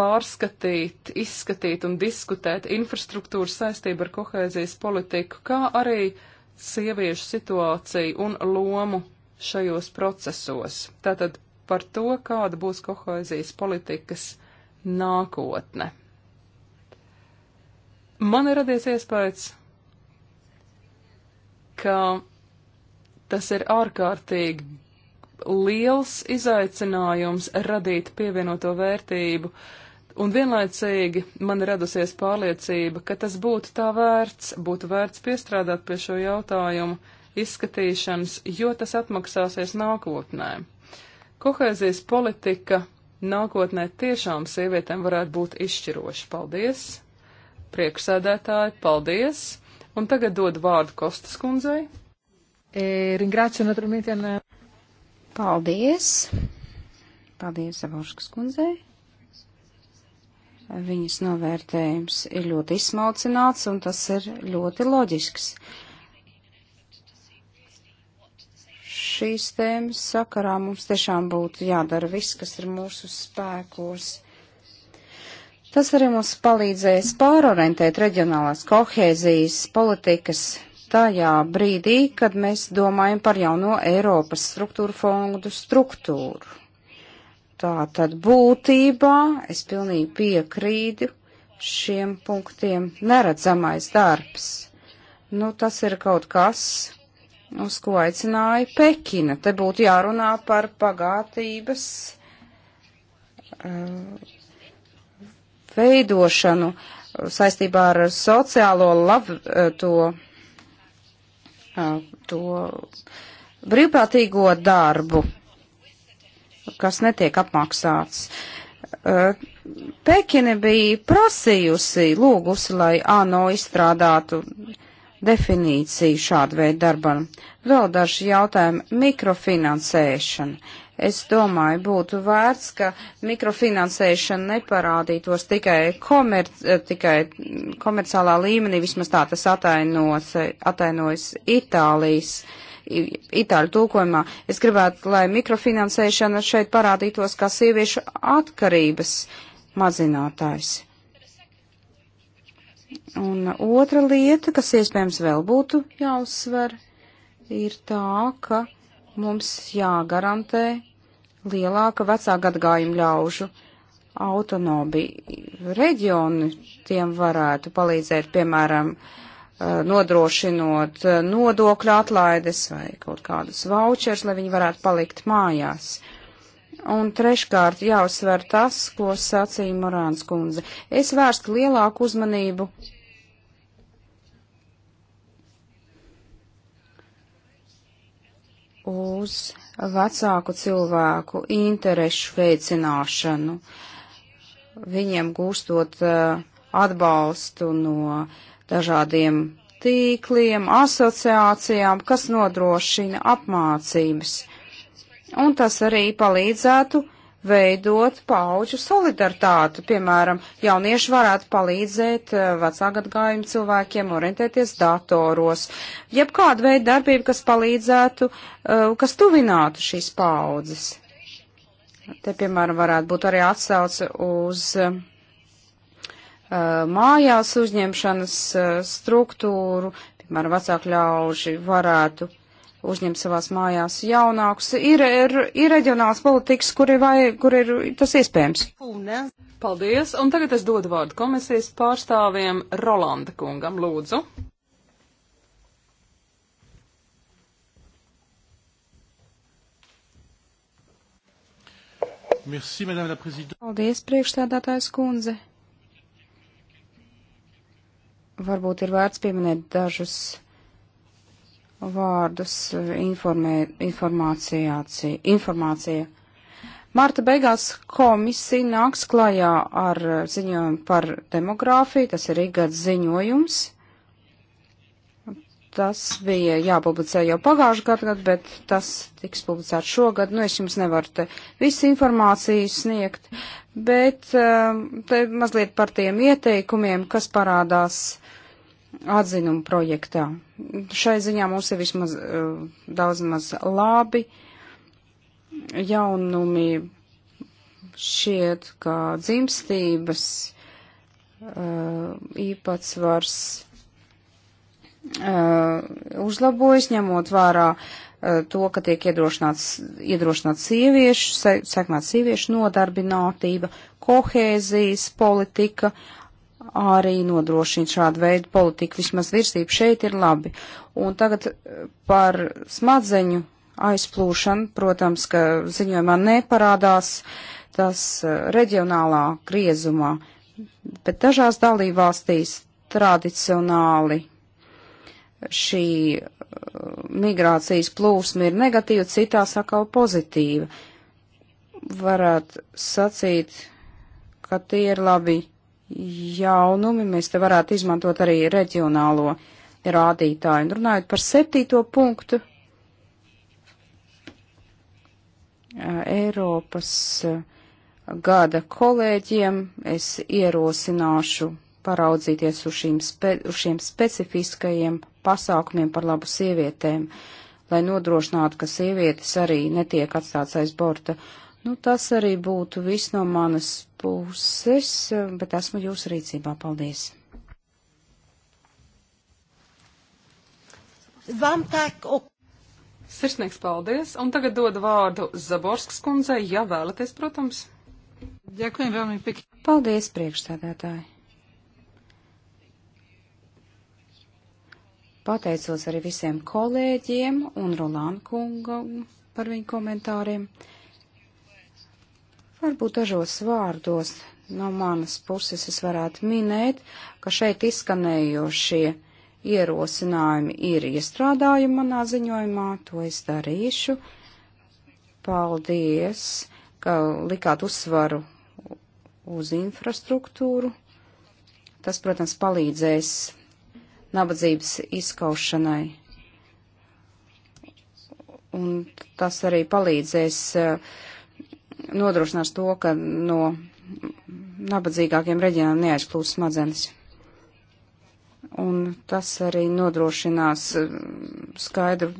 pārskatīt, izskatīt un diskutēt infrastruktūras saistību ar kohēzijas politiku, kā arī sieviešu situāciju un lomu šajos procesos. Tātad par to, kāda būs kohēzijas politikas nākotne. Man ir radies iespējas, ka tas ir ārkārtīgi liels izaicinājums radīt pievienoto vērtību, uh, Un vienlaicīgi man radusies pārliecība, ka tas būtu tā vērts, būtu vērts piestrādāt pie šo jautājumu izskatīšanas, jo tas atmaksāsies nākotnē. Kohēzijas politika nākotnē tiešām sievietēm varētu būt izšķiroša. Paldies! Priekšsēdētāji, paldies! Un tagad dodu vārdu Kostas kundzei. E, Ringrācija un atrunītienā. E. Paldies! Paldies, Zavorskas kundzei! Viņas novērtējums ir ļoti izsmalcināts, un tas ir ļoti loģisks. Šīs tēmas sakarā mums tiešām būtu jādara viss, kas ir mūsu spēkos. Tas arī mums palīdzēs pārorientēt reģionālās kohēzijas politikas tajā brīdī, kad mēs domājam par jauno Eiropas struktūru fondu struktūru. Tā tad būtībā es pilnīgi piekrīdu šiem punktiem. Neredzamais darbs. Nu, tas ir kaut kas, uz ko aicināja Pekina. Te būtu jārunā par pagātības uh, eh, veidošanu saistībā ar sociālo labu uh, eh, to, uh, to brīvprātīgo darbu kas netiek apmaksāts. Eh, Pekina bija prasījusi, lūgusi, lai ANO izstrādātu definīciju šādu veidu darbam. Vēl daži jautājumi - mikrofinansēšana. Es domāju, būtu vērts, ka mikrofinansēšana neparādītos tikai, komer, eh, tikai komerciālā līmenī, vismaz tā tas atainojas Itālijas uh, itāļu tūkojumā. Es gribētu, lai mikrofinansēšana šeit parādītos kā sieviešu atkarības mazinātājs. Un otra lieta, kas iespējams vēl būtu jāuzsver, ir tā, ka mums jāgarantē lielāka vecāka gadgājuma ļaužu autonomija. Reģioni tiem varētu palīdzēt, piemēram, uh, Uh, nodrošinot uh, nodokļu atlaides vai kaut kādus vouchers, lai viņi varētu palikt mājās. Un treškārt jāuzsver tas, ko sacīja Morāns kundze. Es vērstu lielāku uzmanību uz vecāku cilvēku interešu veicināšanu, viņiem gūstot uh, atbalstu no uh, dažādiem tīkliem, asociācijām, kas nodrošina apmācības. Un tas arī palīdzētu veidot pauģu solidaritāti. Piemēram, jaunieši varētu palīdzēt eh, vecāgadgājumu cilvēkiem orientēties datoros. Jeb kāda veida darbība, kas palīdzētu, eh, kas tuvinātu šīs paudzes. Te, piemēram, varētu būt arī atsauce uz uh, Uh, mājās uzņemšanas uh, struktūru, piemēram, vecāku ļauži varētu uzņemt savās mājās jaunākus. Ir, ir, ir reģionāls politikas, kur ir, vai, kur ir tas iespējams. Paldies, un tagad es dodu vārdu komisijas pārstāvjiem Rolanda kungam, lūdzu. Merci, Paldies, priekšstādātājs kundze varbūt ir vērts pieminēt dažus vārdus informē, informācijā. informācija. Marta beigās komisija nāks klajā ar ziņojumu par demogrāfiju, tas ir igads ziņojums. Tas bija jāpublicē jau pagājušajā gadā, bet tas tiks publicēts šogad. Nu, es jums nevaru te visu informāciju sniegt, bet um, te mazliet par tiem ieteikumiem, kas parādās atzinumu projektā. Šai ziņā mums ir vismaz uh, daudz maz labi jaunumi šķiet, ka dzimstības uh, īpatsvars Uh, uzlabojas, ņemot vērā uh, to, ka tiek iedrošināts sieviešu, sekmēt sieviešu nodarbinātība, kohēzijas politika, arī nodrošina šādu veidu politiku, vismaz virsība šeit ir labi. Un tagad uh, par smadzeņu aizplūšanu, protams, ka ziņojumā neparādās tas reģionālā griezumā, bet dažās dalībvalstīs tradicionāli šī uh, migrācijas plūsma ir negatīva, citā sakau pozitīva. Varētu sacīt, ka tie ir labi jaunumi, mēs te varētu izmantot arī reģionālo rādītāju. Un runājot par septīto punktu, uh, Eiropas uh, gada kolēģiem es ierosināšu paraudzīties uz, šīm spe, uz šiem specifiskajiem pasākumiem par labu sievietēm, lai nodrošinātu, ka sievietes arī netiek atstāts aiz borta. Nu, tas arī būtu viss no manas puses, bet esmu jūsu rīcībā. Paldies! Sirsnīgs paldies, un tagad dodu vārdu Zaborskas kundzei, ja vēlaties, protams. Paldies, priekšstādātāji! Pateicos arī visiem kolēģiem un Rolānu kungam par viņu komentāriem. Varbūt dažos vārdos no manas puses es varētu minēt, ka šeit izskanējošie ierosinājumi ir iestrādājumi manā ziņojumā, to es darīšu. Paldies, ka likāt uzsvaru uz infrastruktūru. Tas, protams, palīdzēs nabadzības izskaušanai. Un tas arī palīdzēs eh, nodrošinās to, ka no nabadzīgākiem reģioniem neaizplūst smadzenes. Un tas arī nodrošinās eh, skaidru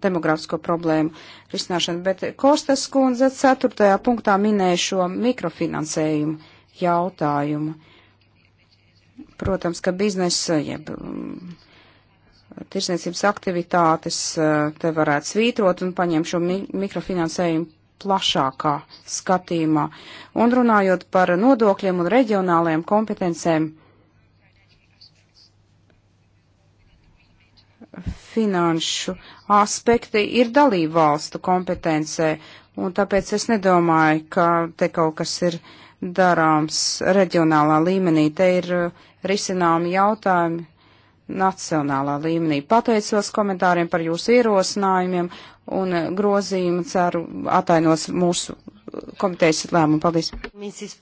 demogrāfisko problēmu risināšanu. Bet Kostas kundze 4. punktā minēja šo mikrofinansējumu jautājumu. Protams, ka biznesa, eh, jeb mm, tirsniecības aktivitātes eh, te varētu svītrot un paņemt šo mi mikrofinansējumu plašākā skatījumā. Un runājot par nodokļiem un reģionālajiem kompetencēm, finanšu aspekti ir dalību valstu kompetencē, un tāpēc es nedomāju, ka te kaut kas ir darāms reģionālā līmenī. Te ir uh, risināmi jautājumi nacionālā līmenī. Pateicos komentāriem par jūsu ierosinājumiem un eh, grozījumu ceru atainos mūsu komitejas lēmumu. Paldies.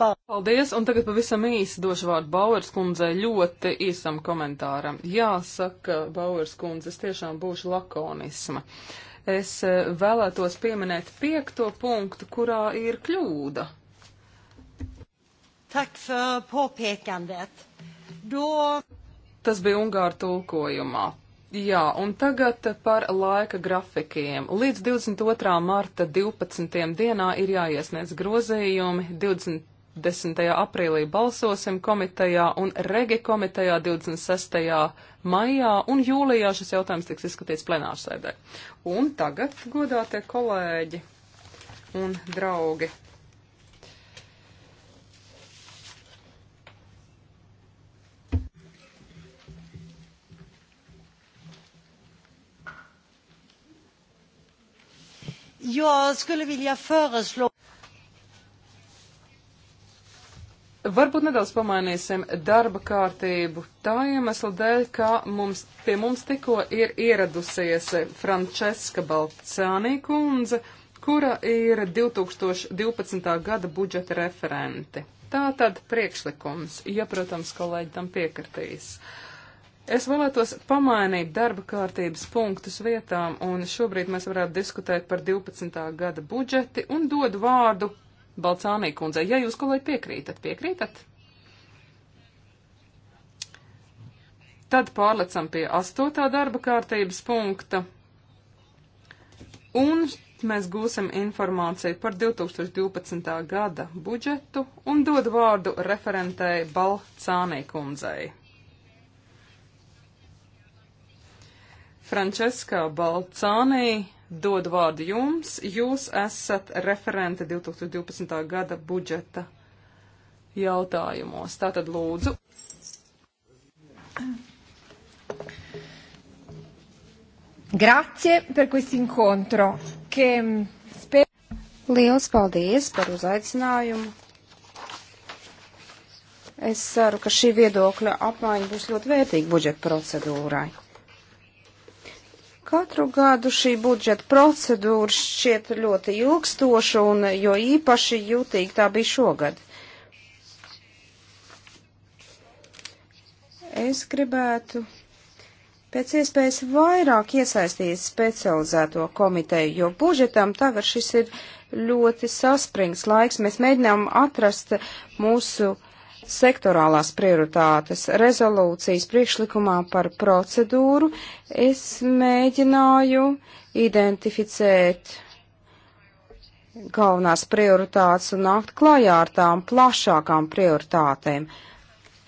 Paldies, un tagad pavisam īsi došu vārdu Bauers kundzei ļoti īsam komentāram. Jāsaka, Bauers kundze, es tiešām būšu lakonisma. Es eh, vēlētos pieminēt piekto punktu, kurā ir kļūda. Tak för påpekandet. Då... Tas bija Ungāru tulkojumā. Jā, un tagad par laika grafikiem. Līdz 22. marta 12. dienā ir jāiesniedz grozījumi, 20. 10. aprīlī balsosim komitejā un regi komitejā 26. maijā un jūlijā šis jautājums tiks izskatīts plenārsēdē. Un tagad, godātie kolēģi un draugi, Jag skulle vilja föreslå Varbūt nedaudz pamainīsim darba kārtību tā iemesla dēļ, ka mums, pie mums tikko ir ieradusies Frančeska Balcānī kundze, kura ir 2012. gada budžeta referente. Tā tad priekšlikums, ja, protams, kolēģi tam piekritīs. Uh, Es vēlētos pamainīt darba kārtības punktus vietām, un šobrīd mēs varētu diskutēt par 12. gada budžeti un dodu vārdu Balcānī kundzei. Ja jūs, kolēģi, piekrītat, piekrītat? Tad pārlecam pie 8. darba kārtības punkta, un mēs gūsim informāciju par 2012. gada budžetu un dodu vārdu referentei Balcānī kundzei. Frančeska Balcānī dod vārdu jums. Jūs esat referente 2012. gada budžeta jautājumos. Tātad lūdzu. Grazie par questo incontro. Che... Mm, Spē... Liels paldies par uzaicinājumu. Es ceru, ka šī viedokļa apmaiņa būs ļoti vērtīga budžeta procedūrai. Katru gadu šī budžeta procedūra šķiet ļoti ilgstoša un jo īpaši jūtīgi tā bija šogad. Es gribētu pēc iespējas vairāk iesaistīt specializēto komiteju, jo budžetam tagad šis ir ļoti saspringts laiks. Mēs mēģinām atrast mūsu sektorālās prioritātes rezolūcijas priekšlikumā par procedūru, es mēģināju identificēt galvenās prioritātes un nākt klajā ar tām plašākām prioritātēm.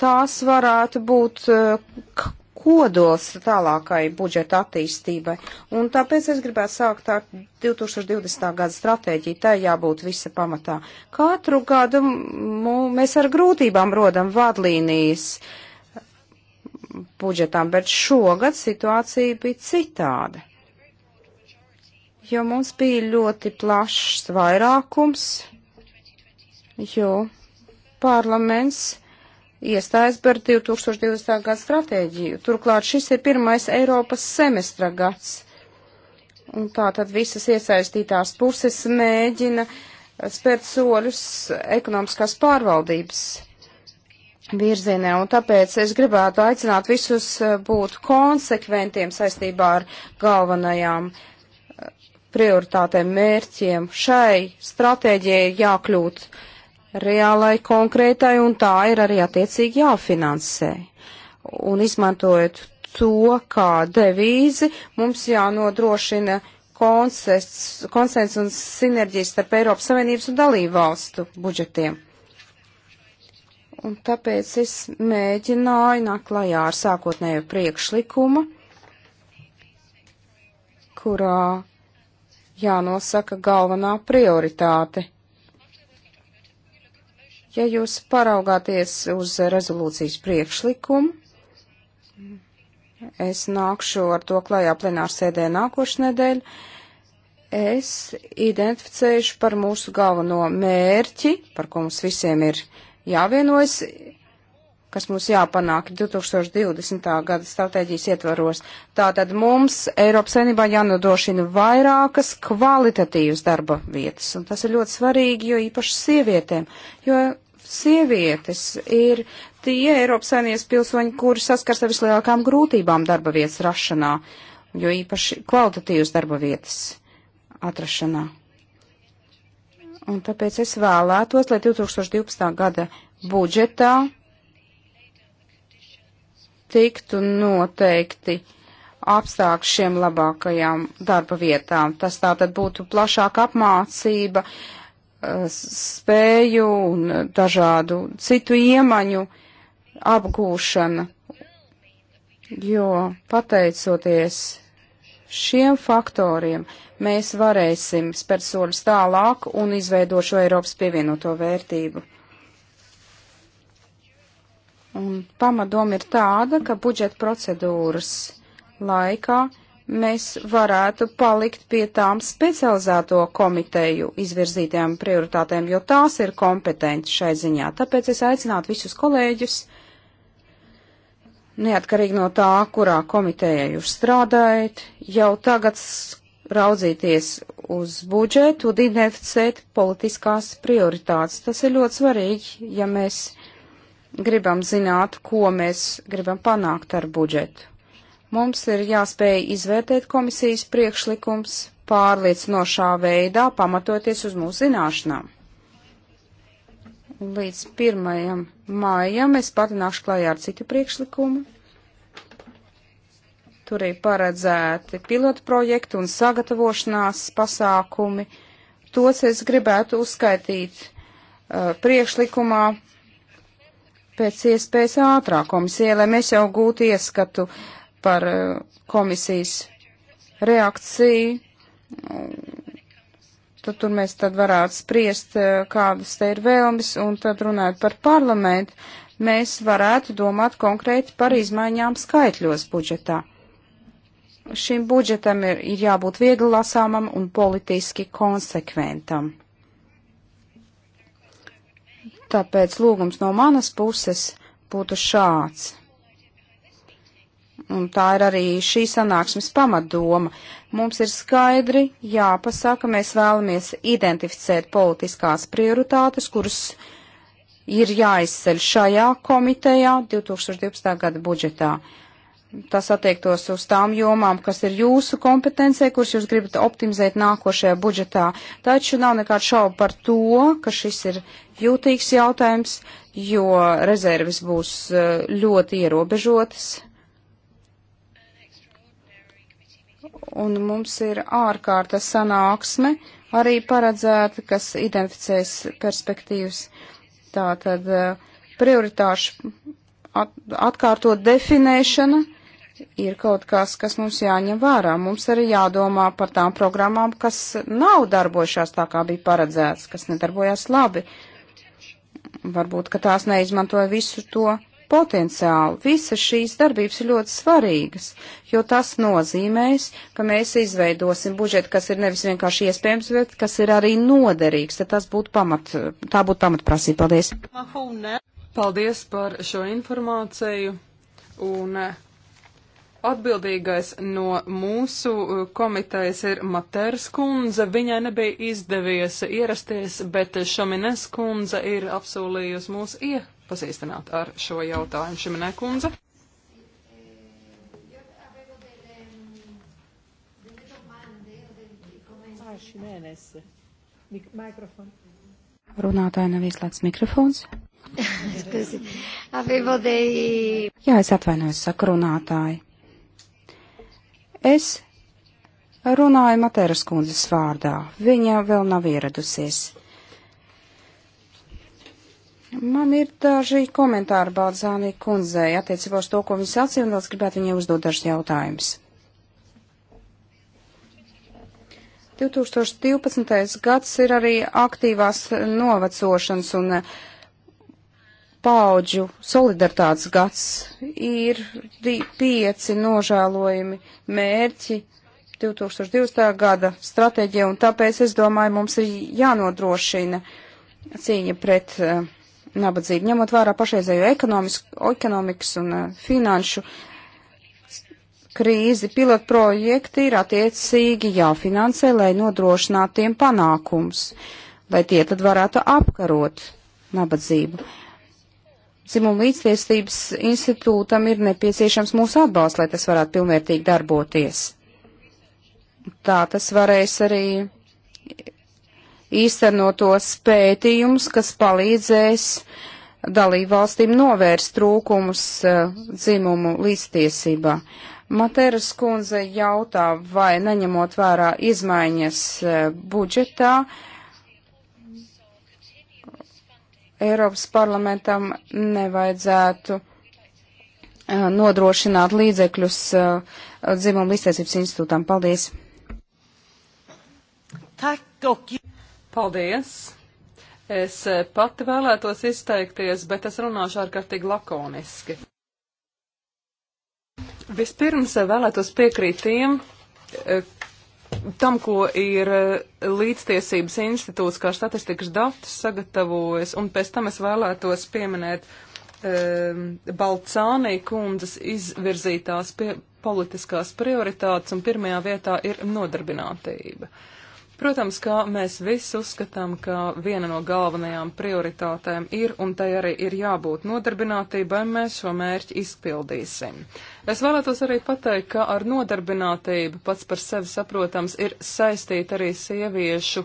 Tās varētu būt eh, kodols tālākai budžeta attīstībai. Un tāpēc es gribētu sākt ar 2020. gada stratēģiju. Tā jābūt visa pamatā. Katru gadu mēs ar grūtībām rodam vadlīnijas budžetām, bet šogad situācija bija citāda. Jo mums bija ļoti plašs vairākums, jo parlaments iestājas par 2020. gadu stratēģiju. Turklāt šis ir pirmais Eiropas semestra gads. Un tā tad visas iesaistītās puses mēģina spērt soļus ekonomiskās pārvaldības virzienā, un tāpēc es gribētu aicināt visus eh, būt konsekventiem saistībā ar galvenajām eh, prioritātēm, mērķiem. Šai stratēģijai jākļūt uh, reālai konkrētai, un tā ir arī attiecīgi jāfinansē. Un izmantojot to kā devīzi, mums jānodrošina konsens un sinerģijas starp Eiropas Savienības un dalību valstu budžetiem. Un tāpēc es mēģināju nākt klajā ar sākotnējo priekšlikumu, kurā jānosaka galvenā prioritāte Ja jūs paraugāties uz rezolūcijas priekšlikumu, es nākšu ar to klajā plenāru sēdē nākošnedēļ, es identificēšu par mūsu galveno mērķi, par ko mums visiem ir jāvienojas, kas mums jāpanāk 2020. gada stratēģijas ietvaros. Tātad mums Eiropas saimnībā jānodrošina vairākas kvalitatīvas darba vietas, un tas ir ļoti svarīgi, jo īpaši sievietēm, jo sievietes ir tie Eiropas saimnieks pilsoņi, kuri saskars ar vislielākām grūtībām darba vietas rašanā, jo īpaši kvalitatīvas darba vietas atrašanā. Un tāpēc es vēlētos, lai 2012. gada budžetā tiktu noteikti apstākļi šiem labākajām darba vietām. Tas tātad būtu plašāka apmācība, eh, spēju un dažādu citu iemaņu apgūšana, jo pateicoties šiem faktoriem mēs varēsim spērt soļus tālāk un izveidot šo Eiropas pievienoto vērtību. Un pamadoma ir tāda, ka budžeta procedūras laikā mēs varētu palikt pie tām specializēto komiteju izvirzītajām prioritātēm, jo tās ir kompetenti šai ziņā. Tāpēc es aicinātu visus kolēģus, neatkarīgi no tā, kurā komitejā jūs strādājat, jau tagad raudzīties uz budžetu un identificēt politiskās prioritātes. Tas ir ļoti svarīgi, ja mēs gribam zināt, ko mēs gribam panākt ar budžetu. Mums ir jāspēj izvērtēt komisijas priekšlikums pārliecinošā veidā, pamatoties uz mūsu zināšanām. Līdz 1. maijam es pati nākšu klājā ar citu priekšlikumu. Tur ir paredzēti pilotu projektu un sagatavošanās pasākumi. Tos es gribētu uzskaitīt uh, priekšlikumā pēc iespējas ātrāk komisijai, lai mēs jau gūtu ieskatu par eh, komisijas reakciju. Nu, tad tur mēs tad varētu spriest, eh, kādas te ir vēlmes, un tad runājot par parlamentu, mēs varētu domāt konkrēti par izmaiņām skaitļos budžetā. Šim budžetam ir, ir jābūt viegli lasāmam un politiski konsekventam. Tāpēc lūgums no manas puses būtu šāds. Un tā ir arī šī sanāksmes pamatdoma. Mums ir skaidri jāpasaka, mēs vēlamies identificēt politiskās prioritātes, kuras ir jāizceļ šajā komitejā 2012. gada budžetā. Tas attiektos uz tām jomām, kas ir jūsu kompetencija, kuras jūs gribat optimizēt nākošajā budžetā. Taču nav nekāds šaubu par to, ka šis ir jūtīgs jautājums, jo rezerves būs eh, ļoti ierobežotas. Un mums ir ārkārtas sanāksme arī paredzēta, kas identificēs perspektīvas. Tātad eh, prioritāšu atkārtot definēšana ir kaut kas, kas mums jāņem vērā. Mums arī jādomā par tām programmām, kas nav darbojušās tā, kā bija paredzēts, kas nedarbojās labi. Uh, Varbūt, ka tās neizmantoja visu to potenciālu. Visas šīs darbības ir ļoti svarīgas, jo tas nozīmēs, ka mēs izveidosim budžetu, kas ir nevis vienkārši iespējams, bet kas ir arī noderīgs. Tad tas būtu pamat, tā būtu pamatprasība. Paldies! Paldies par šo informāciju. Un Atbildīgais no mūsu uh, komitejas ir Matērs kundze. Viņai nebija izdevies ierasties, bet Šamines kundze ir apsolījusi mūs iepazīstināt ar šo jautājumu. Šamine kundze. Ah, Runātāja nav ieslēgts mikrofons. [laughs] Jā, es atvainojos, saka runātāji. Es runāju Materas kundzes vārdā. Viņa vēl nav ieradusies. Man ir daži komentāri Balzānī kundzei attiecībā uz to, ko viņa sacīja, un vēl es gribētu viņai uzdot dažus jautājumus. 2012. gads ir arī aktīvās novecošanas un uh, paudžu solidaritātes gads ir pieci nožēlojami mērķi 2020. gada stratēģija, un tāpēc es domāju, mums ir jānodrošina cīņa pret uh, nabadzību, ņemot vērā pašreizējo ekonomikas un uh, finanšu krīzi. Pilotprojekti ir attiecīgi jāfinansē, lai nodrošinātu tiem panākums, lai tie tad varētu apkarot nabadzību. Dzimuma līdztiesības institūtam ir nepieciešams mūsu atbalsts, lai tas varētu pilnvērtīgi darboties. Tā tas varēs arī īstenot tos pētījumus, kas palīdzēs dalībvalstīm novērst trūkumus eh, dzimumu līdztiesībā. Materas kundze jautā, vai neņemot vērā izmaiņas eh, budžetā, uh, Eiropas parlamentam nevajadzētu uh, nodrošināt līdzekļus uh, dzimumu līdztiesības institūtam. Paldies! Paldies! Es uh, pati vēlētos izteikties, bet es runāšu ārkārtīgi lakoniski. Vispirms vēlētos piekrīt tiem, tam, ko ir e, līdztiesības institūts kā statistikas datus sagatavojis, un pēc tam es vēlētos pieminēt um, Balcānī kundzes izvirzītās pie politiskās prioritātes, un pirmajā vietā ir nodarbinātība. Uh, Protams, ka mēs visi uzskatām, ka viena no galvenajām prioritātēm ir, un tai arī ir jābūt nodarbinātībai, mēs šo mērķi izpildīsim. Es vēlētos arī pateikt, ka ar nodarbinātību pats par sevi saprotams ir saistīta arī sieviešu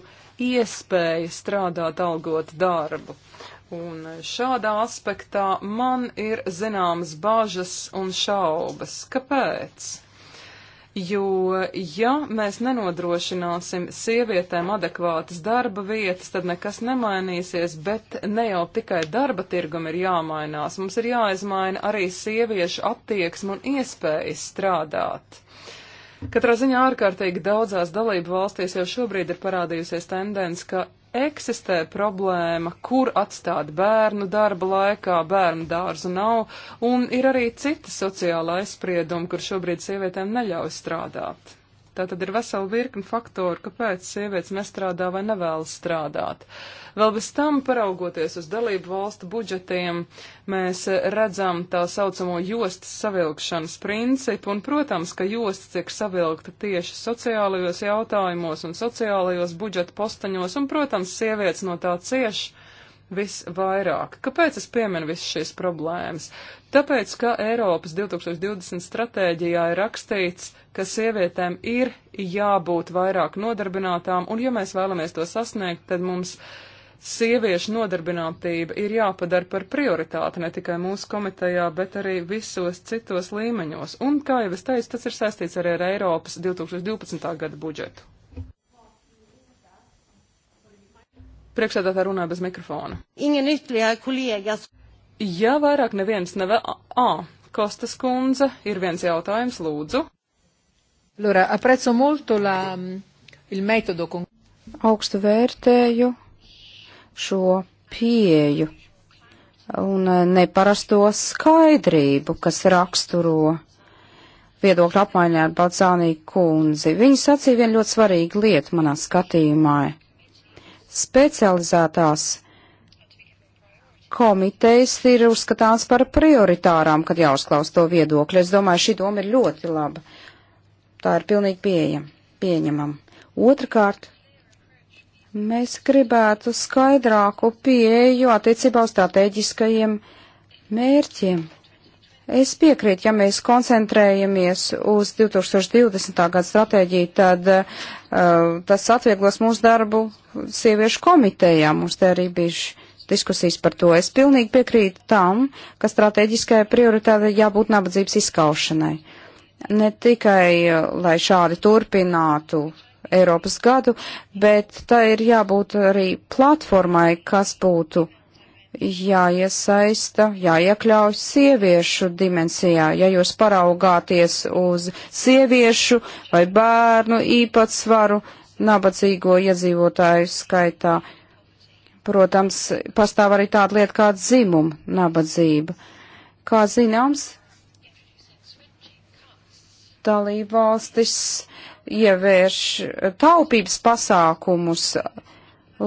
iespēja strādāt algot darbu. Un šādā aspektā man ir zināmas bažas un šaubas. Kāpēc? jo, ja mēs nenodrošināsim sievietēm adekvātas darba vietas, tad nekas nemainīsies, bet ne jau tikai darba tirgum ir jāmainās, mums ir jāizmaina arī sieviešu attieksme un iespējas strādāt. Katrā ziņā ārkārtīgi daudzās dalību valstīs jau šobrīd ir parādījusies tendence, ka Eksistē problēma, kur atstāt bērnu darba laikā, bērnu dārzu nav, un ir arī citi sociāla aizspriedumi, kur šobrīd sievietēm neļauj strādāt. Tā tad ir vesela virkni faktoru, kāpēc sievietes nestrādā vai nevēlas strādāt. Vēl bez tam, paraugoties uz dalību valstu budžetiem, mēs redzam tā saucamo jostas savilkšanas principu, un, protams, ka jostas tiek savilkta tieši sociālajos jautājumos un sociālajos budžeta postaņos, un, protams, sievietes no tā cieši visvairāk. Kāpēc es pieminu visas šīs problēmas? Tāpēc, ka Eiropas 2020 stratēģijā ir rakstīts, ka sievietēm ir jābūt vairāk nodarbinātām, un ja mēs vēlamies to sasniegt, tad mums sieviešu nodarbinātība ir jāpadara par prioritāti ne tikai mūsu komitejā, bet arī visos citos līmeņos. Un, kā jau es teicu, tas ir saistīts arī ar Eiropas 2012. gada budžetu. Priekšsēdētā runāja bez mikrofona. Ingen ytterligare kolēgas. Ja vairāk neviens neve... Ā, Kostas kundze, ir viens jautājums, lūdzu. Lora, apprezzo molto la, il metodo con... Augstu vērtēju šo pieju un eh, neparasto skaidrību, kas raksturo viedokļu apmaiņā ar Balcāniju kundzi. Viņa sacīja vienu ļoti svarīgu lietu manā skatījumā specializētās komitejas ir uzskatāms par prioritārām, kad jāuzklaus to viedokļu. Es domāju, šī doma ir ļoti laba. Tā ir pilnīgi pieejama, pieņemama. Otrakārt, mēs gribētu skaidrāku pieeju attiecībā uz strateģiskajiem mērķiem. Es piekrītu, ja mēs koncentrējamies uz 2020. gada stratēģiju, tad uh, tas atvieglos mūsu darbu sieviešu komitejā. Mums te arī bija diskusijas par to. Es pilnīgi piekrītu tam, ka stratēģiskai prioritāte jābūt nabadzības izskaušanai. Ne tikai, uh, lai šādi turpinātu Eiropas gadu, bet tā ir jābūt arī platformai, kas būtu jāiesaista, jāiekļauj sieviešu dimensijā. Ja jūs paraugāties uz sieviešu vai bērnu īpatsvaru nabadzīgo iedzīvotāju skaitā, protams, pastāv arī tāda lieta kā dzimuma nabadzība. Kā zināms, dalībvalstis ievērš taupības pasākumus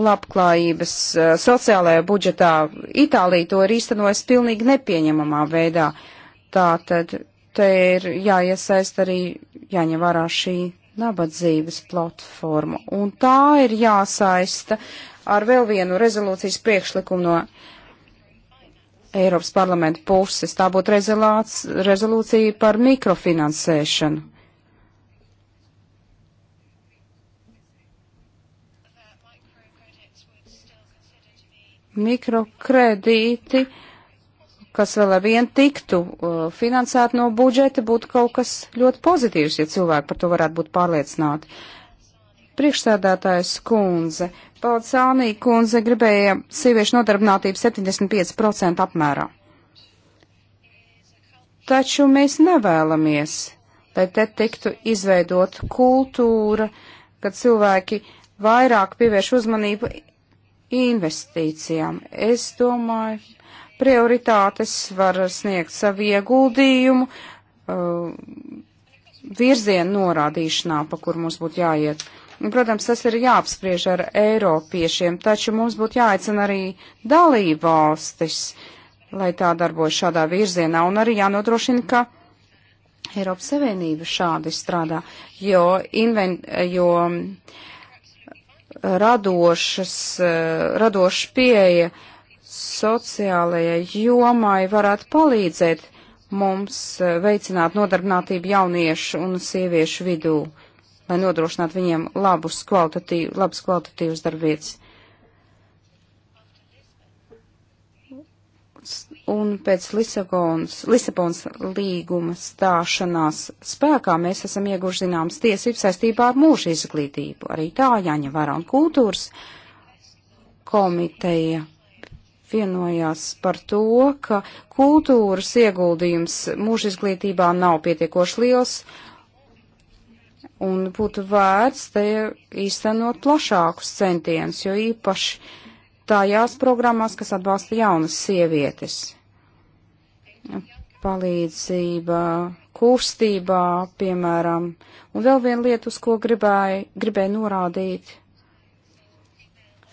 labklājības eh, sociālajā budžetā. Itālija to ir īstenojas pilnīgi nepieņemamā veidā. Tātad te ir jāiesaist arī jāņem vērā šī nabadzības platforma. Un tā ir jāsaista ar vēl vienu rezolūcijas priekšlikumu no Eiropas parlamenta puses. Tā būtu rezolāts, rezolūcija par mikrofinansēšanu. mikrokredīti, kas vēl ar vien tiktu uh, finansēti no budžeta, būtu kaut kas ļoti pozitīvs, ja cilvēki par to varētu būt pārliecināti. Priekšsēdētājs kundze, Palcānī kundze gribēja sieviešu nodarbinātību 75% apmērā. Taču mēs nevēlamies, lai te tiktu izveidot kultūra, kad cilvēki vairāk pievērš uzmanību investīcijām. Es domāju, prioritātes var sniegt savu ieguldījumu, uh, virzienu norādīšanā, pa kur mums būtu jāiet. Un, protams, tas ir jāapspriež ar Eiropiešiem, taču mums būtu jāaicina arī dalību valstis, lai tā darbojas šādā virzienā, un arī jānodrošina, ka Eiropas Savienība šādi strādā, jo, inven, jo uh, radošas, eh, radoša pieeja sociālajai jomai varētu palīdzēt mums eh, veicināt nodarbinātību jauniešu un sieviešu vidū, lai nodrošinātu viņiem labus kvalitatīv, labus kvalitatīvus darbvietas. un pēc Lisabonas, Lisabonas līguma stāšanās spēkā mēs esam ieguši zināmas tiesības saistībā ar mūža izglītību. Arī tā jāņem vērā un kultūras komiteja vienojās par to, ka kultūras ieguldījums mūža izglītībā nav pietiekoši liels un būtu vērts te īstenot plašākus centienus, jo īpaši tājās programmās, kas atbalsta jaunas sievietes palīdzība kustībā, piemēram. Un vēl viena lieta, uz ko gribēju, gribēju norādīt.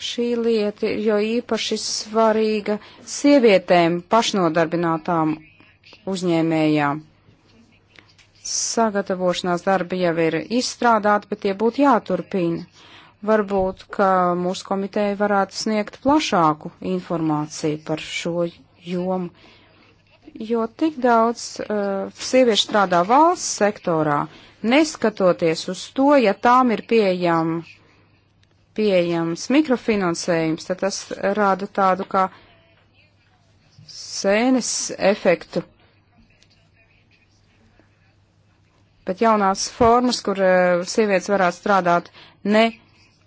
Šī lieta ir jo īpaši svarīga sievietēm pašnodarbinātām uzņēmējām. Sagatavošanās darbi jau ir izstrādāti, bet tie būtu jāturpina. Varbūt, ka mūsu komiteja varētu sniegt plašāku informāciju par šo jomu jo tik daudz uh, sieviešu strādā valsts sektorā, neskatoties uz to, ja tām ir pieejam, pieejams mikrofinansējums, tad tas rada tādu kā sēnes efektu. Bet jaunās formas, kur uh, sievietes varētu strādāt ne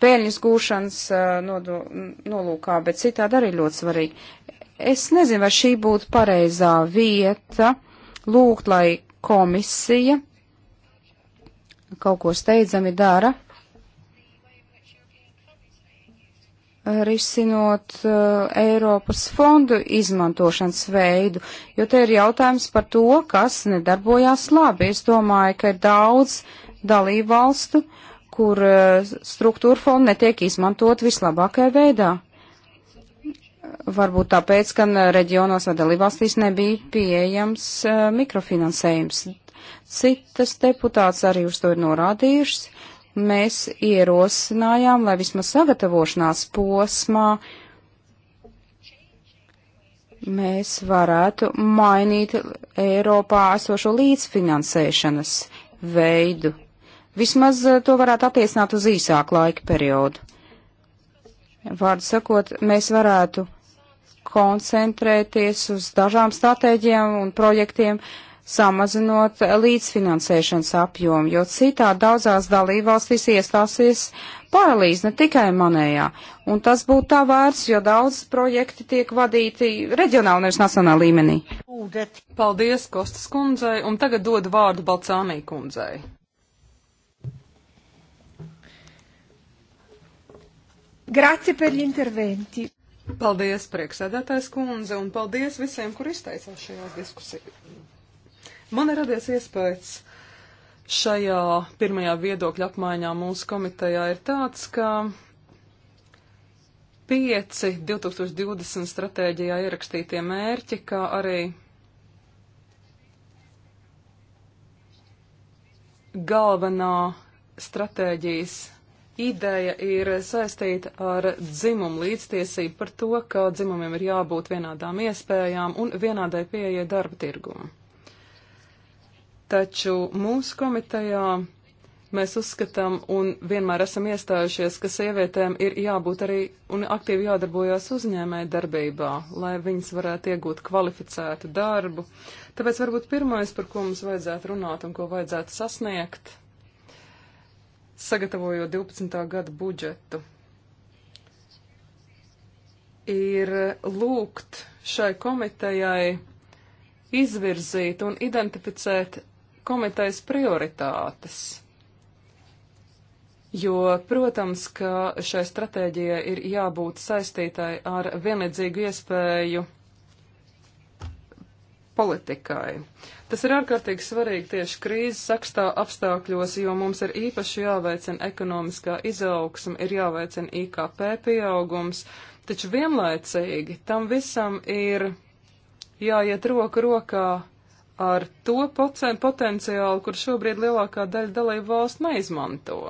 peļņas gūšanas uh, nolūkā, bet citādi arī ļoti svarīgi. Es nezinu, vai šī būtu pareizā vieta lūgt, lai komisija kaut ko steidzami dara, risinot uh, Eiropas fondu izmantošanas veidu, jo te ir jautājums par to, kas nedarbojās labi. Es domāju, ka ir daudz dalībvalstu, kur uh, struktūra fonda netiek izmantot vislabākajā veidā. Varbūt tāpēc, ka reģionos vai dalībvalstīs nebija pieejams uh, mikrofinansējums. Citas deputāts arī uz to ir norādījušas. Mēs ierosinājām, lai vismaz sagatavošanās posmā mēs varētu mainīt Eiropā esošo līdzfinansēšanas veidu. Vismaz e, to varētu attiecināt uz īsāku laika periodu. Vārdu sakot, mēs varētu koncentrēties uz dažām stratēģijām un projektiem, samazinot līdzfinansēšanas apjomu, jo citā daudzās dalībvalstīs iestāsies paralīze, ne tikai manējā. Un tas būtu tā vērts, jo daudz projekti tiek vadīti reģionāli, nevis nacionālā līmenī. Paldies Kostas kundzei, un tagad dodu vārdu Balcānī kundzei. Grazie per gli interventi. Paldies, prieksēdētājs kundze, un paldies visiem, kur izteicās šajās diskusijās. Man ir radies iespējas šajā pirmajā viedokļa apmaiņā mūsu komitejā ir tāds, ka pieci 2020 stratēģijā ierakstītie mērķi, kā arī galvenā stratēģijas ideja ir saistīta ar dzimumu līdztiesību par to, ka dzimumiem ir jābūt vienādām iespējām un vienādai pieejai darba tirgumu. Taču mūsu komitejā mēs uzskatām un vienmēr esam iestājušies, ka sievietēm ir jābūt arī un aktīvi jādarbojas uzņēmē darbībā, lai viņas varētu iegūt kvalificētu darbu. Tāpēc varbūt pirmais, par ko mums vajadzētu runāt un ko vajadzētu sasniegt, sagatavojot 12. gada budžetu, ir lūgt šai komitejai izvirzīt un identificēt komitejas prioritātes. Jo, protams, ka šai stratēģijai ir jābūt saistītai ar vienlīdzīgu iespēju politikai. Tas ir ārkārtīgi svarīgi tieši krīzes apstākļos, jo mums ir īpaši jāveicina ekonomiskā izaugsma, ir jāveicina IKP pieaugums, taču vienlaicīgi tam visam ir jāiet roku rokā ar to potenciālu, kur šobrīd lielākā daļa dalību valstu neizmanto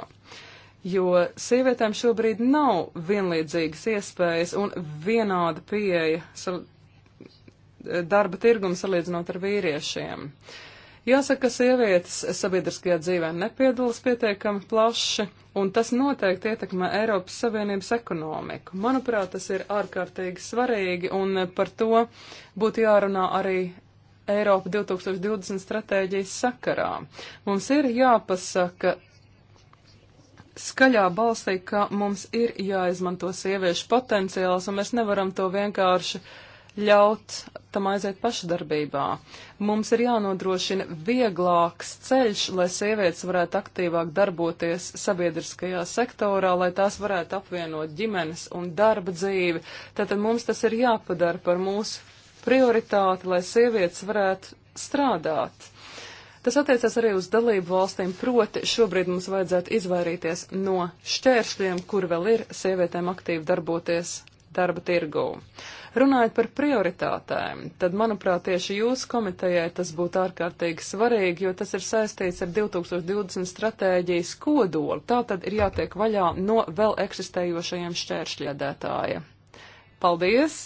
jo sievietēm šobrīd nav vienlīdzīgas iespējas un vienāda pieeja darba tirgumu salīdzinot ar vīriešiem. Jāsaka, ka sievietes sabiedriskajā dzīvē nepiedalas pietiekami plaši, un tas noteikti ietekmē Eiropas Savienības ekonomiku. Manuprāt, tas ir ārkārtīgi svarīgi, un par to būtu jārunā arī Eiropa 2020 stratēģijas sakarā. Mums ir jāpasaka skaļā balsī, ka mums ir jāizmanto sieviešu potenciāls, un mēs nevaram to vienkārši ļaut tam aiziet pašdarbībā. Mums ir jānodrošina vieglāks ceļš, lai sievietes varētu aktīvāk darboties sabiedriskajā sektorā, lai tās varētu apvienot ģimenes un darba dzīvi. Tātad mums tas ir jāpadara par mūsu prioritāti, lai sievietes varētu strādāt. Tas attiecas arī uz dalību valstīm, proti šobrīd mums vajadzētu izvairīties no šķēršļiem, kur vēl ir sievietēm aktīvi darboties darba tirgū. Runājot par prioritātēm, tad, manuprāt, tieši jūsu komitejai tas būtu ārkārtīgi svarīgi, jo tas ir saistīts ar 2020 stratēģijas kodolu. Tā tad ir jātiek vaļā no vēl eksistējošajiem šķēršļiedētāja. Paldies!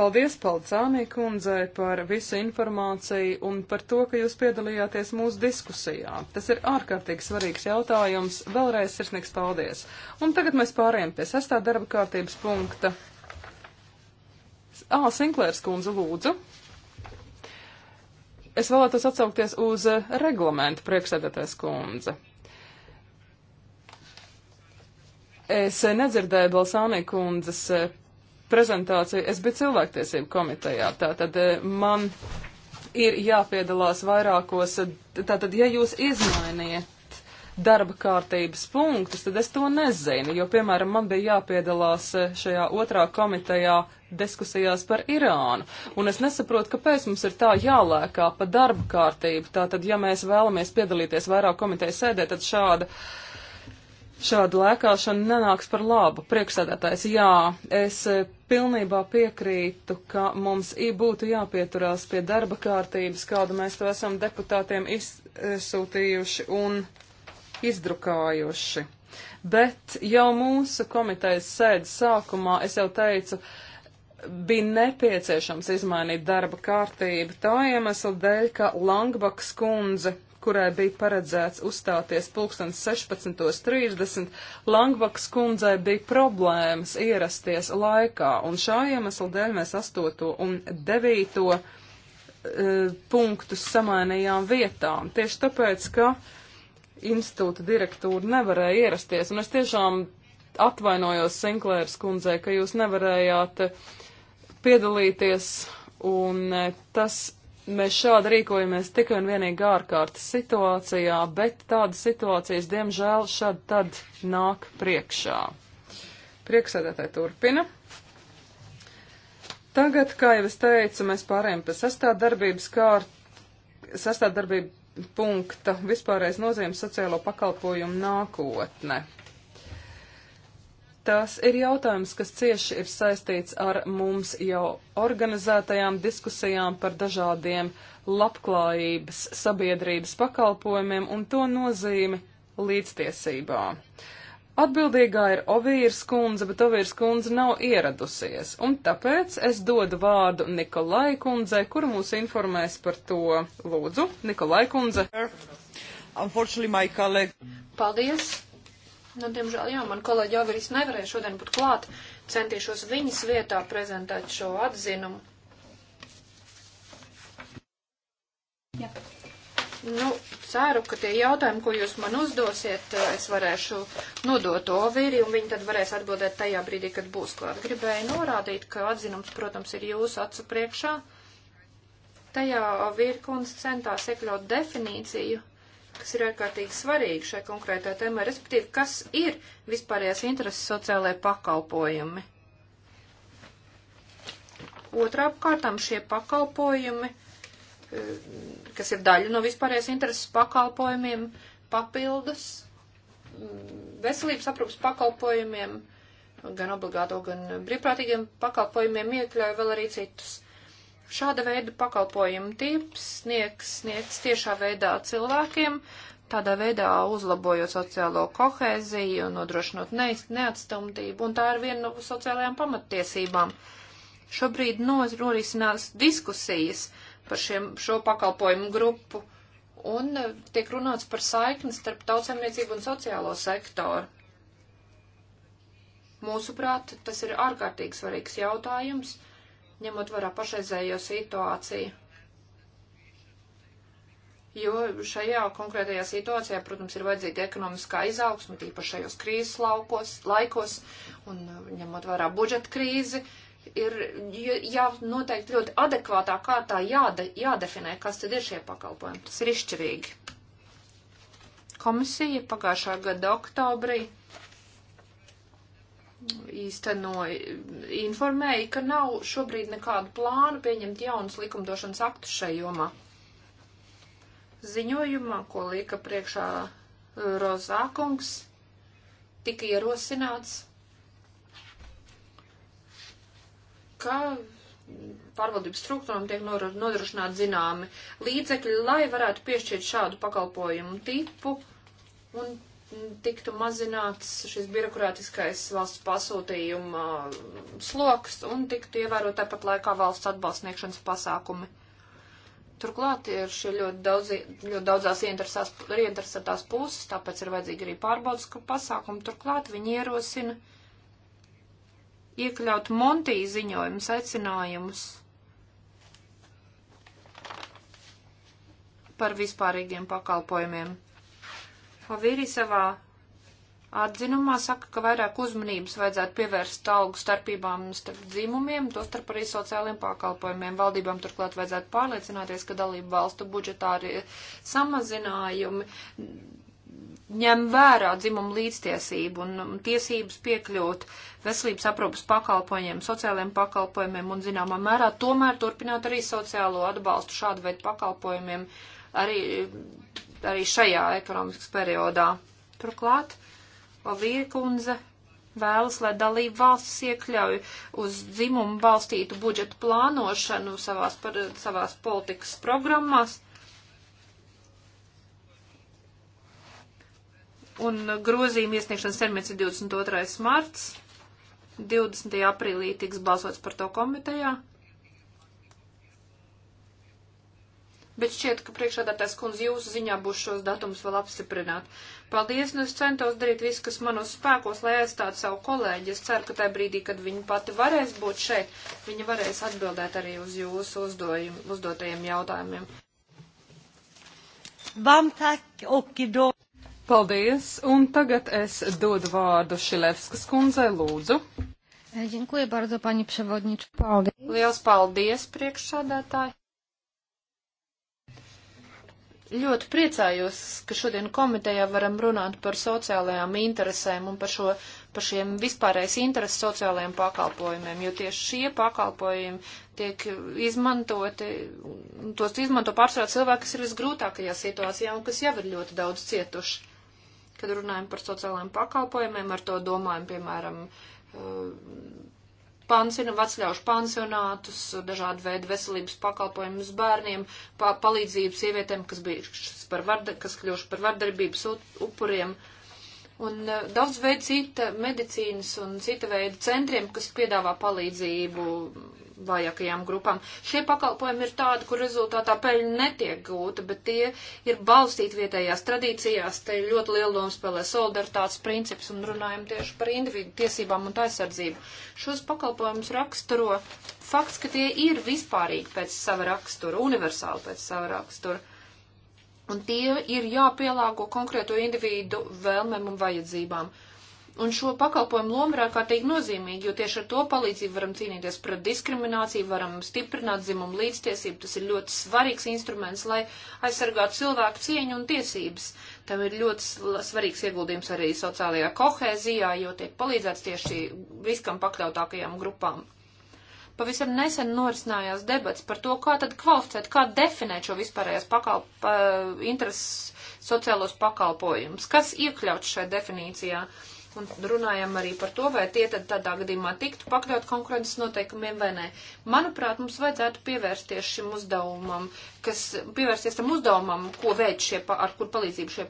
Paldies Palcānī kundzei par visu informāciju un par to, ka jūs piedalījāties mūsu diskusijā. Tas ir ārkārtīgi svarīgs jautājums. Vēlreiz sirsnīgs paldies. Un tagad mēs pārējām pie sestā darba kārtības punkta. Ā, Sinklērs kundze, lūdzu. Es vēlētos atsaukties uz reglamentu priekšsēdētājs kundze. Es nedzirdēju Balsānī kundzes prezentāciju. Es biju cilvēktiesību komitejā, tātad eh, man ir jāpiedalās vairākos, eh, tātad, ja jūs izmainiet darba kārtības punktus, tad es to nezinu, jo, piemēram, man bija jāpiedalās eh, šajā otrā komitejā diskusijās par Irānu, un es nesaprotu, kāpēc mums ir tā jālēkā pa darba kārtību. Tātad, ja mēs vēlamies piedalīties vairāk komitejas sēdē, tad šāda uh, šāda lēkāšana nenāks par labu. Priekšsēdētājs, jā, es e, pilnībā piekrītu, ka mums būtu jāpieturās pie darba kārtības, kādu mēs to esam deputātiem izsūtījuši un izdrukājuši. Bet jau mūsu komitejas sēdes sākumā es jau teicu, bija nepieciešams izmainīt darba kārtību tā iemesla dēļ, ka Langbaks kundze kurai bija paredzēts uzstāties pulkstens 16.30, Langvaks kundzei bija problēmas ierasties laikā, un šā iemesla dēļ mēs 8. un 9. Eh, punktus samainījām vietām. Tieši tāpēc, ka institūta direktūra nevarēja ierasties, un es tiešām atvainojos Sinklēras kundzei, ka jūs nevarējāt eh, piedalīties, un eh, tas Mēs šādi rīkojamies tikai un vienīgi ārkārtas situācijā, bet tādas situācijas, diemžēl, šad tad nāk priekšā. Prieksēdētāji turpina. Tagad, kā jau es teicu, mēs pārējām pie sastāvdarbības kārt, sastāvdarbība punkta vispārreiz nozīmes sociālo pakalpojumu nākotne. Tas ir jautājums, kas cieši ir saistīts ar mums jau organizētajām diskusijām par dažādiem labklājības sabiedrības pakalpojumiem un to nozīmi līdztiesībā. Atbildīgā ir Ovīrs kundze, bet Ovīrs kundze nav ieradusies, un tāpēc es dodu vārdu Nikolai kundzei, kur mūs informēs par to. Lūdzu, Nikolai kundze. Paldies! Nu, diemžēl, jā, man kolēģi Joveris nevarēja šodien būt klāt. Centīšos viņas vietā prezentēt šo atzinumu. Jā. Nu, ceru, ka tie jautājumi, ko jūs man uzdosiet, eh, es varēšu nodot Oviri, un viņi tad varēs atbildēt tajā brīdī, kad būs klāt. Gribēju norādīt, ka atzinums, protams, ir jūsu acu priekšā. Tajā Oviri kundze centās iekļaut definīciju kas ir ārkārtīgi svarīgi šai konkrētā tēmā, respektīvi, kas ir vispārējās intereses sociālajie pakalpojumi. Otrā apkārtām šie pakalpojumi, eh, kas ir daļa no vispārējās intereses pakalpojumiem, papildus mm, veselības aprūpas pakalpojumiem, gan obligāto, gan brīvprātīgiem pakalpojumiem iekļauj vēl arī citus Šāda veida pakalpojumu tips sniegs, sniegs tiešā veidā cilvēkiem, tādā veidā uzlabojot sociālo kohēziju, nodrošinot neatstumtību, un tā ir viena no sociālajām pamattiesībām. Šobrīd norisinās diskusijas par šiem, šo pakalpojumu grupu, un eh, tiek runāts par saikni starp tautsēmniecību un sociālo sektoru. Mūsuprāt, tas ir ārkārtīgi svarīgs jautājums ņemot vērā pašreizējo situāciju. Jo šajā konkrētajā situācijā, protams, ir vajadzīga ekonomiskā izaugsme, tīpaši šajos krīzes laukos, laikos, un uh, ņemot vērā budžeta krīzi, ir jā, noteikti ļoti adekvātā kārtā jāde, jādefinē, kas tad ir šie pakalpojumi. Tas ir izšķirīgi. Komisija pagājušā gada oktobrī īstenoja, informēja, ka nav šobrīd nekādu plānu pieņemt jaunas likumdošanas aktus šai jomā. Ziņojumā, ko lieka priekšā eh, Rozākungs, tika ierosināts, ka pārvaldības struktūram tiek nodrošināti zināmi līdzekļi, lai varētu piešķirt šādu pakalpojumu tipu un tiktu mazināts šis birokrātiskais valsts pasūtījuma uh, sloks un tiktu ievērot tāpat laikā valsts atbalstniekšanas pasākumi. Turklāt ir šie ļoti, daudz, ļoti daudzās ieinteresētās puses, tāpēc ir vajadzīgi arī pārbaudas pasākumi. Turklāt viņi ierosina iekļaut Montī ziņojumu secinājumus par vispārīgiem pakalpojumiem. Havīri savā atzinumā saka, ka vairāk uzmanības vajadzētu pievērst algu starpībām starp dzimumiem, to starp arī sociāliem pakalpojumiem. Valdībām turklāt vajadzētu pārliecināties, ka dalību valstu budžetāri samazinājumi ņem vērā dzimumu līdztiesību un um, tiesības piekļūt veselības aprūpas pakalpojumiem, sociāliem pakalpojumiem un, zināmā mērā, tomēr turpināt arī sociālo atbalstu šādu veidu pakalpojumiem, arī arī šajā ekonomikas periodā. Turklāt, Ovīra kundze vēlas, lai dalību valstis iekļauj uz dzimumu balstītu budžetu plānošanu savās, par, savās politikas programmās. Un grozījuma iesniegšanas termiņš ir 22. marts. 20. aprīlī tiks balsots par to komitejā. bet šķiet, ka priekšādātais kundze jūsu ziņā būs šos datumus vēl apstiprināt. Paldies, nu es centos darīt visu, kas manos spēkos, lai aizstātu savu kolēģi. Es ceru, ka tajā brīdī, kad viņa pati varēs būt šeit, viņa varēs atbildēt arī uz jūsu uzdojum, uzdotajiem jautājumiem. Vam tak, okido. Paldies, un tagad es dodu vārdu Šilevskas kundzei, lūdzu. Dziękuję bardzo, pani przewodnicząca. Paldies. Liels paldies, priekšsādātāji. Ļoti priecājos, ka šodien komitejā varam runāt par sociālajām interesēm un par, šo, par šiem vispārējais interesi sociālajiem pakalpojumiem, jo tieši šie pakalpojumi tiek izmantoti, tos izmanto pārsvarā cilvēki, kas ir visgrūtākajā situācijā un kas jau ir ļoti daudz cietuši. Kad runājam par sociālajiem pakalpojumiem, ar to domājam, piemēram, pansion, vecļaušu pansionātus, dažādu veidu veselības pakalpojumus bērniem, pa, palīdzību sievietēm, kas bijušas par varda, kas kļuvuši par vardarbības upuriem. Un e, daudz veidu cita medicīnas un cita veida centriem, kas piedāvā palīdzību vājākajām grupām. Šie pakalpojumi ir tādi, kur rezultātā peļņa netiek gūta, bet tie ir balstīti vietējās tradīcijās, te ļoti lielu lomu spēlē solidaritātes princips un runājam tieši par individu tiesībām un aizsardzību. Šos pakalpojumus raksturo fakts, ka tie ir vispārīgi pēc sava rakstura, universāli pēc sava rakstura. Un tie ir jāpielāgo konkrēto individu vēlmēm un vajadzībām. Uh, Un šo pakalpojumu loma ir ārkārtīgi nozīmīga, jo tieši ar to palīdzību varam cīnīties pret diskrimināciju, varam stiprināt dzimumu līdztiesību. Tas ir ļoti svarīgs instruments, lai aizsargātu cilvēku cieņu un tiesības. Tam ir ļoti svarīgs ieguldījums arī sociālajā kohēzijā, jo tiek palīdzēts tieši riskam pakļautākajām grupām. Pavisam nesen norisinājās debats par to, kā tad kvalificēt, kā definēt šo vispārējās pakalp, intereses sociālos pakalpojumus, kas iekļauts šajā definīcijā. Uh, Un runājam arī par to, vai tie tad tādā gadījumā tiktu pakļaut konkurences noteikumiem vai nē. Manuprāt, mums vajadzētu pievērsties šim uzdevumam, kas pievērsties tam uzdevumam, ko veic šie, ar kur palīdzību šie,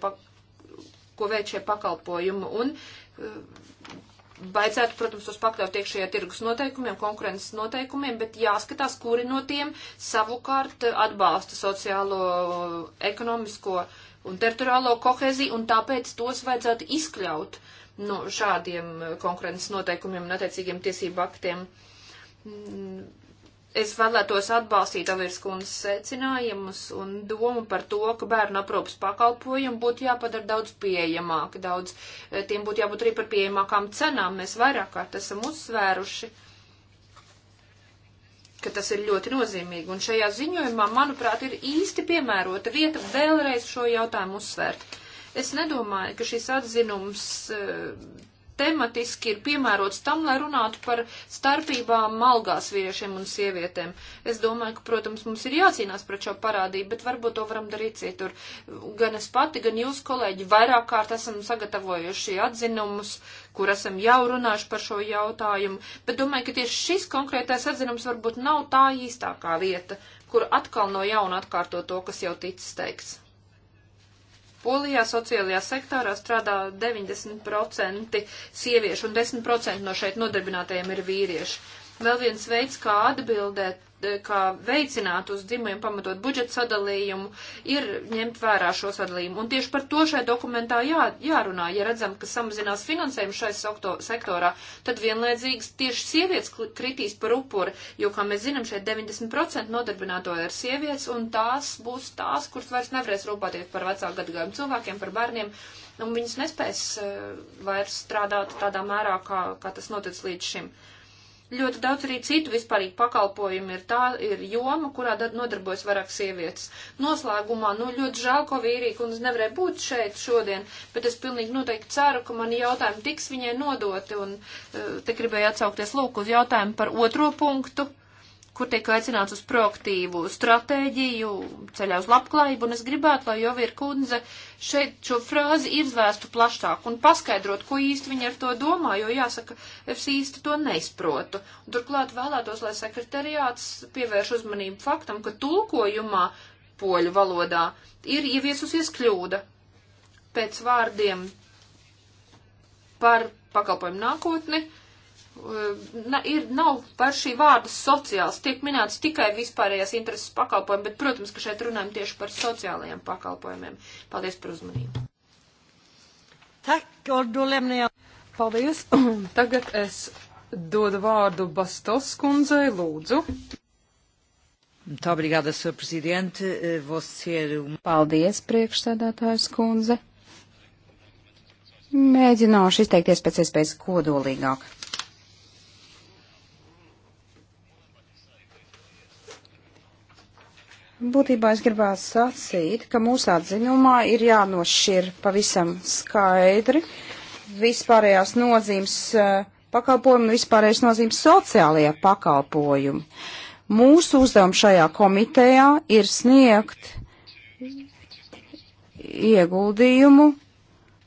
ko veic šie pakalpojumi. Un baidzētu, eh, protams, tos pakļaut iekšējā tirgus noteikumiem, konkurences noteikumiem, bet jāskatās, kuri no tiem savukārt atbalsta sociālo, ekonomisko un teritoriālo koheziju, un tāpēc tos vajadzētu izkļaut uh, no nu, šādiem konkurences noteikumiem un attiecīgiem tiesību aktiem. Mm, es vēlētos atbalstīt Avirskundas secinājumus un domu par to, ka bērnu aprūpas pakalpojumu būtu jāpadara daudz pieejamāk, daudz, eh, tiem būtu jābūt arī par pieejamākām cenām. Mēs vairāk kārt esam uzsvēruši, ka tas ir ļoti nozīmīgi. Un šajā ziņojumā, manuprāt, ir īsti piemērota vieta vēlreiz šo jautājumu uzsvērt. Es nedomāju, ka šis atzinums eh, tematiski ir piemērots tam, lai runātu par starpībām malgās vīriešiem un sievietēm. Es domāju, ka, protams, mums ir jācīnās pret šo parādību, bet varbūt to varam darīt citur. Gan es pati, gan jūs, kolēģi, vairāk kārt esam sagatavojuši atzinumus, kur esam jau runājuši par šo jautājumu, bet domāju, ka tieši šis konkrētais atzinums varbūt nav tā īstākā vieta, kur atkal no jauna atkārto to, kas jau ticis teikts. Polijā sociālajā sektorā strādā 90% sieviešu un 10% no šeit nodarbinātajiem ir vīrieši. Vēl viens veids, kā atbildēt, eh, kā veicināt uz dzimumiem pamatot budžeta sadalījumu, ir ņemt vērā šo sadalījumu. Un tieši par to šai dokumentā jā, jārunā. Ja redzam, ka samazinās finansējumu šai sektorā, tad vienlaicīgi tieši sievietes kritīs par upuri, jo, kā mēs zinām, šeit 90% nodarbināto ir sievietes, un tās būs tās, kuras vairs nevarēs rūpēties par vecāku gadagājumu cilvēkiem, par bērniem. Un viņas nespēs uh, vairs strādāt tādā mērā, kā, kā tas notic līdz šim. Uh, ļoti daudz arī citu vispārīgi pakalpojumu ir tā, ir joma, kurā nodarbojas vairāk sievietes. Noslēgumā, nu, ļoti žēl, ko vīrīgi, un es nevarēju būt šeit šodien, bet es pilnīgi noteikti ceru, ka mani jautājumi tiks viņai nodoti, un eh, te gribēju atsaukties lūk uz jautājumu par otro punktu kur tiek aicināts uz proaktīvu stratēģiju, ceļā uz labklājību, un es gribētu, lai Jovir Kundze šeit šo frāzi izvēstu plašāk un paskaidrot, ko īsti viņi ar to domā, jo jāsaka, es īsti to neizprotu. Un turklāt vēlētos, lai sekretariāts pievērš uzmanību faktam, ka tulkojumā poļu valodā ir ieviesusies kļūda pēc vārdiem par pakalpojumu nākotni na, ir, nav par šī vārda sociāls, tiek minēts tikai vispārējās intereses pakalpojumi, bet, protams, ka šeit runājam tieši par sociālajiem pakalpojumiem. Paldies par uzmanību. Paldies. [clears throat] Tagad es dodu vārdu Bastos kundzei, lūdzu. Obrigada, Sr. Presidente. Eh, Você... Um- Paldies, priekšsēdētājs kundze. Mēģināšu izteikties pēc iespējas kodolīgāk. Būtībā es gribētu sacīt, ka mūsu atzinumā ir jānošķir pavisam skaidri vispārējās nozīmes eh, pakalpojumi un vispārējās nozīmes sociālajie pakalpojumi. Mūsu uzdevums šajā komitejā ir sniegt ieguldījumu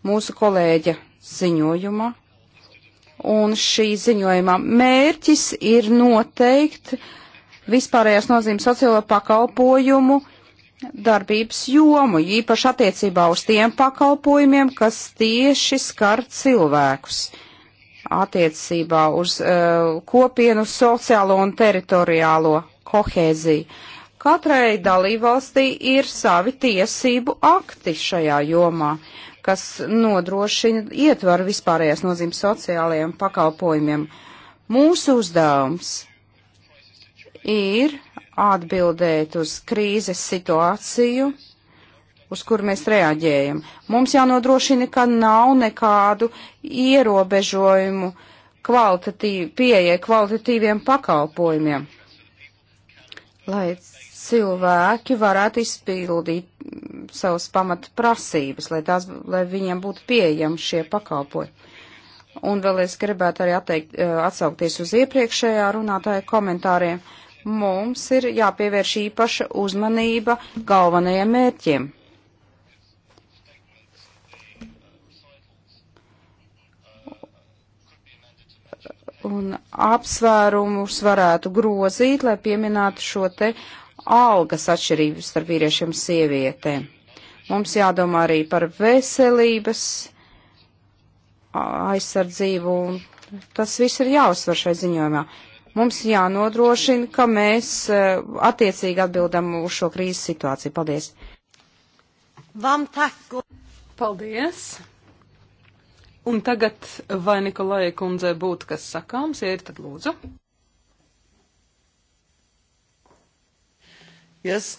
mūsu kolēģa ziņojumā. Un šī ziņojuma mērķis ir noteikt vispārējās nozīmes sociālo pakalpojumu darbības jomu, īpaši attiecībā uz tiem pakalpojumiem, kas tieši skar cilvēkus attiecībā uz uh, kopienu sociālo un teritoriālo kohēziju. Katrai dalībvalstī ir savi tiesību akti šajā jomā, kas nodrošina ietvaru vispārējās nozīmes sociālajiem pakalpojumiem. Mūsu uzdevums ir atbildēt uz krīzes situāciju, uz kur mēs reaģējam. Mums jānodrošina, ka nav nekādu ierobežojumu kvalitatīvi, pieeja kvalitatīviem pakalpojumiem, lai cilvēki varētu izpildīt savas pamata prasības, lai, tās, lai viņiem būtu pieejami šie pakalpojumi. Un vēl es gribētu arī atteikt, eh, atsaukties uz iepriekšējā runātāja komentāriem. Uh, mums ir jāpievērš īpaša uzmanība galvenajiem mērķiem. Un apsvērumus varētu grozīt, lai pieminētu šo te algas atšķirības starp vīriešiem un sievietēm. Mums jādomā arī par veselības aizsardzību, un tas viss ir jāuzsver šai ziņojumā. Mums jānodrošina, ka mēs e, attiecīgi atbildam uz šo krīzes situāciju. Paldies! Vam taku! Paldies! Un tagad, vai Nikolai kundzē būtu kas sakāms, ja ir, tad lūdzu. Yes,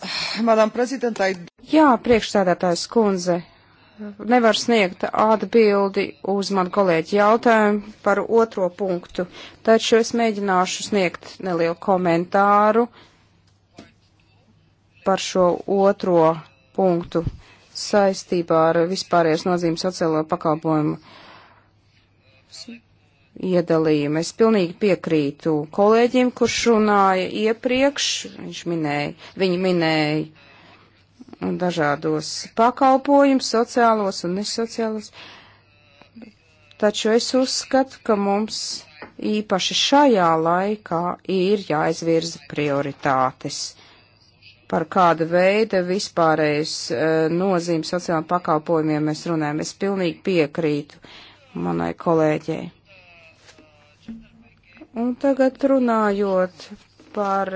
madam president, I... Jā, priekšstādātājs kundze, nevar sniegt atbildi uz man kolēģi jautājumu par otro punktu, taču es mēģināšu sniegt nelielu komentāru par šo otro punktu saistībā ar vispārējais nozīmes sociālo pakalpojumu iedalījumu. Es pilnīgi piekrītu kolēģim, kurš runāja iepriekš, viņš minēja, viņi minēja un dažādos pakalpojumus, sociālos un nesociālos. Taču es uzskatu, ka mums īpaši šajā laikā ir jāizvirza prioritātes par kādu veidu vispārējais eh, nozīmi sociālajiem pakalpojumiem mēs runājam. Es pilnīgi piekrītu manai kolēģei. Un tagad runājot par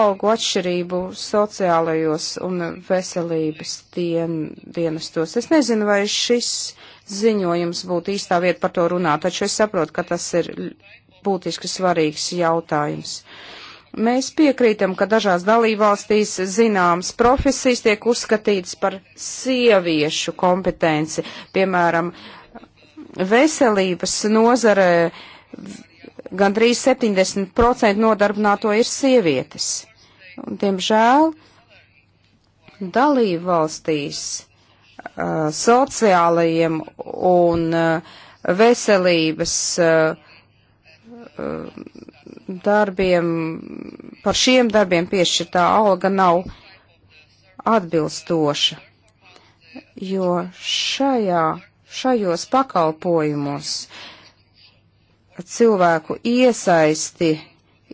augu atšķirību sociālajos un veselības dien, dienestos. Es nezinu, vai šis ziņojums būtu īstā vieta par to runāt, taču es saprotu, ka tas ir būtiski svarīgs jautājums. Mēs piekrītam, ka dažās dalībvalstīs zināmas profesijas tiek uzskatītas par sieviešu kompetenci. Piemēram, veselības nozare gandrīz 70% nodarbināto ir sievietes. Un, diemžēl dalību valstīs uh, sociālajiem un uh, veselības uh, darbiem, par šiem darbiem piešķirtā alga nav atbilstoša, jo šajā, šajos pakalpojumos cilvēku iesaisti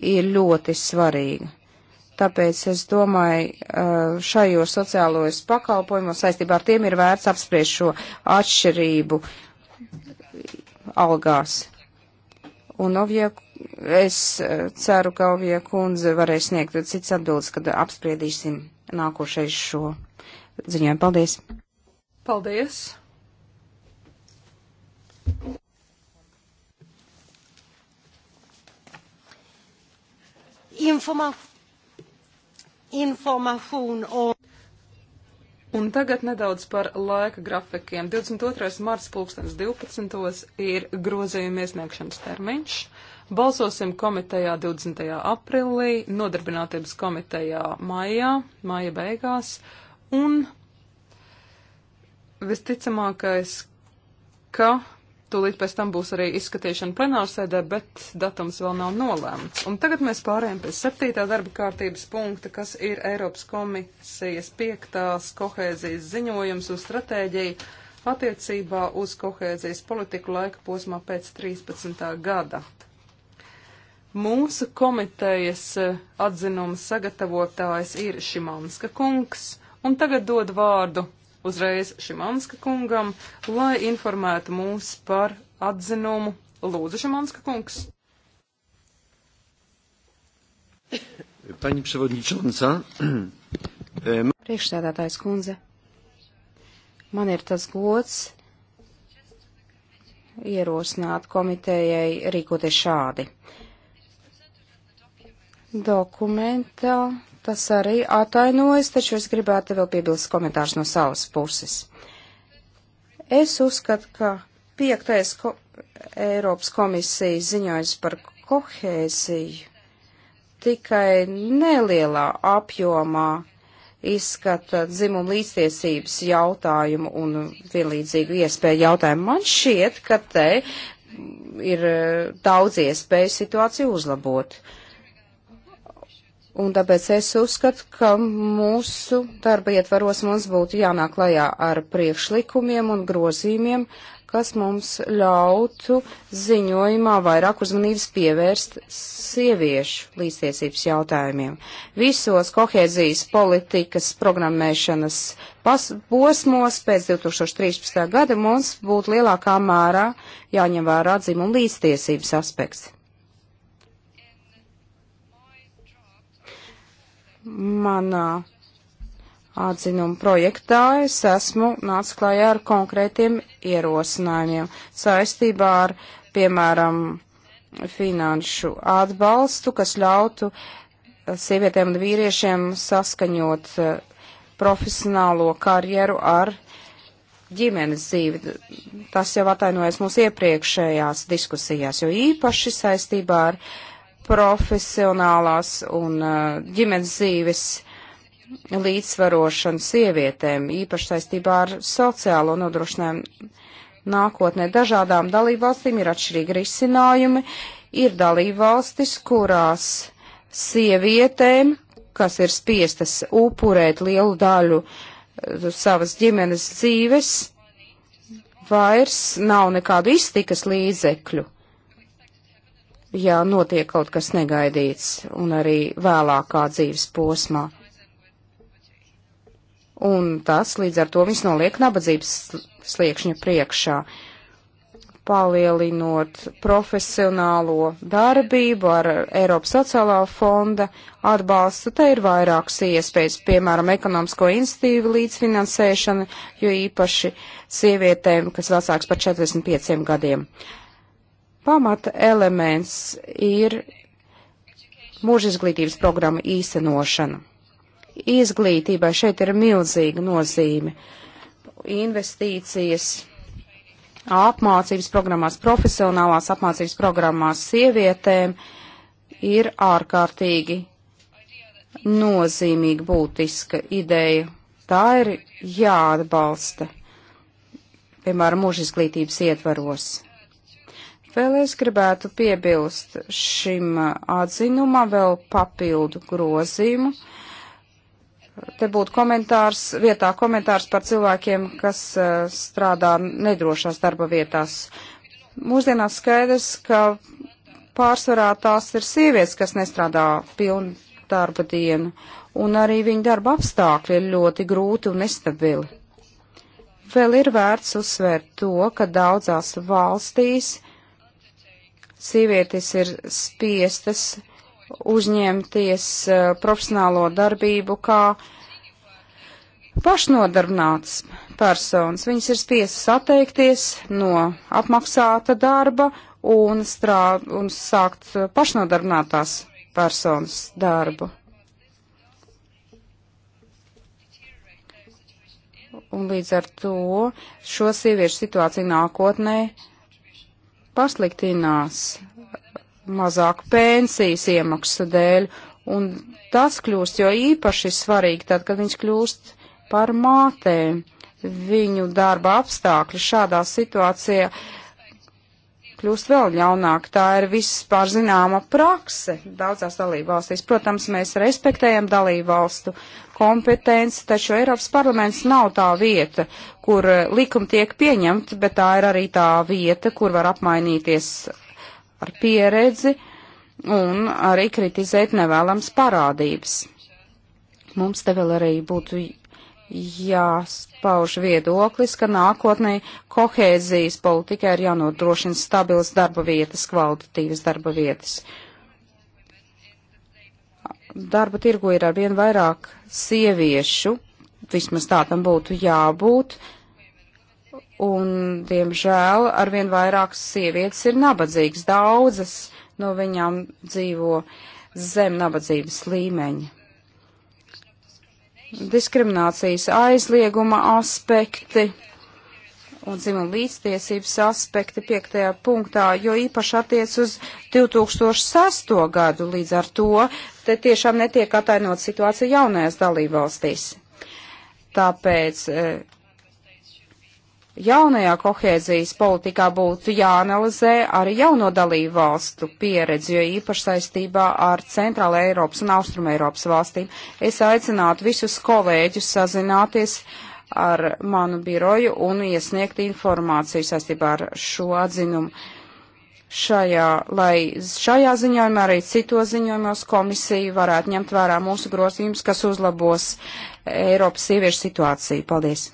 ir ļoti svarīga. Tāpēc es domāju, šajos sociālojos pakalpojumos saistībā ar tiem ir vērts apspriest šo atšķirību algās. Un Ovie, es ceru, ka Ovie kundze varēs sniegt cits atbildes, kad apspriedīsim nākošais šo ziņojumu. Paldies! Paldies! informa information om. Un tagad nedaudz par laika grafikiem. 22. marts 2012. ir grozījuma iesniegšanas termiņš. Balsosim komitejā 20. aprilī, nodarbinātības komitejā maijā, maija beigās, un visticamākais, ka Tūlīt pēc tam būs arī izskatīšana plenārsēdē, bet datums vēl nav nolēmts. Un tagad mēs pārējām pie septītā darba kārtības punkta, kas ir Eiropas komisijas piektās kohēzijas ziņojums uz stratēģiju attiecībā uz kohēzijas politiku laika posmā pēc 13. gada. Mūsu komitejas eh, atzinums sagatavotājs ir Šimanska kungs, un tagad dod vārdu uzreiz Šimanska kungam, lai informētu mūs par atzinumu. Lūdzu, Šimanska kungs. Paņi Pševodničonca. Priekšstādātājs kundze. Man ir tas gods ierosināt komitejai rīkoties šādi. Dokumentā tas arī atainojas, taču es gribētu vēl piebilst komentārus no savas puses. Es uzskatu, ka piektais ko Eiropas komisijas ziņojums par kohēziju tikai nelielā apjomā izskata dzimumu līdztiesības jautājumu un vienlīdzīgu iespēju jautājumu. Man šķiet, ka te ir daudz iespēju situāciju uzlabot. Uh, Un tāpēc es uzskatu, ka mūsu darba ietvaros mums būtu jānāk klajā ar priekšlikumiem un grozījumiem, kas mums ļautu ziņojumā vairāk uzmanības pievērst sieviešu līdztiesības jautājumiem. Visos kohēzijas politikas programmēšanas posmos pēc 2013. gada mums būtu lielākā mērā jāņem vērā dzimuma līdztiesības aspekts. manā atzinuma projektā es esmu nācis klājā ar konkrētiem ierosinājumiem saistībā ar, piemēram, finanšu atbalstu, kas ļautu eh, sievietēm un vīriešiem saskaņot eh, profesionālo karjeru ar ģimenes dzīvi. Tas jau atainojas mūsu iepriekšējās diskusijās, jo īpaši saistībā ar uh, profesionālās un uh, ģimenes dzīves līdzsvarošanu sievietēm, īpaši saistībā ar sociālo nodrošinājumu nākotnē. Dažādām dalībvalstīm ir atšķirīgi risinājumi. Ir dalībvalstis, kurās sievietēm, kas ir spiestas upurēt lielu daļu uh, savas ģimenes dzīves, vairs nav nekādu iztikas līdzekļu ja notiek kaut kas negaidīts un arī vēlākā dzīves posmā. Un tas līdz ar to viņus noliek nabadzības sliekšņa priekšā, palielinot profesionālo darbību ar Eiropas sociālā fonda atbalstu. Te ir vairākas iespējas, piemēram, ekonomisko institīvu līdzfinansēšana, jo īpaši sievietēm, kas vecāks par 45 gadiem. Uh, Pamata elements ir mūža izglītības programma īstenošana. Izglītībai šeit ir milzīga nozīme. Investīcijas apmācības programmās, profesionālās apmācības programmās sievietēm ir ārkārtīgi nozīmīga būtiska ideja. Tā ir jāatbalsta, piemēram, mūža izglītības ietvaros. Vēl es gribētu piebilst šim uh, atzinumam vēl papildu grozījumu. Te būtu komentārs, vietā komentārs par cilvēkiem, kas uh, strādā nedrošās darba vietās. Mūsdienās skaidrs, ka pārsvarā tās ir sievietes, kas nestrādā pilnu darba dienu, un arī viņa darba apstākļi ir ļoti grūti un nestabili. Vēl ir vērts uzsvērt to, ka daudzās valstīs sievietes ir spiestas uzņemties uh, profesionālo darbību kā pašnodarbinātas personas. Viņas ir spiestas atteikties no apmaksāta darba un, strā, un sākt pašnodarbinātās personas darbu. Un līdz ar to šo sieviešu situāciju nākotnē pasliktinās mazāku pensijas iemaksu dēļ, un tas kļūst jo īpaši svarīgi tad, kad viņš kļūst par mātēm. Viņu darba apstākļi šādā situācijā uh, kļūst vēl ļaunāk. Tā ir viss pārzināma prakse daudzās dalībvalstīs. Protams, mēs respektējam dalībvalstu kompetenci, taču Eiropas parlaments nav tā vieta, kur eh, likumi tiek pieņemti, bet tā ir arī tā vieta, kur var apmainīties ar pieredzi un arī kritizēt nevēlams parādības. Mums te vēl arī būtu jās, pauž viedoklis, ka nākotnē kohēzijas politikai ir jānodrošina stabilas darba vietas, kvalitatīvas darba vietas. Darba tirgu ir arvien vairāk sieviešu, vismaz tā tam būtu jābūt, un, diemžēl, arvien vairāk sievietes ir nabadzīgas, daudzas no viņām dzīvo zem nabadzības līmeņa diskriminācijas aizlieguma aspekti un dzimuma līdztiesības aspekti piektajā punktā, jo īpaši attiec uz 2006. gadu līdz ar to, te tiešām netiek atainot situācija jaunajās dalībvalstīs. Tāpēc eh, jaunajā kohēzijas politikā būtu jāanalizē arī jauno dalību valstu pieredzi, jo īpaši saistībā ar Centrāla Eiropas un Austruma Eiropas valstīm. Es aicinātu visus kolēģus sazināties ar manu biroju un iesniegt informāciju saistībā ar šo atzinumu. Šajā, lai šajā ziņojumā arī citos ziņojumos komisija varētu ņemt vērā mūsu grozījumus, kas uzlabos Eiropas sieviešu situāciju. Paldies!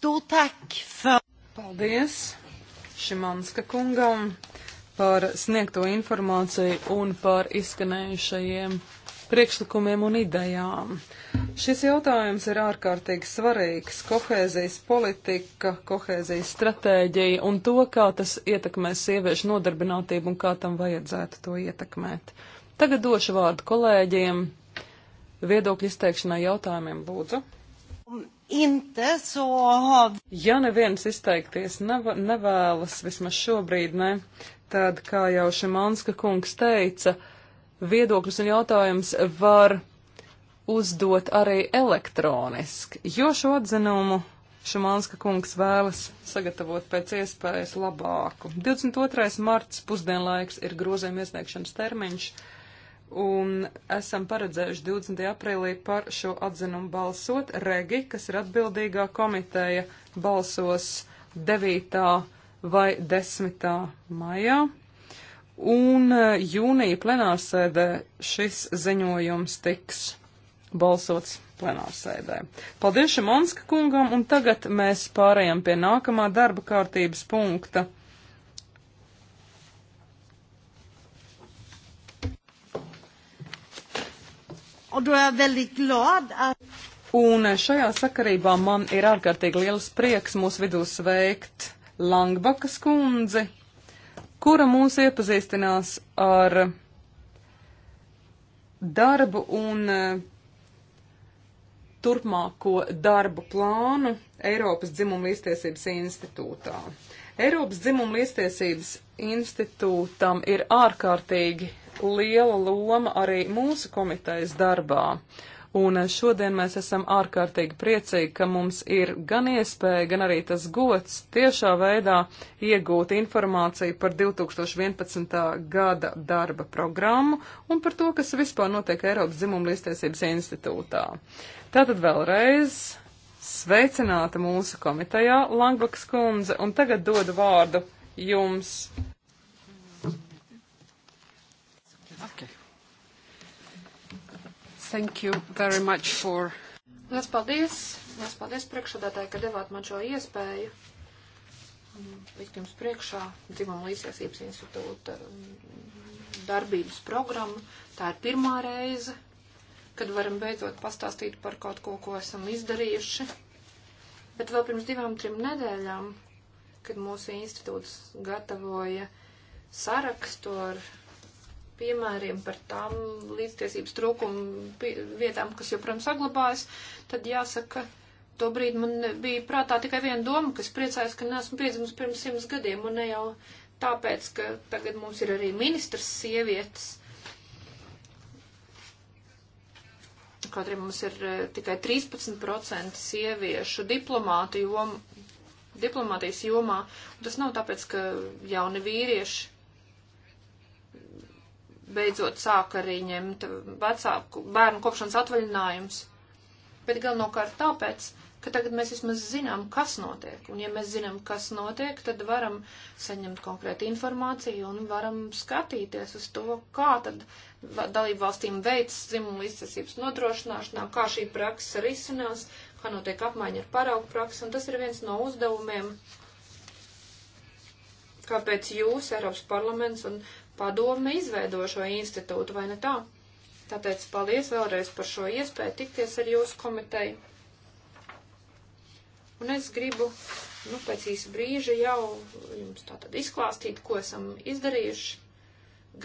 Stort tack för... Paldies Šimanska kungam par sniegto informāciju un par izskanējušajiem priekšlikumiem un idejām. Šis jautājums ir ārkārtīgi svarīgs - kohēzijas politika, kohēzijas stratēģija un to, kā tas ietekmēs sieviešu nodarbinātību un kā tam vajadzētu to ietekmēt. Tagad došu vārdu kolēģiem viedokļu izteikšanai jautājumiem, lūdzu inte, så har... Ja neviens izteikties neva, nevēlas, vismaz šobrīd ne, tad, kā jau Šimanska kungs teica, viedokļus un jautājums var uzdot arī elektroniski, jo šo atzinumu Šimanska kungs vēlas sagatavot pēc iespējas labāku. 22. marts pusdienlaiks ir grozējuma iesniegšanas termiņš un esam paredzējuši 20. aprīlī par šo atzinumu balsot. Regi, kas ir atbildīgā komiteja, balsos 9. vai 10. maijā. Un eh, jūnija plenārsēdē šis ziņojums tiks balsots plenārsēdē. Paldies Šimonska kungam, un tagad mēs pārējām pie nākamā darba kārtības punkta. Och då är jag väldigt glad att... Un šajā sakarībā man ir ārkārtīgi liels prieks mūsu vidū sveikt Langbakas kundzi, kura mūs iepazīstinās ar darbu un eh, turpmāko darbu plānu Eiropas dzimuma līdztiesības institūtā. Eiropas dzimuma līdztiesības institūtam ir ārkārtīgi liela loma arī mūsu komitejas darbā. Un šodien mēs esam ārkārtīgi priecīgi, ka mums ir gan iespēja, gan arī tas gods tiešā veidā iegūt informāciju par 2011. gada darba programmu un par to, kas vispār notiek Eiropas dzimumlīstiesības institūtā. Tātad vēlreiz sveicināta mūsu komitejā Langbakas kundze, un tagad dodu vārdu jums. Thank you very much for. Lielas paldies! Lielas paldies priekšsādātāji, ka devāt man šo iespēju likt jums priekšā dzimuma līdzjāsības institūta mm, darbības programmu. Tā ir pirmā reize, kad varam beidzot pastāstīt par kaut ko, ko esam izdarījuši. Bet vēl pirms divām, trim nedēļām, kad mūsu institūts gatavoja sarakstu ar piemēriem par tām līdztiesības trūkumu vietām, kas joprojām saglabājas, tad jāsaka, to brīdi man bija prātā tikai viena doma, kas priecājas, ka neesmu piedzimis pirms simts gadiem, un ne jau tāpēc, ka tagad mums ir arī ministrs sievietes. Kaut arī mums ir eh, tikai 13% sieviešu diplomātu jom, diplomātijas jomā, un tas nav tāpēc, ka jauni vīrieši beidzot sāka arī ņemt vecāku bērnu kopšanas atvaļinājumus. Bet galvenokārt tāpēc, ka tagad mēs vismaz zinām, kas notiek. Un ja mēs zinām, kas notiek, tad varam saņemt konkrētu informāciju un varam skatīties uz to, kā tad dalību valstīm veids dzimumu izcelsības nodrošināšanā, kā šī praksa risinās, kā notiek apmaiņa ar paraugu praksi. Un tas ir viens no uzdevumiem, kāpēc jūs, Eiropas parlaments un padome izveido šo institūtu, vai ne tā? Tāpēc paldies vēlreiz par šo iespēju tikties ar jūsu komiteju. Un es gribu, nu, pēc īsa brīža jau jums tātad izklāstīt, ko esam izdarījuši,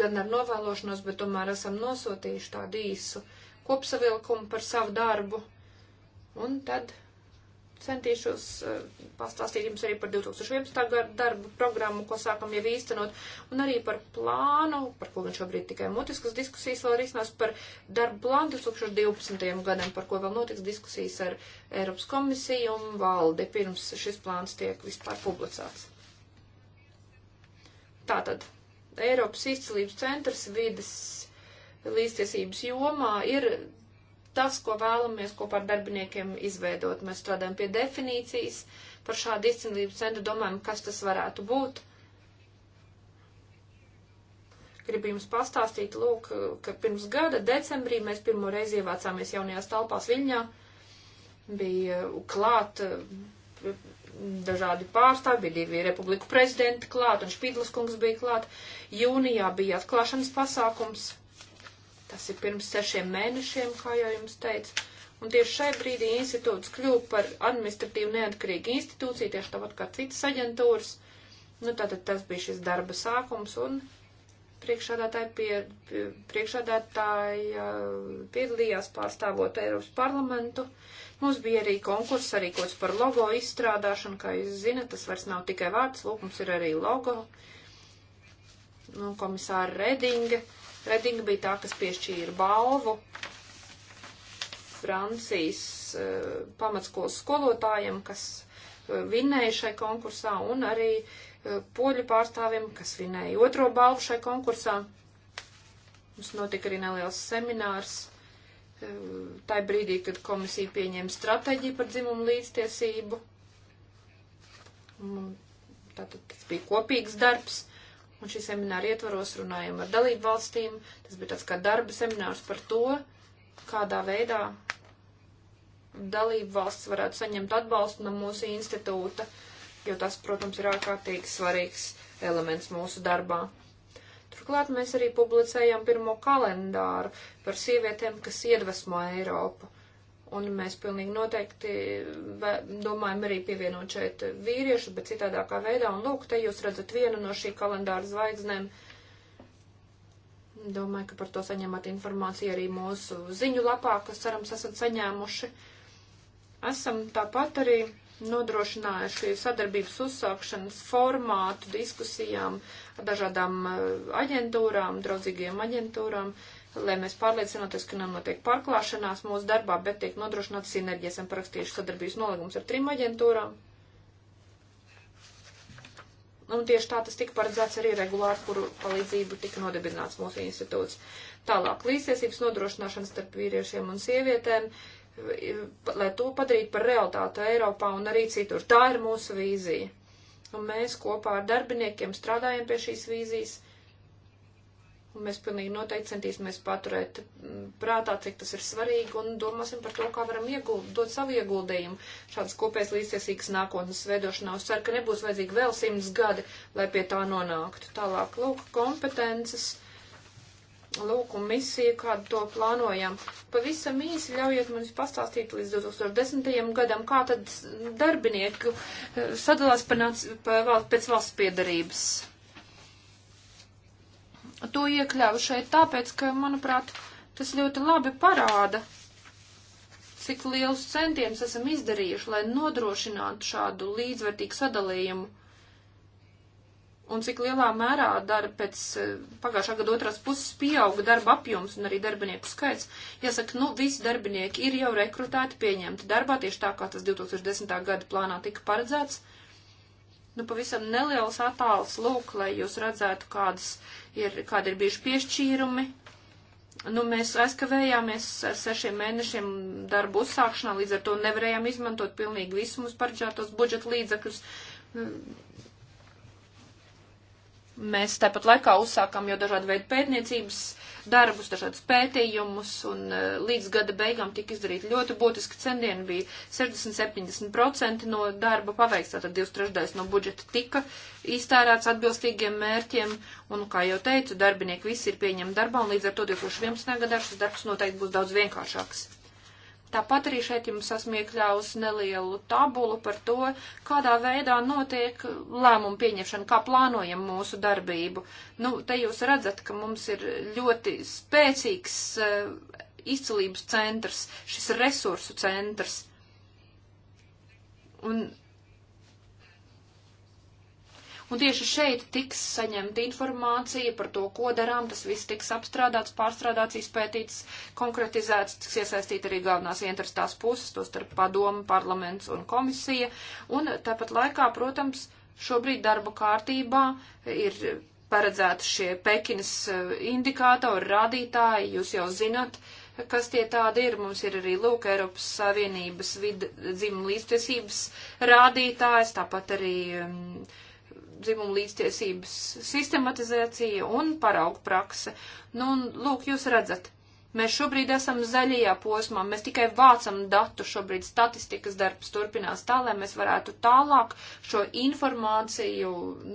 gan ar novēlošanos, bet tomēr esam nosūtījuši tādu īsu kopsavilkumu par savu darbu. Un tad centīšos eh, pastāstīt jums arī par 2011. gadu darbu programmu, ko sākam jau īstenot, un arī par plānu, par ko gan šobrīd tikai mutiskas diskusijas vēl risinās, par darbu plānu 2012. gadam, par ko vēl notiks diskusijas ar Eiropas komisiju un valdi, pirms šis plāns tiek vispār publicēts. Tātad, Eiropas izcilības centrs vidas līdztiesības jomā ir tas, ko vēlamies kopā ar darbiniekiem izveidot. Mēs strādājam pie definīcijas par šādu izcīnību centru, domājam, kas tas varētu būt. Gribu jums pastāstīt, lūk, ka pirms gada decembrī mēs pirmo reizi ievācāmies jaunajās talpās Viļņā. Bija klāt eh, dažādi pārstāvi, bija divi republiku prezidenti klāt un Špīdlis kungs bija klāt. Jūnijā bija atklāšanas pasākums Tas ir pirms sešiem mēnešiem, kā jau jums teicu. Un tieši šai brīdī institūts kļuva par administratīvi neatkarīgu institūciju, tieši tāpat kā citas aģentūras. Nu, tātad tas bija šis darba sākums, un priekšādātāji, pie, pie, priekšādātāji piedalījās pārstāvot Eiropas parlamentu. Mums bija arī konkurss, arī kaut par logo izstrādāšanu, kā jūs zinat, tas vairs nav tikai vārds, lūk, mums ir arī logo. Nu, komisāra Redinga Redinga bija tā, kas piešķīra balvu Francijas uh, pamatskolas skolotājiem, kas uh, eh, vinēja šai konkursā, un arī uh, poļu pārstāvim, kas vinēja otro balvu šai konkursā. Mums notika arī neliels seminārs. Tā brīdī, kad komisija pieņēma stratēģiju par dzimumu līdztiesību, tātad tas bija kopīgs darbs. Un šī semināra ietvaros runājam ar dalību valstīm. Tas bija tāds kā darba seminārs par to, kādā veidā dalību valsts varētu saņemt atbalstu no mūsu institūta, jo tas, protams, ir ārkārtīgi svarīgs elements mūsu darbā. Turklāt mēs arī publicējam pirmo kalendāru par sievietēm, kas iedvesmo Eiropu. Un mēs pilnīgi noteikti domājam arī pievienot šeit vīriešu, bet citādākā veidā. Un lūk, te jūs redzat vienu no šī kalendāra zvaigznēm. Domāju, ka par to saņemat informāciju arī mūsu ziņu lapā, kas cerams esat saņēmuši. Esam tāpat arī nodrošinājuši sadarbības uzsākšanas formātu diskusijām ar dažādām eh, aģentūrām, draudzīgiem aģentūrām. Uh, lai mēs pārliecinātos, ka nenotiek pārklāšanās mūsu darbā, bet tiek nodrošināta sinerģija. Esam parakstījuši sadarbības nolīgums ar trim aģentūrām. Un tieši tā tas tika paredzēts arī regulāri, kuru palīdzību tika nodibināts mūsu institūts. Tālāk, līdztiesības nodrošināšana starp vīriešiem un sievietēm, lai to padarītu par realitāti Eiropā un arī citur. Tā ir mūsu vīzija. Un mēs kopā ar darbiniekiem strādājam pie šīs vīzijas Un mēs pilnīgi noteikti centīsimies paturēt mm, prātā, cik tas ir svarīgi, un domāsim par to, kā varam ieguld, dot savu ieguldījumu šādas kopējas līdztiesīgas nākotnes veidošanā. Es ceru, ka nebūs vajadzīgi vēl simts gadi, lai pie tā nonāktu. Tālāk, lūk, kompetences, lūk, un misija, kādu to plānojam. Pavisam īsi ļaujiet man pastāstīt līdz 2010. gadam, kā tad darbinieki eh, sadalās pēc valsts piedarības to iekļauju šeit tāpēc, ka, manuprāt, tas ļoti labi parāda, cik liels centiens esam izdarījuši, lai nodrošinātu šādu līdzvērtīgu sadalījumu. Un cik lielā mērā darba pēc eh, pagājušā gada otrās puses pieauga darba apjoms un arī darbinieku skaits. Jāsaka, nu, visi darbinieki ir jau rekrutēti, pieņemti darbā, tieši tā kā tas 2010. gada plānā tika paredzēts. Uh, nu, pavisam neliels attāls, lūk, lai jūs redzētu, kādas ir, kādi ir bijuši piešķīrumi. Nu, mēs aizkavējāmies ar sešiem mēnešiem darbu uzsākšanā, līdz ar to nevarējām izmantot pilnīgi visu mums paredzētos budžeta līdzekļus. Mēs tāpat laikā uzsākām jau dažādu veidu pētniecības uh, darbus, dažādus pētījumus, un e, līdz gada beigām tika izdarīti ļoti būtiski centieni. Bija 60-70% no darba paveikts, tātad divas trešdaļas no budžeta tika iztērēts atbilstīgiem mērķiem, un, kā jau teicu, darbinieki visi ir pieņemti darbā, un līdz ar to 2011. gadā šis darbs noteikti būs daudz vienkāršāks. Tāpat arī šeit jums esmu iekļāvis nelielu tabulu par to, kādā veidā notiek lēmumu pieņemšana, kā plānojam mūsu darbību. Nu, te jūs redzat, ka mums ir ļoti spēcīgs uh, izcilības centrs, šis resursu centrs. Un Un tieši šeit tiks saņemta informācija par to, ko darām. Tas viss tiks apstrādāts, pārstrādāts, izpētīts, konkretizēts, tiks iesaistīt arī galvenās interesētās puses, tos starp padomu, parlaments un komisija. Un tāpat laikā, protams, šobrīd darba kārtībā ir paredzēti šie Pekinas eh, indikātori, rādītāji, jūs jau zinat, kas tie tādi ir. Mums ir arī, lūk, Eiropas Savienības dzimuma līdztiesības rādītājs, tāpat arī um, dzimumu līdztiesības sistematizācija un paraugu prakse. Nu, un, lūk, jūs redzat, Mēs šobrīd esam zaļajā posmā, mēs tikai vācam datu, šobrīd statistikas darbs turpinās tā, lai mēs varētu tālāk šo informāciju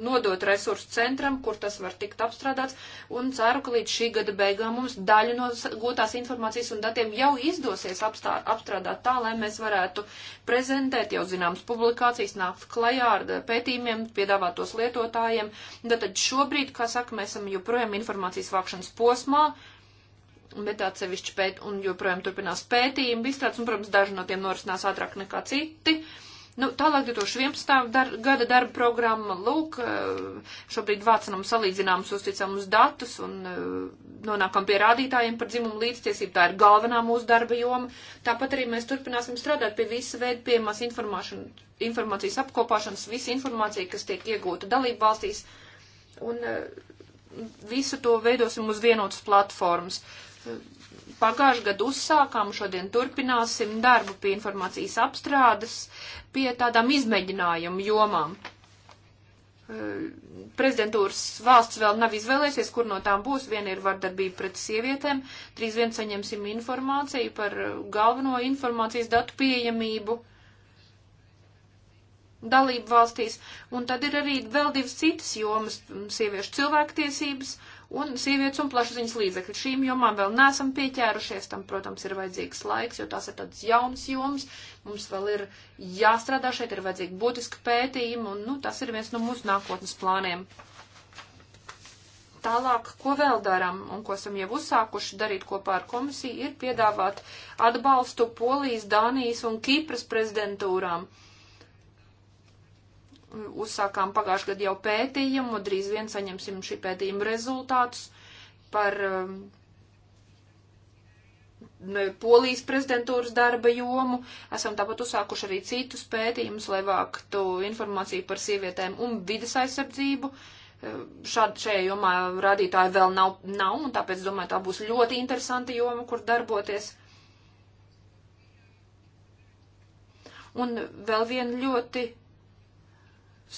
nodot resursu centram, kur tas var tikt apstrādāts, un ceru, ka līdz šī gada beigām mums daļu no gūtās informācijas un datiem jau izdosies apstā, apstrādāt tā, lai mēs varētu prezentēt jau zināmas publikācijas, nākt klajā ar eh, pētījumiem, piedāvāt tos lietotājiem. Tātad šobrīd, kā saka, mēs esam joprojām informācijas vākšanas posmā, bet atsevišķi pēt, un joprojām turpinās pētījumi, viss tāds, un, protams, daži no tiem norisinās ātrāk nekā citi. Nu, tālāk 2011. Dar, gada darba programma, lūk, eh, šobrīd vācinam salīdzināmus uzticamus datus un eh, nonākam pie rādītājiem par dzimumu līdztiesību. Tā ir galvenā mūsu darba joma. Tāpat arī mēs turpināsim strādāt pie visa veida pieejamās informācijas apkopāšanas, visa informācija, kas tiek iegūta dalību valstīs. Un eh, visu to veidosim uz vienotas platformas pagājušajā gadu uzsākām, šodien turpināsim darbu pie informācijas apstrādes, pie tādām izmēģinājumu jomām. Prezidentūras valsts vēl nav izvēlēsies, kur no tām būs. Viena ir vardarbība pret sievietēm, trīs vien saņemsim informāciju par galveno informācijas datu pieejamību dalību valstīs, un tad ir arī vēl divas citas jomas - sieviešu cilvēktiesības un sievietes un plašsaziņas līdzekļi. Šīm jomām vēl neesam pieķērušies, tam, protams, ir vajadzīgs laiks, jo tās ir tādas jaunas jomas, mums vēl ir jāstrādā šeit, ir vajadzīgi būtiski pētījumi, un, nu, tas ir viens no mūsu nākotnes plāniem. Tālāk, ko vēl darām un ko esam jau uzsākuši darīt kopā ar komisiju, ir piedāvāt atbalstu Polijas, Dānijas un Kīpras prezidentūrām. Uh, Uzsākām pagājušajā gadā jau pētījumu, drīz vien saņemsim šī pētījuma rezultātus par um, Polijas prezidentūras darba jomu. Esam tāpat uzsākuši arī citus pētījumus, lai vāktu informāciju par sievietēm un vidas aizsardzību. Um, šād, šajā jomā rādītāji vēl nav, nav, un tāpēc domāju, tā būs ļoti interesanta joma, kur darboties. Un vēl viena ļoti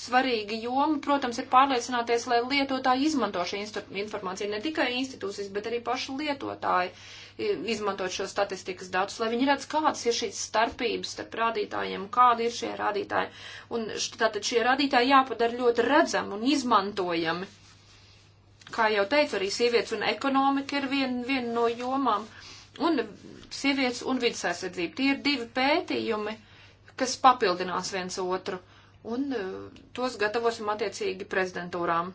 svarīga joma, protams, ir pārliecināties, lai lietotāji izmanto šo informāciju, ne tikai institūcijas, bet arī paši lietotāji izmantot šo statistikas datus, lai viņi redz, kādas ir šīs starpības starp rādītājiem, kādi ir šie rādītāji. Un tātad šie rādītāji jāpadara ļoti redzami un izmantojami. Kā jau teicu, arī sievietes un ekonomika ir viena vien no jomām. Un sievietes un vidas aizsardzība. Tie ir divi pētījumi, kas papildinās viens otru un e, tos gatavosim attiecīgi prezidentūrām.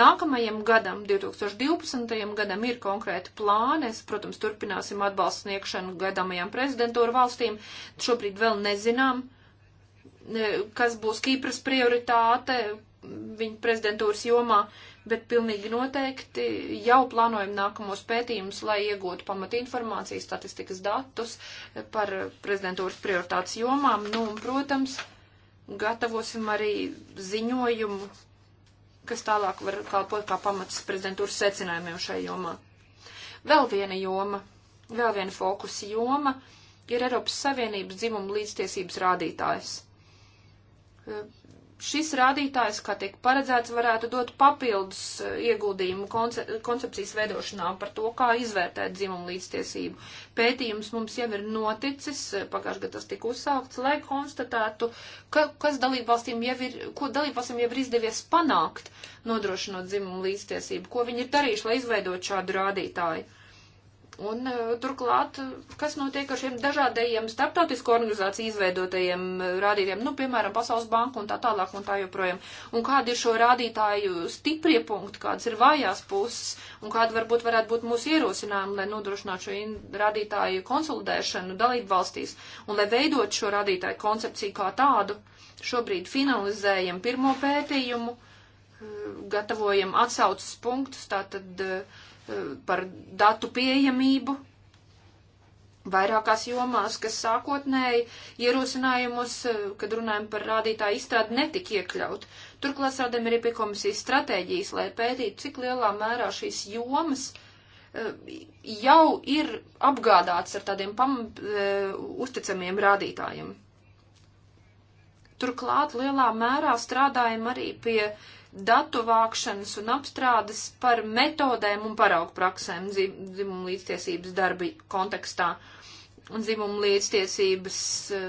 Nākamajam gadam, 2012. gadam, ir konkrēti plāni. Es, protams, turpināsim atbalstu sniegšanu gaidāmajām prezidentūra valstīm. Šobrīd vēl nezinām, e, kas būs Kīpras prioritāte viņa prezidentūras jomā, bet pilnīgi noteikti jau plānojam nākamos pētījumus, lai iegūtu pamata informāciju, statistikas datus par prezidentūras prioritātes jomām. Nu, un, protams, gatavosim arī ziņojumu, kas tālāk var kalpot kā pamats prezidentūras secinājumiem šai jomā. Vēl viena joma, vēl viena fokusa joma ir Eiropas Savienības dzimuma līdztiesības rādītājs šis rādītājs, kā tiek paredzēts, varētu dot papildus eh, ieguldījumu konce koncepcijas veidošanā par to, kā izvērtēt dzimumu līdztiesību. Pētījums mums jau ir noticis, eh, pagājušajā gadā tas tika uzsākts, lai konstatētu, ka, kas dalībvalstīm jau ir, ko dalībvalstīm jau ir izdevies panākt, nodrošinot dzimumu līdztiesību, ko viņi ir darījuši, lai izveidot šādu rādītāju. Un e, turklāt, kas notiek ar šiem dažādajiem starptautisko organizāciju izveidotajiem e, rādītājiem, nu, piemēram, Pasaules banka un tā tālāk un tā joprojām. Un kādi ir šo rādītāju stiprie punkti, kādas ir vājās puses un kāda varbūt varētu būt mūsu ierosinājumi, lai nodrošinātu šo rādītāju konsolidēšanu dalību valstīs un lai veidot šo rādītāju koncepciju kā tādu. Šobrīd finalizējam pirmo pētījumu, e, gatavojam atsaucas punktus, tātad uh, par datu pieejamību vairākās jomās, kas sākotnēji ierosinājumus, kad runājam par rādītāju izstrādi, netika iekļaut. Turklāt strādājam arī pie komisijas stratēģijas, lai pētītu, cik lielā mērā šīs jomas e, jau ir apgādāts ar tādiem pam, e, uzticamiem rādītājiem. Turklāt lielā mērā strādājam arī pie datu vākšanas un apstrādes par metodēm un paraugu praksēm dzimumu līdztiesības darbi kontekstā. Un dzimumu līdztiesības uh,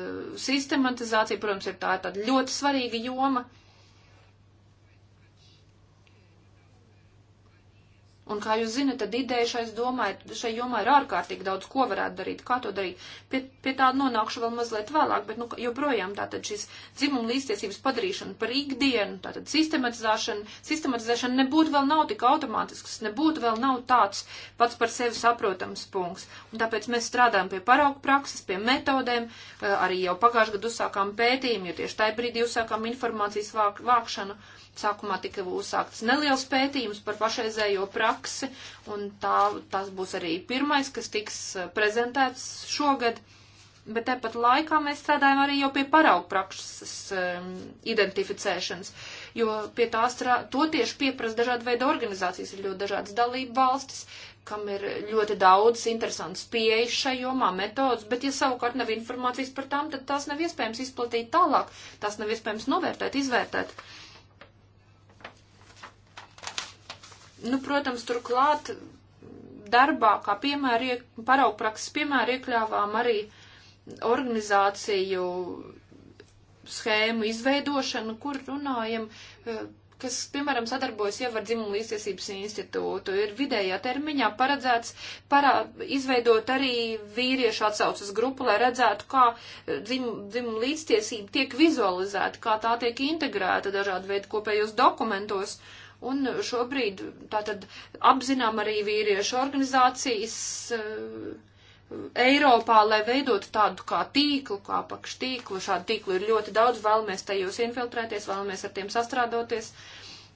sistematizācija, protams, ir tā tāda ļoti svarīga joma. Uh, Un, kā jūs zinat, tad ideja šais domājat, šai jomā ir ārkārtīgi daudz, ko varētu darīt, kā to darīt. Pie, pie tā nonākšu vēl mazliet vēlāk, bet, nu, joprojām tātad šis dzimuma līdztiesības padarīšana par ikdienu, tātad sistematizēšana, sistematizēšana nebūtu vēl nav tik automātisks, nebūtu vēl nav tāds pats par sevi saprotams punkts. Un tāpēc mēs strādājam pie paraugu prakses, pie metodēm, eh, arī jau pagājušajā gadu uzsākām pētījumu, jo tieši tajā brīdī uzsākām informācijas vāk, vākšanu. Vāk Sākumā tika uzsākts neliels pētījums par pašreizējo praksi, un tā, tas būs arī pirmais, kas tiks eh, prezentēts šogad. Bet tāpat laikā mēs strādājam arī jau pie paraugu prakses um, identificēšanas, jo pie tā strā, to tieši pieprasa dažādi veidi organizācijas, ir ļoti dažādas dalība valstis, kam ir ļoti daudz interesants pieejas šai jomā metodas, bet ja savukārt nav informācijas par tām, tad tās nav iespējams izplatīt tālāk, tās nav iespējams novērtēt, izvērtēt. Uh, Nu, protams, turklāt darbā, kā piemēra, paraugprakses piemēra iekļāvām arī organizāciju schēmu izveidošanu, kur runājam, e, kas, piemēram, sadarbojas jau ar dzimumu līdztiesības institūtu, ir vidējā termiņā paredzēts parā, izveidot arī vīriešu atsaucas grupu, lai redzētu, kā e, dzim, dzimumu līdztiesība tiek vizualizēta, kā tā tiek integrēta dažādu veidu kopējos dokumentos. Uh, Un šobrīd tātad apzinām arī vīriešu organizācijas eh, Eiropā, lai veidotu tādu kā tīklu, kā pakštīklu. Šādu tīklu ir ļoti daudz, vēlamies tajos infiltrēties, vēlamies ar tiem sastrādoties.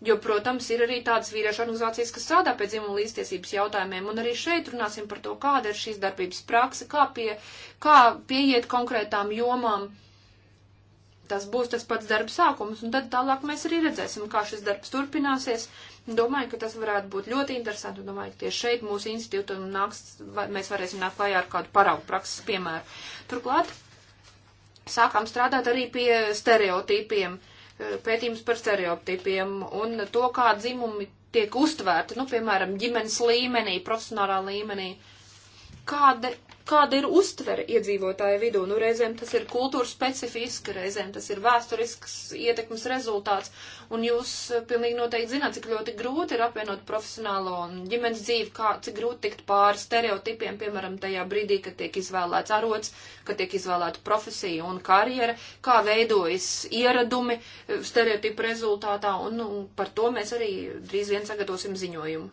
Jo, protams, ir arī tādas vīriešu organizācijas, kas strādā pie dzimuma līdztiesības jautājumiem, un arī šeit runāsim par to, kāda ir šīs darbības praksa, kā, pie, kā pieiet konkrētām jomām. Uh, tas būs tas pats darba sākums, un tad tālāk mēs arī redzēsim, kā šis darbs turpināsies. Domāju, ka tas varētu būt ļoti interesanti, un domāju, ka tieši šeit mūsu institūta nāks, vai, mēs varēsim nākt klajā ar kādu paraugu prakses piemēru. Turklāt sākām strādāt arī pie stereotipiem, e, pētījums par stereotipiem un to, kā dzimumi tiek uztvērti, nu, piemēram, ģimenes līmenī, profesionālā līmenī. Kāda, kāda ir uztvere iedzīvotāja vidū. Nu, reizēm tas ir kultūras specifiski, reizēm tas ir vēsturisks ietekmes rezultāts, un jūs eh, pilnīgi noteikti zināt, cik ļoti grūti ir apvienot profesionālo un ģimenes dzīvi, kā, cik grūti tikt pāri stereotipiem, piemēram, tajā brīdī, kad tiek izvēlēts arots, kad tiek izvēlēta profesija un karjera, kā veidojas ieradumi eh, stereotipu rezultātā, un nu, par to mēs arī drīz vien sagatavosim ziņojumu.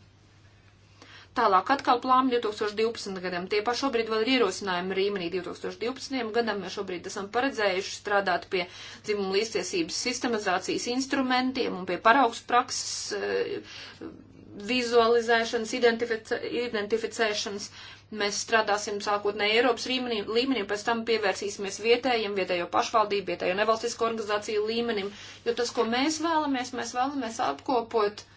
Tālāk atkal plāni 2012. gadam. Tie pa šobrīd vēl ir ierosinājumi rīmenī 2012. gadam. Mēs šobrīd esam paredzējuši strādāt pie dzimumu līdztiesības sistemizācijas instrumentiem un pie paraugs prakses eh, vizualizēšanas, identificē, identificēšanas. Mēs strādāsim sākotnēji Eiropas rīmenī, līmenī, pēc tam pievērsīsimies vietējiem, vietējo pašvaldību, vietējo nevalstisko organizāciju līmenim, jo tas, ko mēs vēlamies, mēs vēlamies apkopot uh,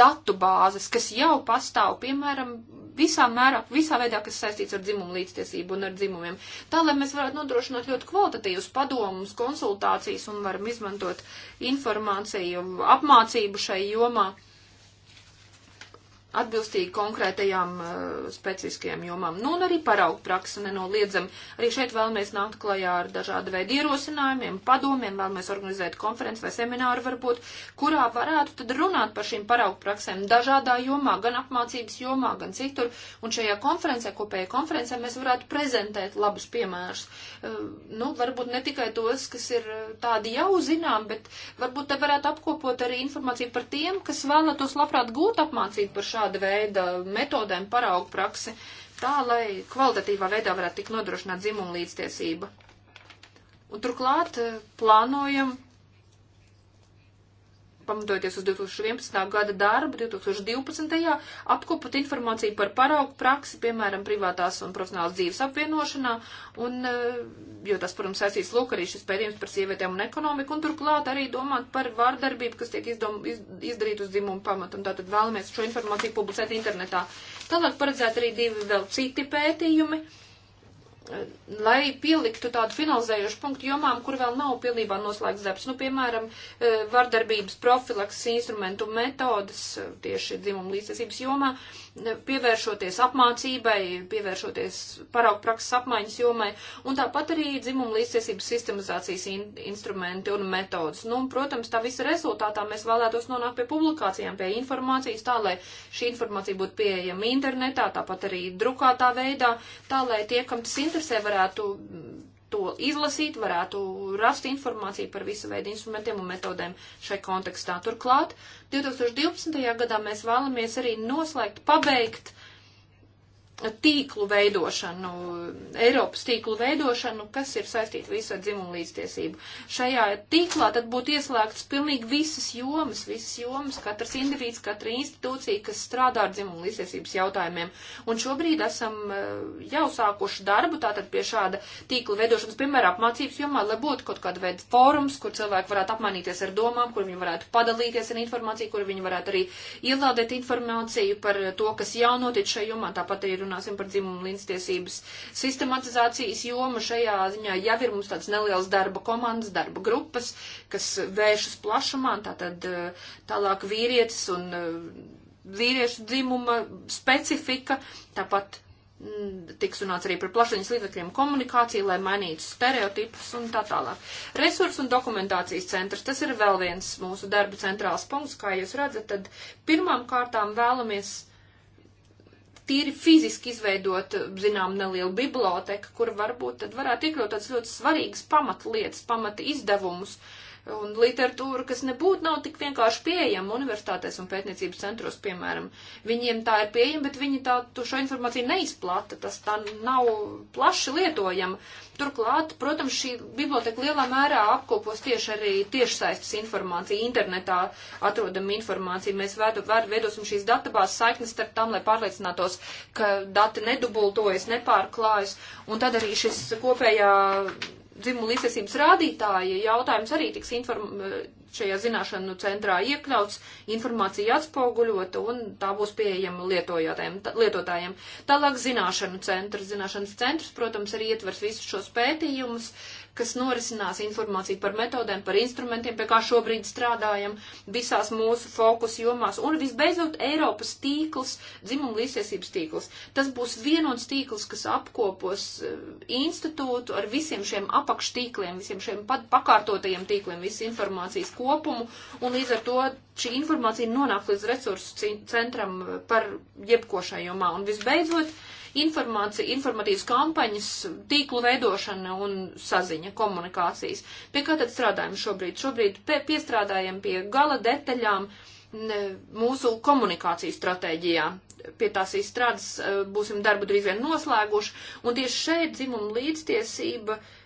datu bāzes, kas jau pastāv, piemēram, visā mērā, visā veidā, kas saistīts ar dzimumu līdztiesību un ar dzimumiem. Tā, lai mēs varētu nodrošināt ļoti kvalitatīvus padomus, konsultācijas un varam izmantot informāciju, apmācību šai jomā. Uh, atbilstīgi konkrētajām uh, specifiskajām jomām. Nu, un arī paraugu praksa nenoliedzami. Arī šeit vēlamies nākt klajā ar dažādu veidu ierosinājumiem, padomiem, vēlamies organizēt konferenci vai semināru varbūt, kurā varētu tad runāt par šīm paraugu praksēm dažādā jomā, gan apmācības jomā, gan citur. Un šajā konferencē, kopējā konferencē, mēs varētu prezentēt labus piemērus. Eh, nu, varbūt ne tikai tos, kas ir eh, tādi jau zinām, bet varbūt te varētu apkopot arī informāciju par tiem, kas vēlētos labprāt gūt apmācību par šāda veida metodēm, paraugu praksi, tā, lai kvalitatīvā veidā varētu tik nodrošināt dzimumu līdztiesība. Un turklāt eh, plānojam pamatojoties uz 2011. gada darbu, 2012. apkopot informāciju par paraugu praksi, piemēram, privātās un profesionālas dzīves apvienošanā, un, eh, jo tas, protams, saistīs lūk arī šis pēdījums par sievietēm un ekonomiku, un turklāt arī domāt par vārdarbību, kas tiek izdom, iz, izdarīt uz dzimumu pamatam. Tātad vēlamies šo informāciju publicēt internetā. Tālāk paredzēt arī divi vēl citi pētījumi lai pieliktu tādu finalizējušu punktu jomām, kur vēl nav pilnībā noslēgts darbs. Nu, piemēram, e, vardarbības profilakses instrumentu metodas e, tieši dzimuma līdztiesības jomā pievēršoties apmācībai, pievēršoties paraugu prakses apmaiņas jomai, un tāpat arī dzimuma līdztiesības sistemizācijas in instrumenti un metodas. Nu, un, protams, tā visa rezultātā mēs vēlētos nonākt pie publikācijām, pie informācijas, tā lai šī informācija būtu pieejama internetā, tāpat arī drukātā veidā, tā lai tie, kam tas interesē, varētu to izlasīt, varētu rast informāciju par visu veidu instrumentiem un metodēm šai kontekstā. Turklāt 2012. gadā mēs vēlamies arī noslēgt, pabeigt tīklu veidošanu, Eiropas tīklu veidošanu, kas ir saistīta visu ar dzimumu līdztiesību. Šajā tīklā tad būtu ieslēgts pilnīgi visas jomas, visas jomas, katrs individs, katra institūcija, kas strādā ar dzimumu līdztiesības jautājumiem. Un šobrīd esam e, jau sākuši darbu tātad pie šāda tīkla veidošanas, piemēram, apmācības jomā, lai būtu kaut kāda veida fórums, kur cilvēki varētu apmainīties ar domām, kur viņi varētu padalīties ar informāciju, kur viņi varētu arī ielādēt informāciju par to, kas jaunotiek šajā jomā. Tāpat arī runa runāsim par dzimumu līdztiesības sistematizācijas jomu. Šajā ziņā jau ir mums tāds neliels darba komandas, darba grupas, kas vēršas plašumā, tātad eh, tālāk vīrietis un eh, vīriešu dzimuma specifika, tāpat mm, tiks runāts arī par plašiņas līdzekļiem komunikāciju, lai mainītu stereotipus un tā tālāk. Resursu un dokumentācijas centrs, tas ir vēl viens mūsu darba centrāls punkts, kā jūs redzat, tad pirmām kārtām vēlamies tīri fiziski izveidot, zinām, nelielu biblioteku, kur varbūt tad varētu iekļaut tādas ļoti svarīgas pamatlietas, pamata izdevumus, uh, un literatūra, kas nebūtu nav tik vienkārši pieejama universitātēs un pētniecības centros, piemēram. Viņiem tā ir pieejama, bet viņi tā, šo informāciju neizplata, tas tā nav plaši lietojama. Turklāt, protams, šī biblioteka lielā mērā apkopos tieši arī tiešsaistes informāciju, internetā atrodam informāciju. Mēs vēdu, vēdu, veidosim šīs databāzes saiknes starp tam, lai pārliecinātos, ka dati nedubultojas, nepārklājas, un tad arī šis kopējā dzimumu līdzsvarotības rādītāja jautājums arī tiks inform šajā zināšanu centrā iekļauts, informācija atspoguļota un tā būs pieejama lietotājiem. Tālāk zināšanu centrs. Zināšanas centrs, protams, arī ietvers visus šos pētījumus, uh, kas norisinās informāciju par metodēm, par instrumentiem, pie kā šobrīd strādājam visās mūsu fokus jomās. Un visbeidzot, Eiropas tīkls, dzimuma līdztiesības tīkls. Tas būs vienots tīkls, kas apkopos eh, institūtu ar visiem šiem apakštīkliem, visiem šiem pakārtotajiem tīkliem, visas informācijas kopumu. Un līdz ar to šī informācija nonāk līdz resursu centram eh, par jebko šajā jomā. Un visbeidzot, informācija, informatīvas kampaņas, tīklu veidošana un saziņa, komunikācijas. Pie kā tad strādājam šobrīd? Šobrīd pie, piestrādājam pie gala detaļām mūsu komunikācijas stratēģijā. Pie tās izstrādes eh, būsim darbu drīz vien noslēguši, un tieši šeit dzimuma līdztiesība uh,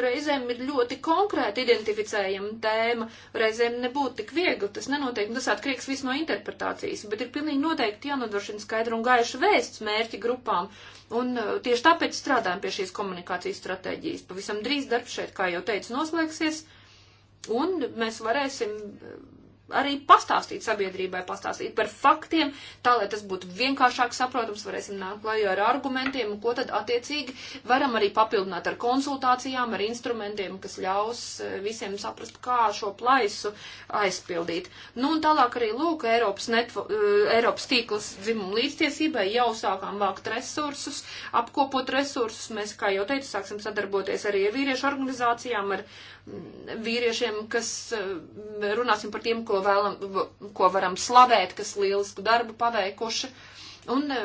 reizēm ir ļoti konkrēti identificējama tēma, reizēm nebūtu tik viegli, tas nenotiek, tas atkarīgs viss no interpretācijas, bet ir pilnīgi noteikti jānodrošina skaidra un gaiša vēsts mērķi grupām, un uh, tieši tāpēc strādājam pie šīs komunikācijas stratēģijas. Pavisam drīz darbs šeit, kā jau teicu, noslēgsies, un mēs varēsim uh, arī pastāstīt sabiedrībai, pastāstīt par faktiem, tā lai tas būtu vienkāršāk saprotams, varēsim nākt klajā ar argumentiem, ko tad attiecīgi varam arī papildināt ar konsultācijām, ar instrumentiem, kas ļaus e, visiem saprast, kā šo plaisu aizpildīt. Nu un tālāk arī lūk, Eiropas, netvo, e, Eiropas tīkls dzimumu līdztiesībai jau sākām vākt resursus, apkopot resursus. Mēs, kā jau teicu, sāksim sadarboties arī ar vīriešu organizācijām, ar vīriešiem, kas e, runāsim par tiem, ko ko, vēlam, ko varam slavēt, kas lielisku darbu paveikuši. Un e,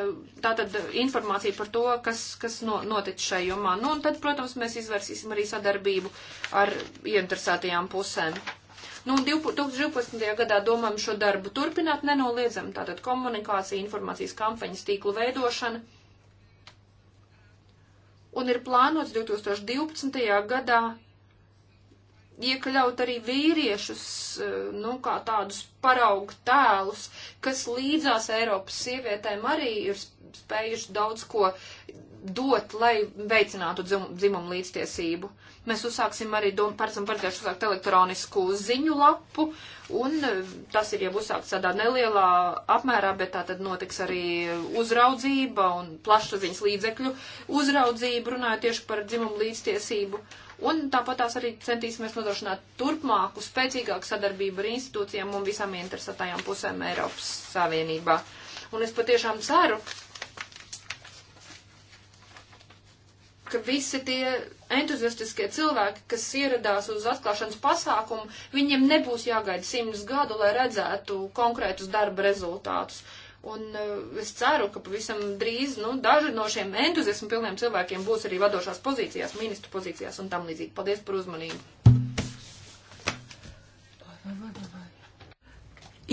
tā tad informācija par to, kas, kas no, notic šai jomā. Nu, un tad, protams, mēs izvērsīsim arī sadarbību ar ieinteresētajām pusēm. Nu, 2012. gadā domājam šo darbu turpināt nenoliedzam, tātad komunikācija, informācijas kampaņas tīklu veidošana. Un ir plānots 2012. gadā iekļaut arī vīriešus, eh, nu, kā tādus paraugu tēlus, kas līdzās Eiropas sievietēm arī ir spējuši daudz ko dot, lai veicinātu dzim, dzimumu līdztiesību. Mēs uzsāksim arī, dom, par esam paredzējuši uzsākt elektronisku ziņu lapu, un eh, tas ir jau uzsākts tādā nelielā apmērā, bet tā tad notiks arī uzraudzība un plašsaziņas līdzekļu uzraudzība, runājot tieši par dzimumu līdztiesību. Uh, un tāpat tās arī centīsimies nodrošināt turpmāku, spēcīgāku sadarbību ar institūcijām un visām interesētajām pusēm Eiropas Savienībā. Un es patiešām ceru, ka visi tie entuziastiskie cilvēki, kas ieradās uz atklāšanas pasākumu, viņiem nebūs jāgaida simts gadu, lai redzētu konkrētus darba rezultātus. Un uh, es ceru, ka pavisam drīz nu, daži no šiem entuziasmu pilniem cilvēkiem būs arī vadošās pozīcijās, ministru pozīcijās un tam līdzīgi. Paldies par uzmanību.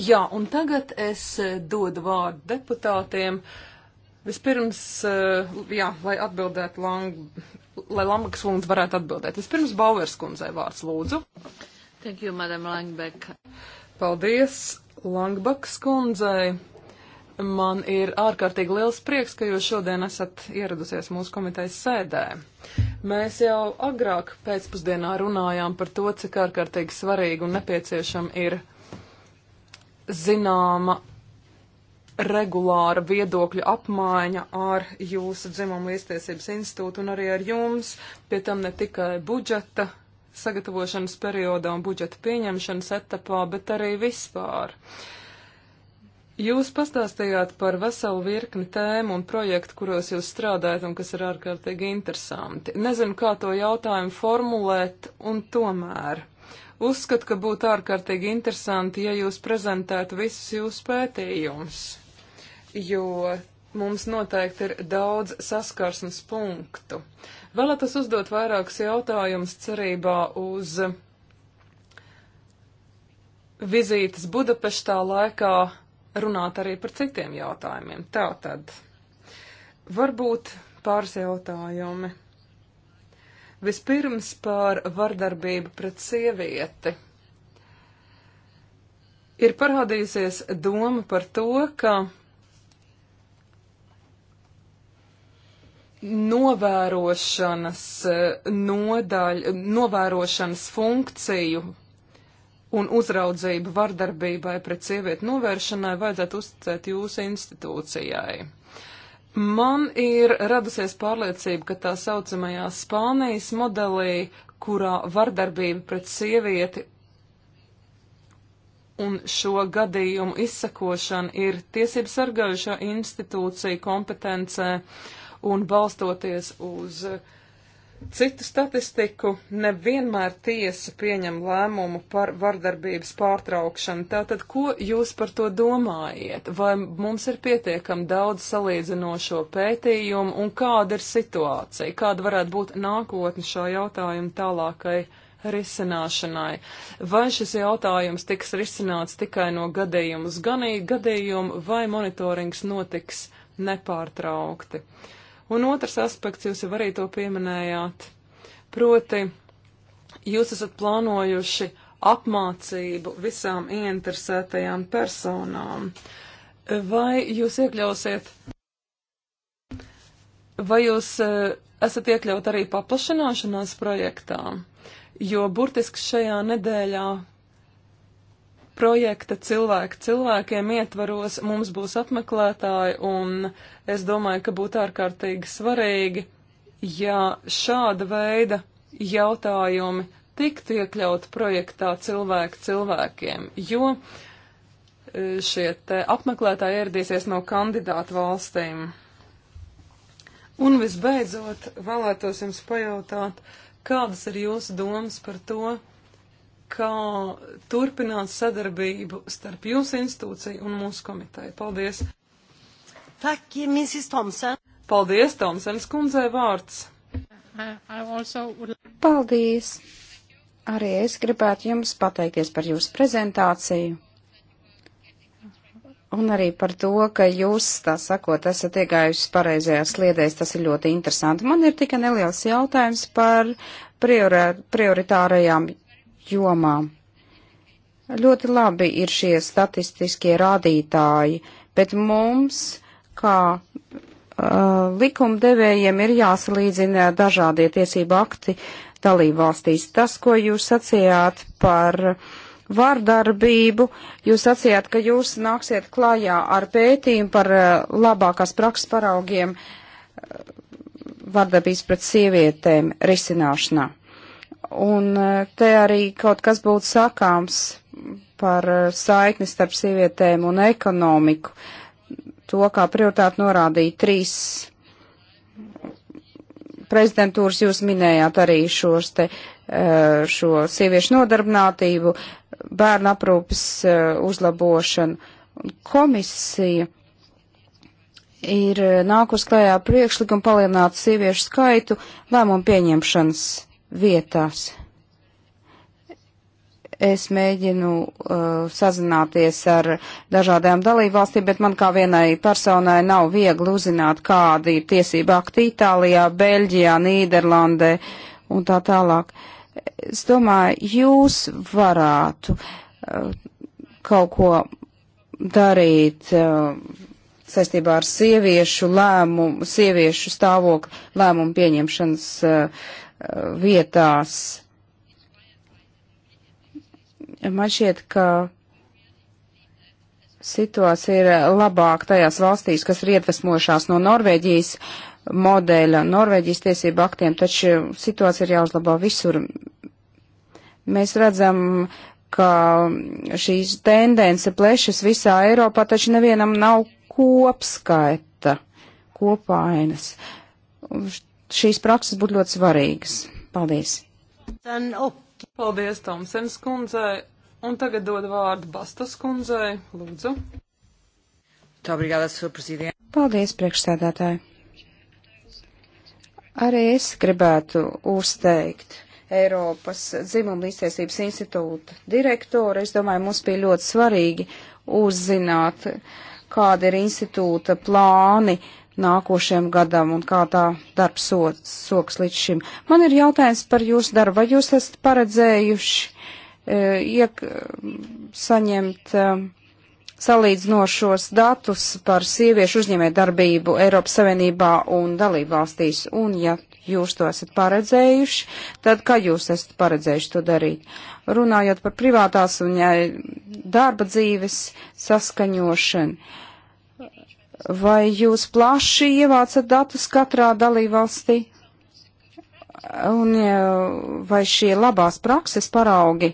Jā, un tagad es eh, dodu vārdu deputātiem. Vispirms, eh, jā, lai atbildētu, Lang, lai Lambakas lūdzu varētu atbildēt. Vispirms Bauvers kundzei vārds lūdzu. Thank you, Madam Langbek. Paldies Langbakas kundzei. Man ir ārkārtīgi liels prieks, ka jūs šodien esat ieradusies mūsu komitejas sēdē. Mēs jau agrāk pēcpusdienā runājām par to, cik ārkārtīgi svarīgi un nepieciešama ir zināma regulāra viedokļu apmaiņa ar jūsu dzimumu līdztiesības institūtu un arī ar jums, pie tam ne tikai budžeta sagatavošanas periodā un budžeta pieņemšanas etapā, bet arī vispār. Uh, Jūs pastāstījāt par veselu virkni tēmu un projektu, kuros jūs strādājat un kas ir ārkārtīgi interesanti. Nezinu, kā to jautājumu formulēt, un tomēr uzskatu, ka būtu ārkārtīgi interesanti, ja jūs prezentētu visus jūsu pētījumus, jo mums noteikti ir daudz saskarsmes punktu. Vēlētos uzdot vairākus jautājumus cerībā uz vizītes Budapeštā laikā runāt arī par citiem jautājumiem. Tātad, varbūt pāris jautājumi. Vispirms par vardarbību pret sievieti. Ir parādījusies doma par to, ka novērošanas eh, nodaļ, novērošanas funkciju un uzraudzību vardarbībai pret sievietu novēršanai vajadzētu uzticēt jūsu institūcijai. Man ir radusies pārliecība, ka tā saucamajā Spānijas modelī, kurā vardarbība pret sievieti un šo gadījumu izsakošana ir tiesību sargājušā institūcija kompetencē un balstoties uz uh, citu statistiku nevienmēr tiesa pieņem lēmumu par vardarbības pārtraukšanu. Tātad, ko jūs par to domājiet? Vai mums ir pietiekam daudz salīdzinošo pētījumu un kāda ir situācija? Kāda varētu būt nākotne šā jautājuma tālākai risināšanai? Vai šis jautājums tiks risināts tikai no gadījumus ganīgi gadījumu vai monitorings notiks nepārtraukti? Uh, Un otrs aspekts, jūs jau arī to pieminējāt, proti, jūs esat plānojuši apmācību visām ieinteresētajām personām. Vai jūs iekļausiet, vai jūs e, esat iekļaut arī paplašināšanās projektā? Jo burtiski šajā nedēļā projekta cilvēki cilvēkiem ietvaros mums būs apmeklētāji, un es domāju, ka būtu ārkārtīgi svarīgi, ja šāda veida jautājumi tiktu iekļaut projektā cilvēku cilvēkiem, jo e, šie apmeklētāji ieradīsies no kandidātu valstīm. Un visbeidzot, vēlētos jums pajautāt, kādas ir jūsu domas par to, kā turpināt sadarbību starp jūsu institūciju un mūsu komiteju. Paldies! Tak, Mrs. Thompson. Paldies, Tomsens kundzei vārds. Uh, would... Paldies! Arī es gribētu jums pateikties par jūsu prezentāciju un arī par to, ka jūs, tā sakot, esat iegājuši pareizajās sliedēs, tas ir ļoti interesanti. Man ir tikai neliels jautājums par priori, prioritārajām jomām. Ļoti labi ir šie statistiskie rādītāji, bet mums, kā uh, likumdevējiem, ir jāsalīdzina dažādie tiesību akti dalībvalstīs. Tas, ko jūs sacījāt par vardarbību, jūs sacījāt, ka jūs nāksiet klājā ar pētījumu par uh, labākās prakses paraugiem uh, vardarbības pret sievietēm risināšanā. Un e, te arī kaut kas būtu sakāms par e, saikni starp sievietēm un ekonomiku. To kā prioritāti norādīja trīs prezidentūras, jūs minējāt arī šos te, e, šo sieviešu nodarbinātību, bērnu aprūpes uzlabošanu. Komisija ir nākus klējā priekšlikumu palielināt sieviešu skaitu lēmumu pieņemšanas vietās. Es mēģinu uh, sazināties ar dažādām dalībvalstīm, bet man kā vienai personai nav viegli uzzināt, kādi ir tiesība akti Itālijā, Beļģijā, Nīderlandē un tā tālāk. Es domāju, jūs varētu uh, kaut ko darīt. Uh, saistībā ar sieviešu lēmumu, sieviešu stāvokli lēmumu pieņemšanas uh, vietās. Man šķiet, ka situācija ir labāka tajās valstīs, kas ir iedvesmošās no Norvēģijas modeļa, Norvēģijas tiesību aktiem, taču situācija ir jāuzlabo visur. Mēs redzam, ka šīs tendence plešas visā Eiropā, taču nevienam nav kopskaita, kopainas šīs prakses būtu ļoti svarīgas. Paldies! Paldies, Tomsens kundzei! Un tagad dod vārdu Bastas kundzei. Lūdzu! Paldies, priekšsēdētāji! Arī es gribētu uzteikt Eiropas dzimuma līdztiesības institūta direktoru. Es domāju, mums bija ļoti svarīgi uzzināt, kāda ir institūta plāni uh, nākošajam gadam un kā tā darbs so, soks līdz šim. Man ir jautājums par jūsu darbu. Vai jūs esat paredzējuši e, iek, e, saņemt e, salīdzinošos datus par sieviešu uzņēmē darbību Eiropas Savienībā un dalībvalstīs? Un ja jūs to esat paredzējuši, tad kā jūs esat paredzējuši to darīt? Runājot par privātās un ja, e, darba dzīves saskaņošanu Vai jūs plaši ievācat datus katrā dalībvalstī? Un vai šie labās prakses paraugi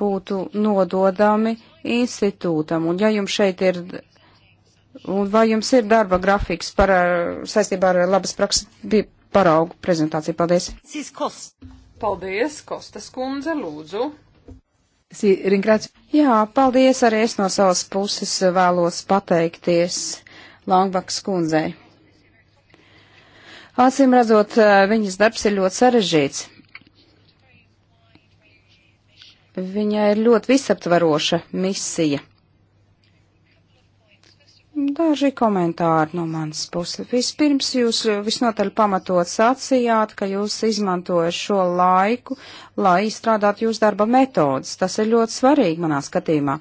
būtu nododami institūtam? Un ja jums šeit ir, un vai jums ir darba grafiks par, saistībā ar labas prakses paraugu prezentāciju? Paldies! Paldies, Kostas kundze, lūdzu! Jā, paldies arī es no savas puses vēlos pateikties Langbakas kundzei. Acīm redzot, eh, viņas darbs ir ļoti sarežģīts. Viņai ir ļoti visaptvaroša misija. Daži komentāri no manas puses. Vispirms jūs visnotaļ pamatot sacījāt, ka jūs izmantojat šo laiku, lai izstrādātu jūs darba metodas. Tas ir ļoti svarīgi manā skatījumā.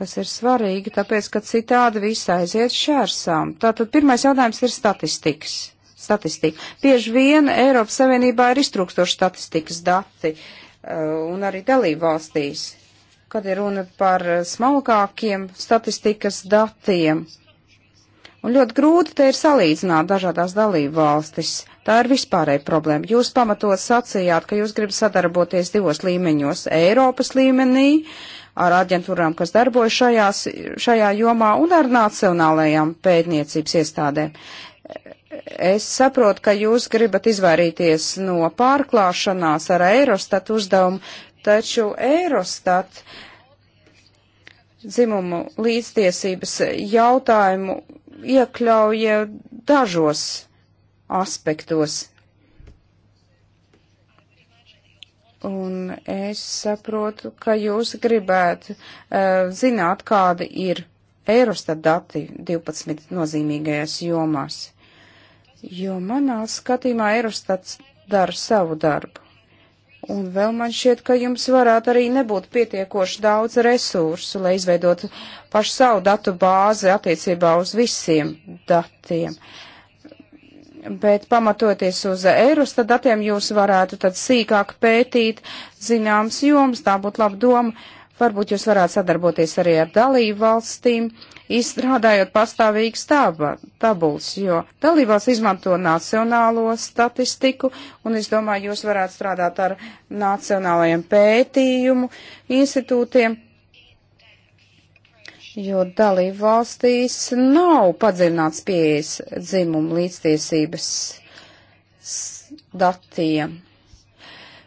Tas ir svarīgi, tāpēc, ka citādi viss aiziet šķērsām. Tātad pirmais jautājums ir statistikas. Statistika. Bieži vien Eiropas Savienībā ir iztrūkstoši statistikas dati uh, un arī dalību valstīs kad ir runa par eh, smalkākiem statistikas datiem. Un ļoti grūti te ir salīdzināt dažādās dalību valstis. Tā ir vispārēja problēma. Jūs pamatot sacījāt, ka jūs gribat sadarboties divos līmeņos - Eiropas līmenī, ar aģentūrām, kas darbojas šajās, šajā jomā, un ar nacionālajām pētniecības iestādēm. Es saprotu, ka jūs gribat izvairīties no pārklāšanās ar Eurostat uzdevumu, taču Eurostat dzimumu līdztiesības jautājumu iekļauja dažos aspektos. Un es saprotu, ka jūs gribētu uh, zināt, kādi ir Eurostat dati 12 nozīmīgajās jomās. Jo manā skatījumā Eurostats dara savu darbu. Un vēl man šķiet, ka jums varētu arī nebūt pietiekoši daudz resursu, lai izveidotu pašu savu datu bāzi attiecībā uz visiem datiem. Bet pamatoties uz Eirosta datiem, jūs varētu tad sīkāk pētīt zināms joms, tā būtu laba doma. Varbūt jūs varētu sadarboties arī ar dalību valstīm, izstrādājot pastāvīgas tabulas, jo dalībās izmanto nacionālo statistiku, un es domāju, jūs varētu strādāt ar nacionālajiem pētījumu institūtiem, jo dalību valstīs nav padziļināts pieejas dzimumu līdztiesības datiem.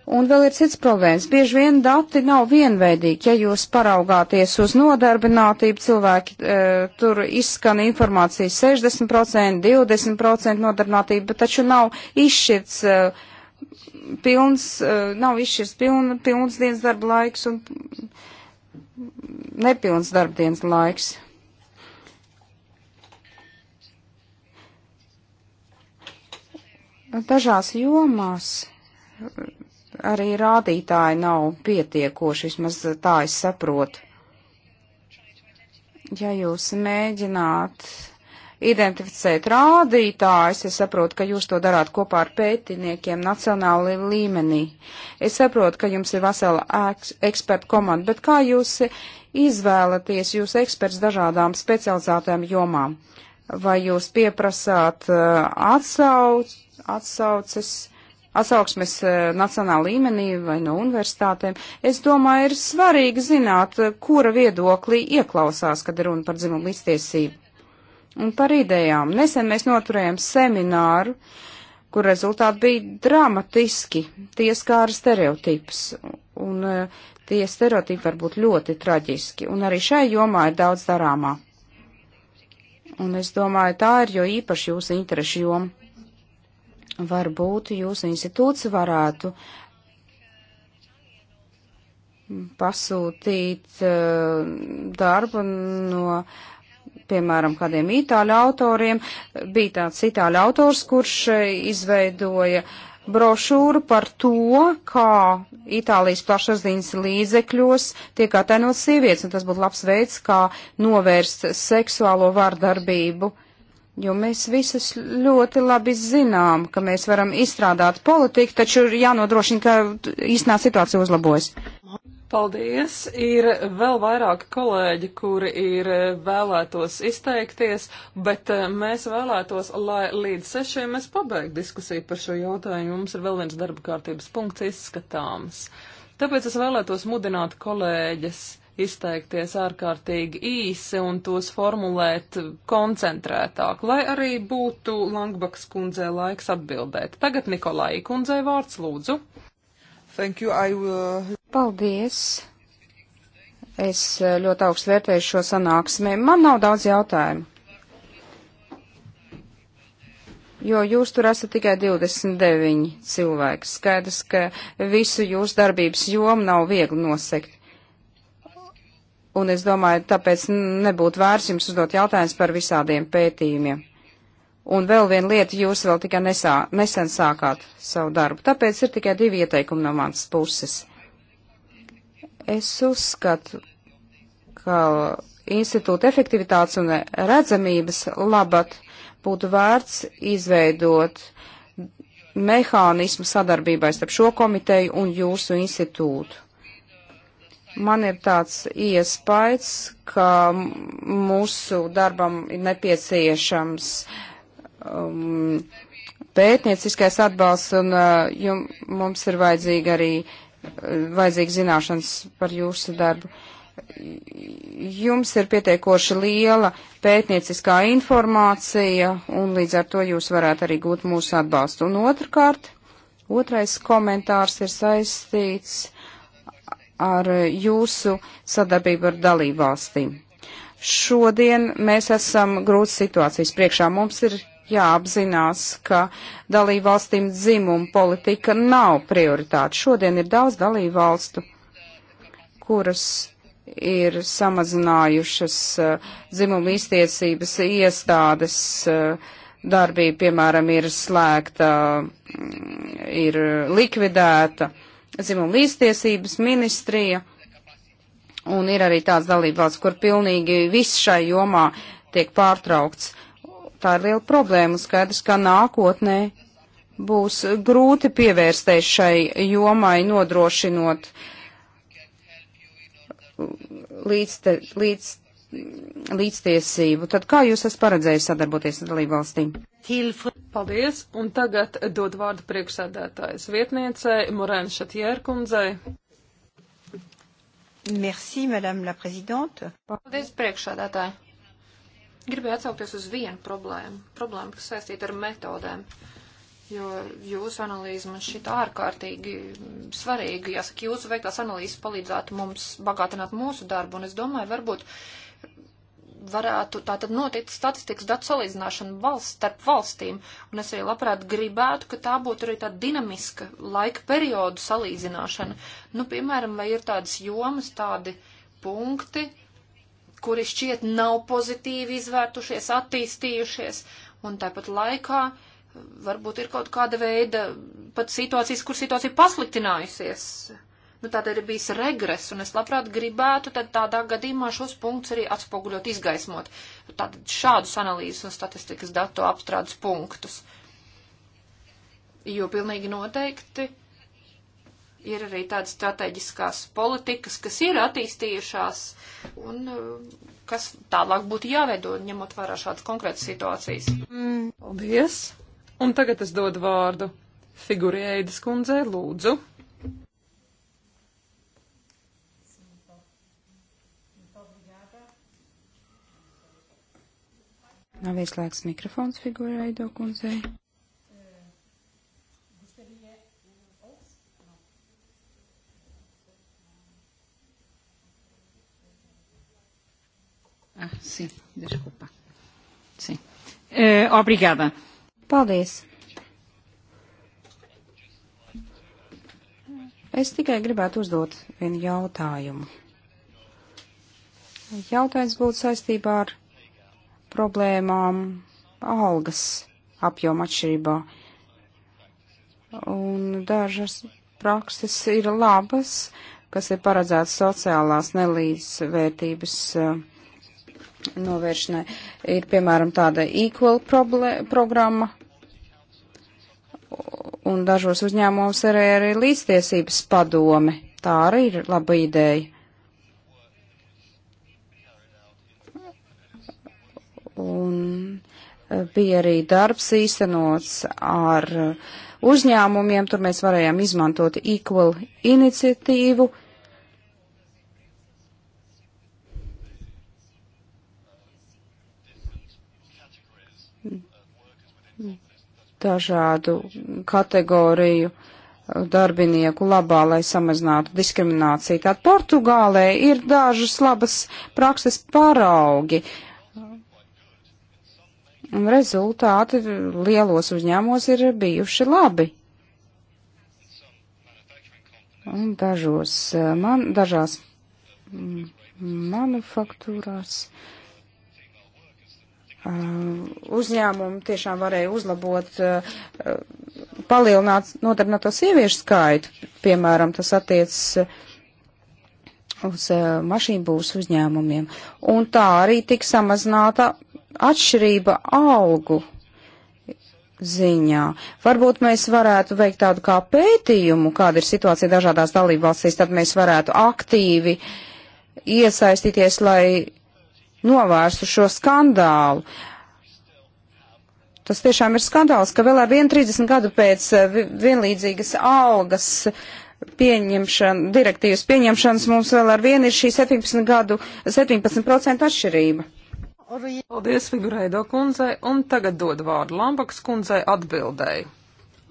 Un vēl ir cits problēmas. Bieži vien dati nav vienveidīgi. Ja jūs paraugāties uz nodarbinātību, cilvēki e, tur izskan informācija 60%, 20% nodarbinātība, bet taču nav izšķirts. E, pilns, e, nav izšķirts piln, pilns dienas darba laiks un nepilns darba dienas laiks. Dažās jomās arī rādītāji nav pietiekoši, vismaz tā es saprotu. Ja jūs mēģināt identificēt rādītājus, es saprotu, ka jūs to darāt kopā ar pētniekiem nacionāli līmenī. Es saprotu, ka jums ir vesela eks ekspertu komanda, bet kā jūs izvēlaties jūs eksperts dažādām specializētām jomām? Vai jūs pieprasāt uh, atsauc, atsauces? atsauksmes eh, nacionāla līmenī vai no universitātēm, es domāju, ir svarīgi zināt, eh, kura viedoklī ieklausās, kad runa par dzimumu līdztiesību. Un par idejām. Nesen mēs noturējām semināru, kur rezultāti bija dramatiski, tie skāra stereotipus, un eh, tie stereotipi var būt ļoti traģiski, un arī šai jomā ir daudz darāmā. Un es domāju, tā ir jo īpaši jūsu interešu joma. Varbūt jūsu institūts varētu pasūtīt eh, darbu no, piemēram, kādiem itāļu autoriem. Bija tāds itāļu autors, kurš eh, izveidoja brošūru par to, kā Itālijas plašsaziņas līdzekļos tiek atainot sievietes, un tas būtu labs veids, kā novērst seksuālo vardarbību Jo mēs visus ļoti labi zinām, ka mēs varam izstrādāt politiku, taču ir jānodrošina, ka īstenā situācija uzlabojas. Paldies! Ir vēl vairāki kolēģi, kuri ir e, vēlētos izteikties, bet e, mēs vēlētos, lai līdz sešiem mēs pabeigtu diskusiju par šo jautājumu. Mums ir vēl viens darba kārtības punkts izskatāms. Tāpēc es vēlētos mudināt kolēģis izteikties ārkārtīgi īsi un tos formulēt koncentrētāk, lai arī būtu Langbaks kundzē laiks atbildēt. Tagad Nikolai kundzē vārds lūdzu. Thank you, I will... Paldies. Es eh, ļoti augstu vērtēju šo sanāksmi. Man nav daudz jautājumu. Jo jūs tur esat tikai 29 cilvēki. Skaidrs, ka visu jūsu darbības jomu nav viegli nosekt un es domāju, tāpēc nebūtu vērts jums uzdot jautājumus par visādiem pētījumiem. Un vēl viena lieta, jūs vēl tikai nesā, nesen sākāt savu darbu, tāpēc ir tikai divi ieteikumi no manas puses. Es uzskatu, ka institūta efektivitātes un redzamības labad būtu vērts izveidot mehānismu sadarbībai starp šo komiteju un jūsu institūtu Man ir tāds iespējas, ka mūsu darbam ir nepieciešams um, pētnieciskais atbalsts, un uh, mums ir vajadzīga arī uh, vajadzīga zināšanas par jūsu darbu. Jums ir pietiekoši liela pētnieciskā informācija, un līdz ar to jūs varētu arī gūt mūsu atbalstu. Un otrkārt, otrais komentārs ir saistīts ar jūsu sadarbību ar dalībvalstīm. Šodien mēs esam grūti situācijas priekšā. Mums ir jāapzinās, ka dalībvalstīm dzimuma politika nav prioritāte. Šodien ir daudz dalībvalstu, kuras ir samazinājušas uh, dzimuma iztiesības iestādes uh, eh, darbību, piemēram, ir slēgta, mm, ir likvidēta. Uh, dzimuma līdztiesības ministrija, un ir arī tāds dalībvalsts, kur pilnīgi viss šai jomā tiek pārtraukts. Tā ir liela problēma, skaidrs, ka nākotnē būs grūti pievērsties šai jomai, nodrošinot līdz, te, līdz, līdztiesību. Tad kā jūs esat paredzējis sadarboties ar dalību valstīm? Paldies, un tagad dod vārdu priekšsēdētājas vietniecei Morēna Šatjērkundzei. Merci, madame la prezidente. Paldies, priekšsēdētāji. Gribēju atsaukties uz vienu problēmu, problēmu, kas saistīta ar metodēm, jo jūsu analīze man šķiet ārkārtīgi svarīga. Jāsaka, jūsu veiktās analīzes palīdzētu mums bagātināt mūsu darbu, un es domāju, varbūt varētu tātad notikt statistikas datu salīdzināšana valsts starp valstīm, un es arī labprāt gribētu, ka tā būtu arī tāda dinamiska laika periodu salīdzināšana. Nu, piemēram, vai ir tādas jomas, tādi punkti, kuri šķiet nav pozitīvi izvērtušies, attīstījušies, un tāpat laikā varbūt ir kaut kāda veida pat situācijas, kur situācija pasliktinājusies nu, tāda ir bijis regress, un es labprāt gribētu tad tādā gadījumā šos punktus arī atspoguļot, izgaismot tātad šādus analīzes un statistikas datu apstrādes punktus. Jo pilnīgi noteikti ir arī tādas strateģiskās politikas, kas ir attīstījušās un uh, kas tālāk būtu jāveido, ņemot vērā šādas konkrētas situācijas. Mm, paldies! Un tagad es dodu vārdu Figurēdas kundzei, lūdzu. Nav ieslēgts mikrofons figūraido kundzei. Ah, sim, desculpa. Sim. Uh, obrigada. Paldies. Es tikai gribētu uzdot vienu jautājumu. Jautājums būtu saistībā ar problēmām algas apjoma atšķirībā. Un dažas prakses ir labas, kas ir paredzētas sociālās nelīdzvērtības uh, novēršanai. Ir, piemēram, tāda equal programma, un dažos uzņēmumos arī ir līdztiesības padome. Tā arī ir laba ideja. Un e, bija arī darbs īstenots ar uzņēmumiem, tur mēs varējām izmantot Equal iniciatīvu. Dažādu kategoriju darbinieku labā, lai samazinātu diskrimināciju. Tātad Portugālē ir dažas labas prakses paraugi. Uh, Un rezultāti lielos uzņēmos ir bijuši labi. Un dažos, eh, man, dažās mm, manufaktūrās eh, uzņēmumi tiešām varēja uzlabot, eh, palielināt nodarbināto sieviešu skaitu. Piemēram, tas attiecas uz mašīnu būs uzņēmumiem. Un tā arī tika samazināta atšķirība augu ziņā. Varbūt mēs varētu veikt tādu kā pētījumu, kāda ir situācija dažādās dalībvalstīs, tad mēs varētu aktīvi iesaistīties, lai novērstu šo skandālu. Tas tiešām ir skandāls, ka vēl ar 1,30 gadu pēc eh, vienlīdzīgas algas pieņemšana, direktīvas pieņemšanas mums vēl ar vienu ir šī 17 gadu, 17% atšķirība. Paldies Figureido kundzei, un tagad dod vārdu Lambakas kundzei atbildēji.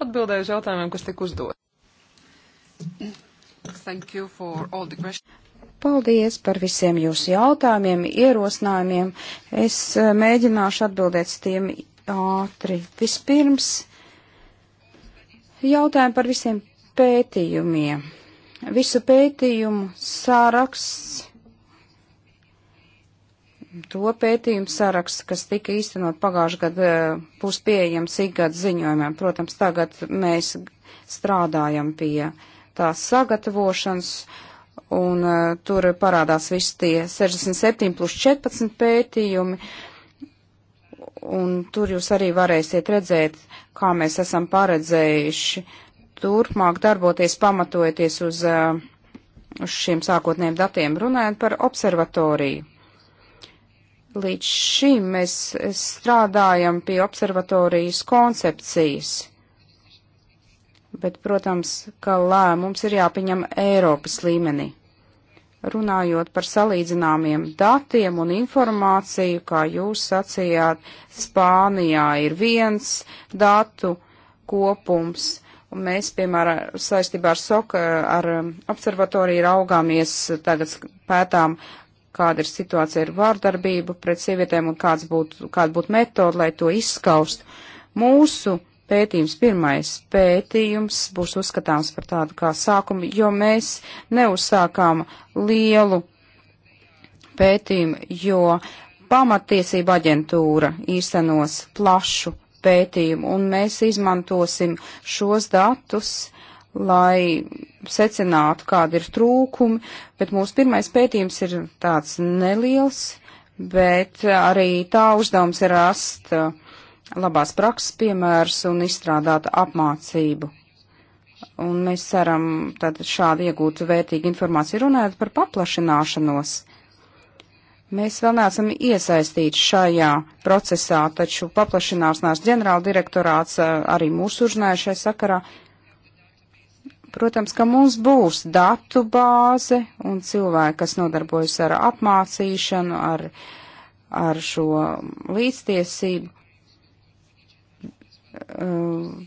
Atbildēju uz jautājumiem, kas tika uzdot. Paldies par visiem jūsu jautājumiem, ierosinājumiem. Es eh, mēģināšu atbildēt tiem ātri. Vispirms jautājumu par visiem pētījumiem. Visu pētījumu sāraksts to pētījumu saraksts, kas tika īstenot pagājušajā gadā, eh, būs pieejams ikgad ziņojumiem. Protams, tagad mēs strādājam pie tās sagatavošanas, un uh, tur parādās visi tie 67 plus 14 pētījumi, un tur jūs arī varēsiet redzēt, kā mēs esam paredzējuši turpmāk darboties pamatojoties uz, uh, uz šiem sākotniem datiem, runājot par observatoriju Līdz šim mēs strādājam pie observatorijas koncepcijas, bet, protams, ka lēmums ir jāpieņem Eiropas līmenī. Runājot par salīdzināmiem datiem un informāciju, kā jūs sacījāt, Spānijā ir viens datu kopums, un mēs, piemēram, saistībā ar SOK, ar um, observatoriju raugāmies, tagad pētām kāda ir situācija ar vārdarbību pret sievietēm un kāds būtu, kāda būtu metoda, lai to izskaust. Mūsu pētījums, pirmais pētījums būs uzskatāms par tādu kā sākumu, jo mēs neuzsākām lielu pētījumu, jo pamatiesība aģentūra īstenos plašu pētījumu, un mēs izmantosim šos datus lai secinātu, kādi ir trūkumi, bet mūsu pirmais pētījums ir tāds neliels, bet arī tā uzdevums ir rast uh, labās prakses piemērs un izstrādāt apmācību. Un mēs ceram tad šādi iegūt vērtīgu informāciju runājot par paplašināšanos. Mēs vēl neesam iesaistīti šajā procesā, taču paplašināšanās ģenerāla direktorāts uh, arī mūs uzrunāja šai sakarā. Uh, Protams, ka mums būs datu bāze un cilvēki, kas nodarbojas ar apmācīšanu, ar, ar šo līdztiesību. Eh,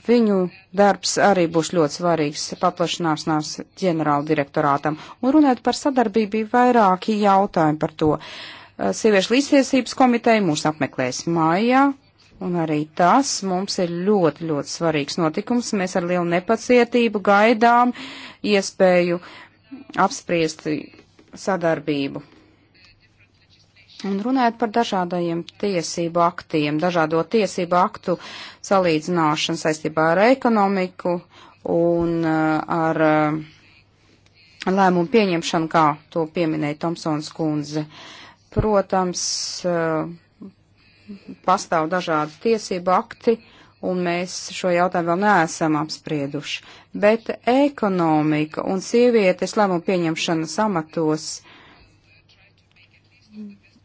viņu darbs arī būs ļoti svarīgs paplašināšanās ģenerāla direktorātam. Un runājot par sadarbību, bija vairāki jautājumi par to. Eh, sieviešu līdztiesības komiteja mūs apmeklēs mājā, Un arī tas mums ir ļoti, ļoti svarīgs notikums. Mēs ar lielu nepacietību gaidām iespēju apspriest sadarbību. Un runājot par dažādajiem tiesību aktiem, dažādo tiesību aktu salīdzināšanu saistībā ar ekonomiku un uh, ar uh, lēmumu pieņemšanu, kā to pieminēja Tomsons kundze. Protams, uh, pastāv dažādi tiesību akti, un mēs šo jautājumu vēl neesam apsprieduši. Bet ekonomika un sievietes lēmumu pieņemšanas amatos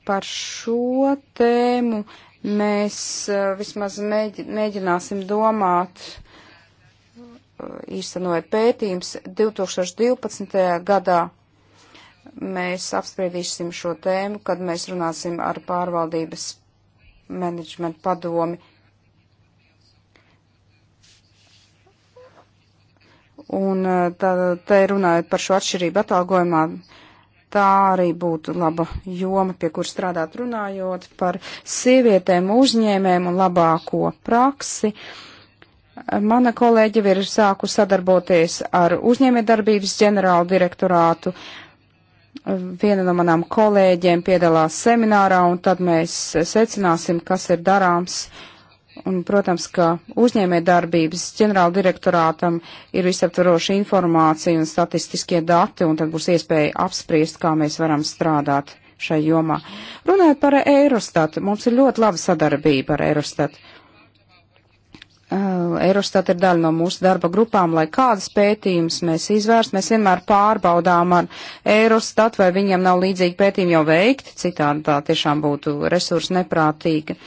par šo tēmu mēs eh, vismaz mēģināsim domāt, eh, īstenoja pētījums 2012. gadā. Mēs apspriedīsim šo tēmu, kad mēs runāsim ar pārvaldības menedžmenta padomi. Un eh, tā, te runājot par šo atšķirību atalgojumā, tā arī būtu laba joma, pie kur strādāt runājot par sievietēm uzņēmēm un labāko praksi. Mana kolēģi ir sāku sadarboties ar uzņēmējdarbības ģenerālu direktorātu. Uh, viena no manām kolēģiem piedalās seminārā, un tad mēs secināsim, kas ir darāms. Un, protams, ka uzņēmē darbības ģenerāla direktorātam ir visaptvaroša informācija un statistiskie dati, un tad būs iespēja apspriest, kā mēs varam strādāt šai jomā. Runājot par Eurostatu, mums ir ļoti laba sadarbība ar Eurostatu. Eh, Eurostat ir daļa no mūsu darba grupām, lai kādas pētījumas mēs izvērst, mēs vienmēr pārbaudām ar Eurostat, vai viņiem nav līdzīgi pētījumi jau veikti, citādi tā tiešām būtu resursu neprātīga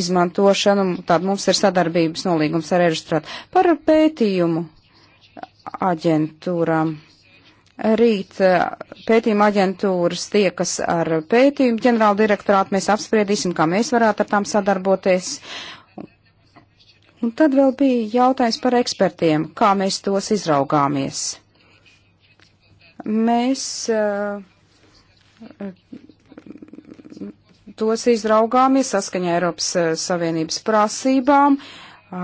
izmantošana, tāda mums ir sadarbības nolīgums ar Eurostat. Par pētījumu aģentūrām. Rīt eh, pētījuma aģentūras tiekas ar pētījumu ģenerāla direktorātu. Mēs apspriedīsim, kā mēs varētu ar tām sadarboties Un tad vēl bija jautājums par ekspertiem, kā mēs tos izraugāmies. Mēs uh, tos izraugāmies saskaņā Eiropas uh, Savienības prasībām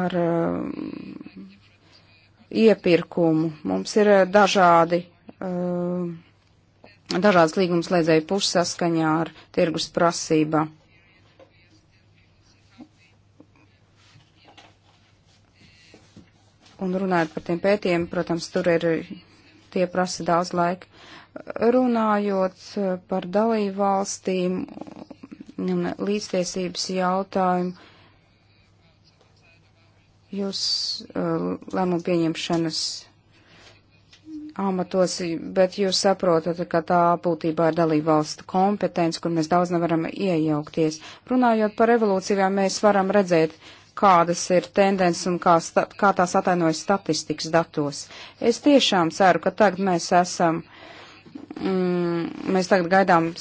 ar uh, iepirkumu. Mums ir uh, dažādi, uh, dažādas līgums lēdzēju pušas saskaņā ar tirgus prasībām. Un runājot par tiem pētījiem, protams, tur ir, tie prasa daudz laika. Runājot e, par dalību valstīm un līdztiesības jautājumu, jūs e, lēmumu pieņemšanas amatos, bet jūs saprotat, ka tā būtībā ir dalību valstu kompetence, kur mēs daudz nevaram iejaukties. Runājot par evolūcijām, mēs varam redzēt, uh, kādas ir tendences un kā, sta, kā tās atainojas statistikas datos. Es tiešām ceru, ka tagad mēs esam, mm, mēs tagad gaidām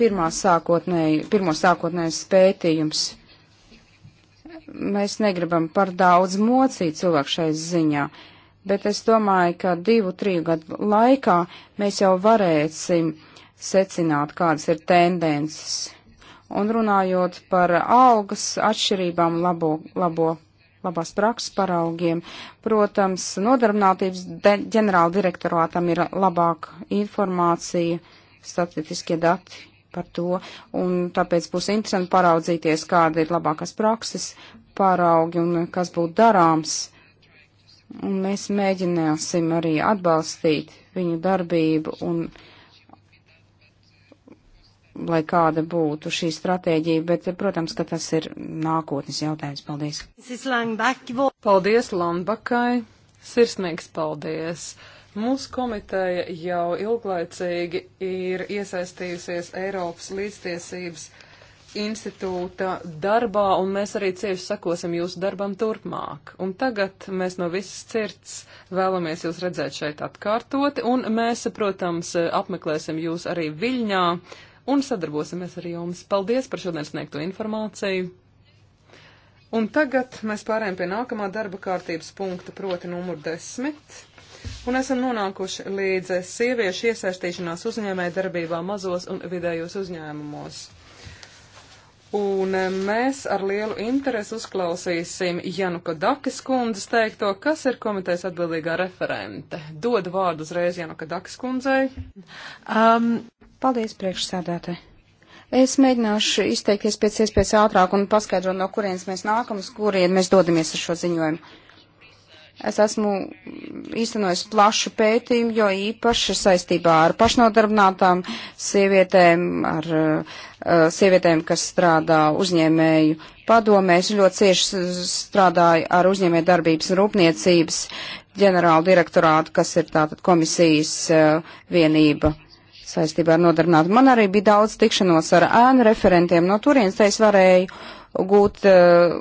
pirmās sākotnēji, pirmo sākotnējais pētījums. Mēs negribam par daudz mocīt cilvēku šai ziņā, bet es domāju, ka divu, triju gadu laikā mēs jau varēsim secināt, kādas ir tendences Un runājot par algas atšķirībām labo, labo, labās prakses paraugiem, protams, nodarbinātības ģenerāla direktorātam ir labāka informācija, statistiskie dati par to, un tāpēc būs interesanti paraudzīties, kāda ir labākās prakses pāraugi un kas būtu darāms. Un mēs mēģināsim arī atbalstīt viņu darbību un lai kāda būtu šī stratēģija, bet, protams, ka tas ir nākotnes jautājums. Paldies! Paldies Lambakai! Sirsnīgs paldies! Mūsu komiteja jau ilglaicīgi ir iesaistījusies Eiropas līdztiesības institūta darbā, un mēs arī cieši sakosim jūsu darbam turpmāk. Un tagad mēs no visas sirds vēlamies jūs redzēt šeit atkārtoti, un mēs, protams, apmeklēsim jūs arī Viļņā un sadarbosimies ar jums. Paldies par šodien sniegto informāciju. Un tagad mēs pārējām pie nākamā darba kārtības punkta, proti numur desmit. Un esam nonākuši līdz sieviešu iesaistīšanās uzņēmē darbībā mazos un vidējos uzņēmumos. Un eh, mēs ar lielu interesi uzklausīsim Januka Dakas kundzes teikto, kas ir komitejas atbildīgā referente. Dodu vārdu uzreiz Januka Dakas kundzei. Um, Paldies, priekšsēdētāji. Es mēģināšu izteikties pēc iespējas ātrāk un paskaidrot, no kurienes mēs nākam, uz kurien mēs dodamies ar šo ziņojumu. Es esmu īstenojis plašu pētījumu, jo īpaši saistībā ar pašnodarbinātām sievietēm, ar uh, sievietēm, kas strādā uzņēmēju padomēs, ļoti cieši strādāju ar uzņēmēju darbības un rūpniecības ģenerālu direktorātu, kas ir tātad komisijas uh, vienība saistībā ar nodarbinātību. Man arī bija daudz tikšanos ar ēnu referentiem no turienes, te es varēju gūt uh,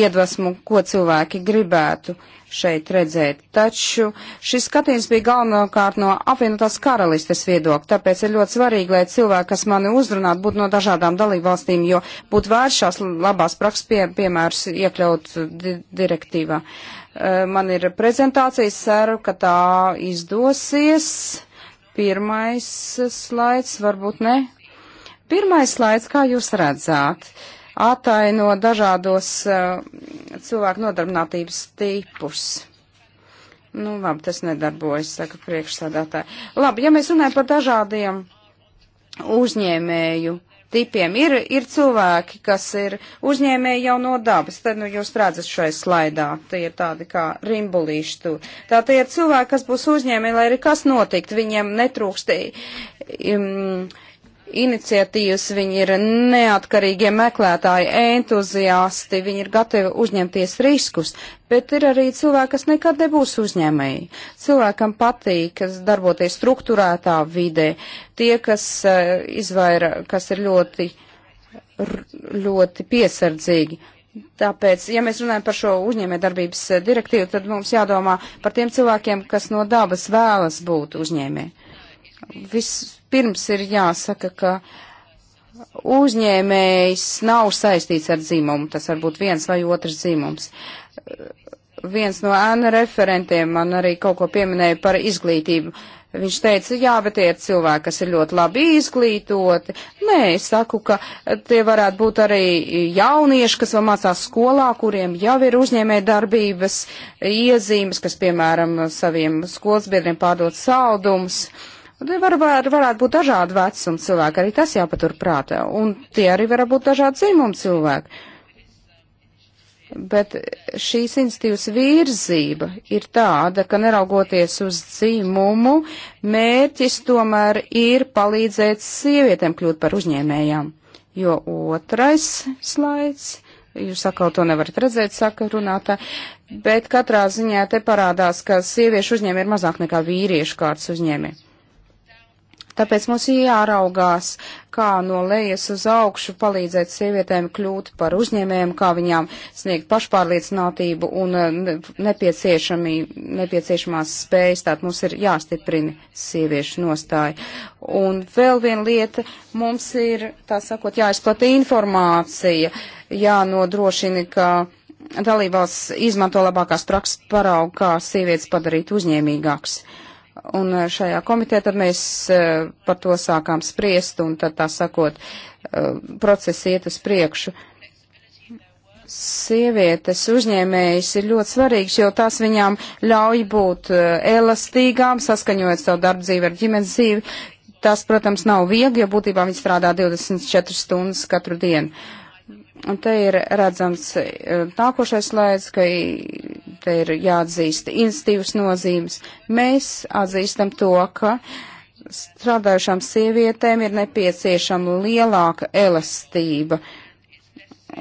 iedvesmu, ko cilvēki gribētu šeit redzēt. Taču šis skatījums bija galvenokārt no apvienotās karalistes viedokļa, tāpēc ir ļoti svarīgi, lai cilvēki, kas mani uzrunātu, būtu no dažādām dalībvalstīm, jo būtu vērts šās labās prakses pie, piemērs iekļaut di direktīvā. Uh, man ir prezentācijas, ceru, ka tā izdosies pirmais slaids, varbūt ne. Pirmais slaids, kā jūs redzāt, ataino dažādos uh, cilvēku nodarbinātības tipus. Nu, labi, tas nedarbojas, saka priekšsādātāji. Labi, ja mēs runājam par dažādiem uzņēmēju uh, tipiem. Ir, ir cilvēki, kas ir uzņēmēji jau no dabas, tad nu, jūs redzat šai slaidā, tie ir tādi kā rimbulīši tur. Tā tie ir cilvēki, kas būs uzņēmēji, lai arī kas notikt, viņiem netrūkst um, iniciatīvas, viņi ir neatkarīgie meklētāji, entuziasti, viņi ir gatavi uzņemties riskus, bet ir arī cilvēki, kas nekad nebūs uzņēmēji. Cilvēkam patīk, kas darboties struktūrētā vidē, tie, kas uh, izvaira, kas ir ļoti, ļoti piesardzīgi. Tāpēc, ja mēs runājam par šo uzņēmējdarbības eh, direktīvu, tad mums jādomā par tiem cilvēkiem, kas no dabas vēlas būt uzņēmēji vispirms ir jāsaka, ka uzņēmējs nav saistīts ar dzimumu, tas var būt viens vai otrs dzimums. Viens no ēna referentiem man arī kaut ko pieminēja par izglītību. Viņš teica, jā, bet tie ir cilvēki, kas ir ļoti labi izglītoti. Nē, es saku, ka tie varētu būt arī jaunieši, kas vēl mācās skolā, kuriem jau ir uzņēmē darbības iezīmes, kas, piemēram, saviem skolas biedriem pārdot saldumus. Uh, Var, var, varētu būt dažādi vecuma cilvēki, arī tas jāpatur prātā. Un tie arī var būt dažādi dzimuma cilvēki. Bet šīs institīvas virzība ir tāda, ka neraugoties uz dzimumu, mērķis tomēr ir palīdzēt sievietēm kļūt par uzņēmējām. Jo otrais slaids jūs atkal to nevarat redzēt, saka runātā, bet katrā ziņā te parādās, ka sieviešu uzņēmē ir mazāk nekā vīriešu kārtas uzņēmē. Tāpēc mums jāraugās, kā no lejas uz augšu palīdzēt sievietēm kļūt par uzņēmējiem, kā viņām sniegt pašpārliecinātību un eh, nepieciešamās spējas. Tātad mums ir jāstiprina sieviešu nostāja. Un vēl viena lieta, mums ir, tā sakot, jāizplata informācija, jānodrošina, ka dalībvalsts izmanto labākās prakses paraugu, kā sievietes padarīt uzņēmīgākas. Un eh, šajā komitē tad mēs eh, par to sākām spriest, un tad tā sakot, eh, process iet uz priekšu. Sievietes uzņēmējas ir ļoti svarīgas, jo tās viņām ļauj būt elastīgām, saskaņojot savu darbu dzīvi ar ģimenes dzīvi. Tas, protams, nav viegli, jo būtībā viņi strādā 24 stundas katru dienu. Uh, Un te ir redzams eh, nākošais slaids, ka te ir jāatzīst institīvas nozīmes. Mēs atzīstam to, ka strādājušām sievietēm ir nepieciešama lielāka elastība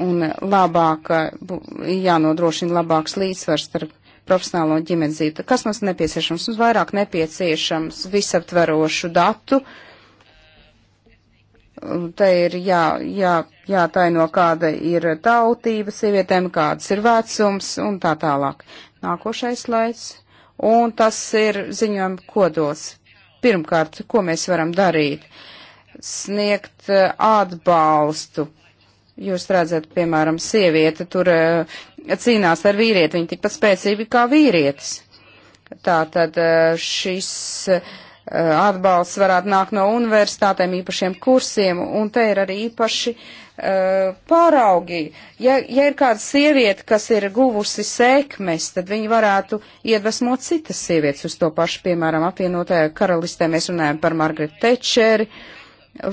un labāka, jānodrošina labāks līdzsvars starp profesionālo un ģimenes dzīvi. Kas mums nepieciešams? Mums vairāk nepieciešams visaptverošu datu. Te ir jā, jā jātaino kāda ir tautība sievietēm, kādas ir vecums un tā tālāk. Nākošais slaids. Un tas ir ziņojuma kodols. Pirmkārt, ko mēs varam darīt? Sniegt eh, atbalstu. Jūs redzat, piemēram, sieviete tur eh, cīnās ar vīrieti, viņa tikpat spēcīga kā vīrietis. Tātad eh, šis atbalsts varētu nākt no universitātēm, īpašiem kursiem, un te ir arī īpaši uh, Eh, pāraugi. Ja, ja ir kāda sieviete, kas ir guvusi sekmes, tad viņi varētu iedvesmot citas sievietes uz to pašu, piemēram, apvienotajā karalistē mēs runājam par Margaret Tečeri,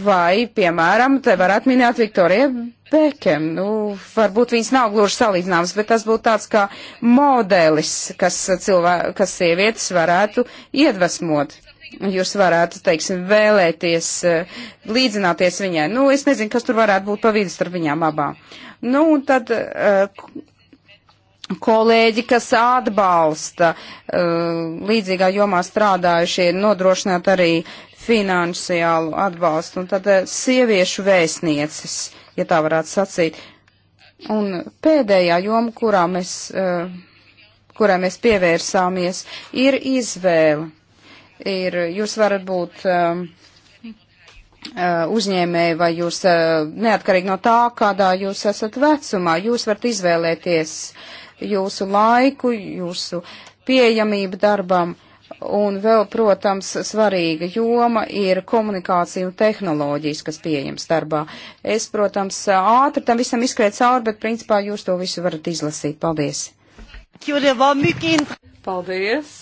vai, piemēram, te varētu minēt Viktoriju Bekem. Nu, varbūt viņas nav gluži salīdzināmas, bet tas būtu tāds kā modelis, kas, cilvē, kas sievietes varētu iedvesmot jūs varētu, teiksim, vēlēties eh, līdzināties viņai. Nu, es nezinu, kas tur varētu būt pa vidu starp viņām abām. Nu, un tad eh, kolēģi, kas atbalsta eh, līdzīgā jomā strādājušie, nodrošināt arī finansiālu atbalstu, un tad sieviešu vēstnieces, ja tā varētu sacīt. Un pēdējā joma, kurā mēs, kurai mēs pievērsāmies, ir izvēle ir, jūs varat būt um, uh, uzņēmēji vai jūs uh, neatkarīgi no tā, kādā jūs esat vecumā, jūs varat izvēlēties jūsu laiku, jūsu pieejamību darbam. Un vēl, protams, svarīga joma ir komunikācija un tehnoloģijas, kas pieejams darbā. Es, protams, ātri tam visam izkrēt cauri, bet principā jūs to visu varat izlasīt. Paldies! Paldies!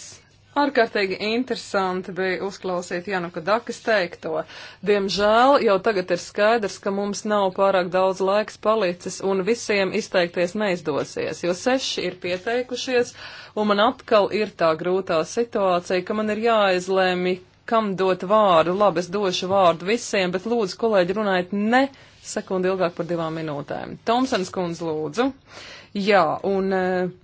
Ārkārtīgi interesanti bija uzklausīt Januka Dakas teikto. Diemžēl jau tagad ir skaidrs, ka mums nav pārāk daudz laiks palicis un visiem izteikties neizdosies, jo seši ir pieteikušies un man atkal ir tā grūtā situācija, ka man ir jāizlēmi, kam dot vārdu. Labi, es došu vārdu visiem, bet lūdzu, kolēģi, runājiet ne sekundi ilgāk par divām minūtēm. Tomsons kundze, lūdzu. Jā, un. Uh,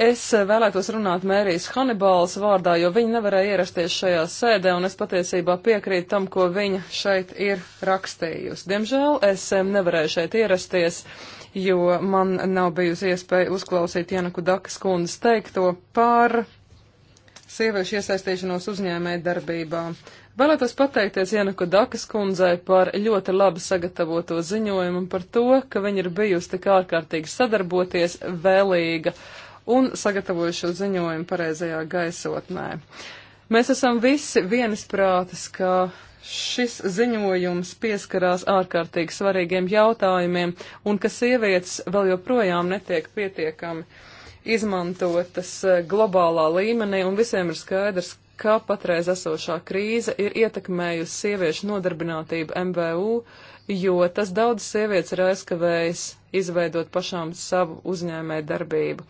Es vēlētos runāt Mērijas Hanibāls vārdā, jo viņa nevarēja ierasties šajā sēdē, un es patiesībā piekrītu tam, ko viņa šeit ir rakstījusi. Diemžēl es nevarēju šeit ierasties, jo man nav bijusi iespēja uzklausīt Janaku Dakas kundas teikto par sieviešu iesaistīšanos uzņēmē darbībā. Vēlētos pateikties Janaku Dakas kundzei par ļoti labi sagatavoto ziņojumu un par to, ka viņa ir bijusi tik ārkārtīgi sadarboties, vēlīga un sagatavoju šo ziņojumu pareizajā gaisotnē. Mēs esam visi vienisprātis, ka šis ziņojums pieskarās ārkārtīgi svarīgiem jautājumiem un ka sievietes vēl joprojām netiek pietiekami izmantotas eh, globālā līmenī un visiem ir skaidrs, ka patreiz esošā krīze ir ietekmējusi sieviešu nodarbinātību MVU, jo tas daudz sievietes ir aizkavējis izveidot pašām savu uzņēmē darbību.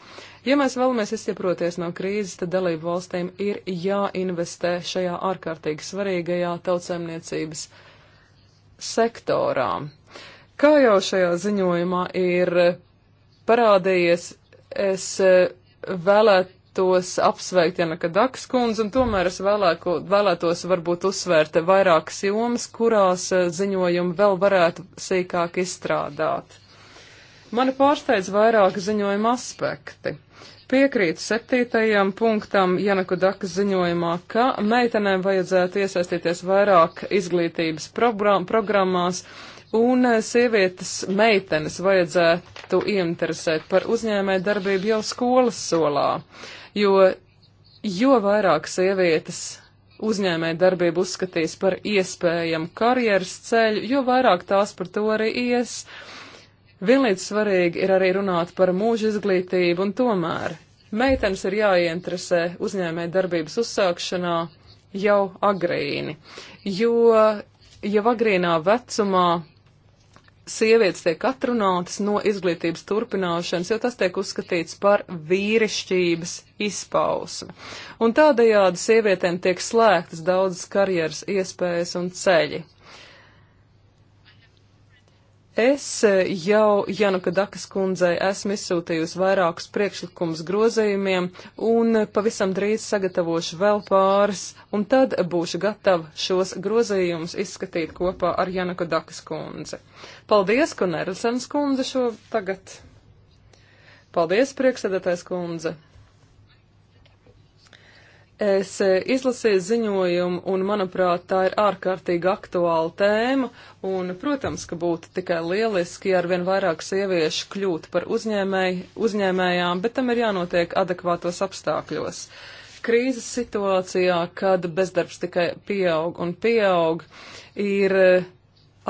Ja mēs vēlamies izstieproties no krīzes, tad dalību valstīm ir jāinvestē šajā ārkārtīgi svarīgajā tautsēmniecības sektorā. Kā jau šajā ziņojumā ir parādījies, es eh, vēlētos apsveikt Janaka Daks kundzi, un tomēr es vēlēko, vēlētos varbūt uzsvērt vairākas jomas, kurās eh, ziņojumu vēl varētu sīkāk izstrādāt. Mani pārsteidz vairāki ziņojuma aspekti. Piekrīt septītajam punktam Janaku Dakas ziņojumā, ka meitenēm vajadzētu iesaistīties vairāk izglītības programmās un eh, sievietes meitenes vajadzētu ieinteresēt par uzņēmē darbību jau skolas solā, jo, jo vairāk sievietes uzņēmē darbību uzskatīs par iespējamu karjeras ceļu, jo vairāk tās par to arī ies. Uh, Vienlīdz svarīgi ir arī runāt par mūža izglītību, un tomēr meitenes ir jāieinteresē uzņēmē darbības uzsākšanā jau agrīni, jo jau agrīnā vecumā sievietes tiek atrunātas no izglītības turpināšanas, jo tas tiek uzskatīts par vīrišķības izpausmi. Un tādējādi sievietēm tiek slēgtas daudzas karjeras iespējas un ceļi. Es eh, jau Januka Dakas kundzei esmu izsūtījusi vairākus priekšlikumus grozījumiem un eh, pavisam drīz sagatavošu vēl pāris, un tad būšu gatava šos grozījumus izskatīt kopā ar Januka Dakas kundzi. Paldies, Konersens kundze, šo tagad. Paldies, priekšsēdētājs kundze. Es eh, izlasīju ziņojumu, un, manuprāt, tā ir ārkārtīgi aktuāla tēma, un, protams, ka būtu tikai lieliski, ja arvien vairāk sieviešu kļūtu par uzņēmēj, uzņēmējām, bet tam ir jānotiek adekvātos apstākļos. Krīzes situācijā, kad bezdarbs tikai pieaug un pieaug, ir eh,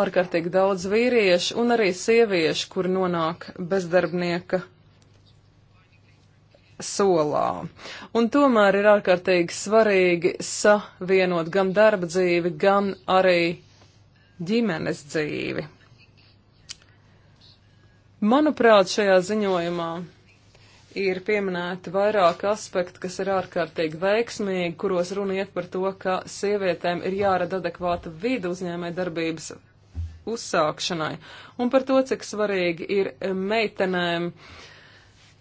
ārkārtīgi daudz vīriešu un arī sieviešu, kur nonāk bezdarbnieka solā. Un tomēr ir ārkārtīgi svarīgi savienot gan darba dzīvi, gan arī ģimenes dzīvi. Manuprāt, šajā ziņojumā ir pieminēti vairāki aspekti, kas ir ārkārtīgi veiksmīgi, kuros runa iet par to, ka sievietēm ir jārada adekvāta vidi uzņēmē darbības uzsākšanai, un par to, cik svarīgi ir meitenēm uh,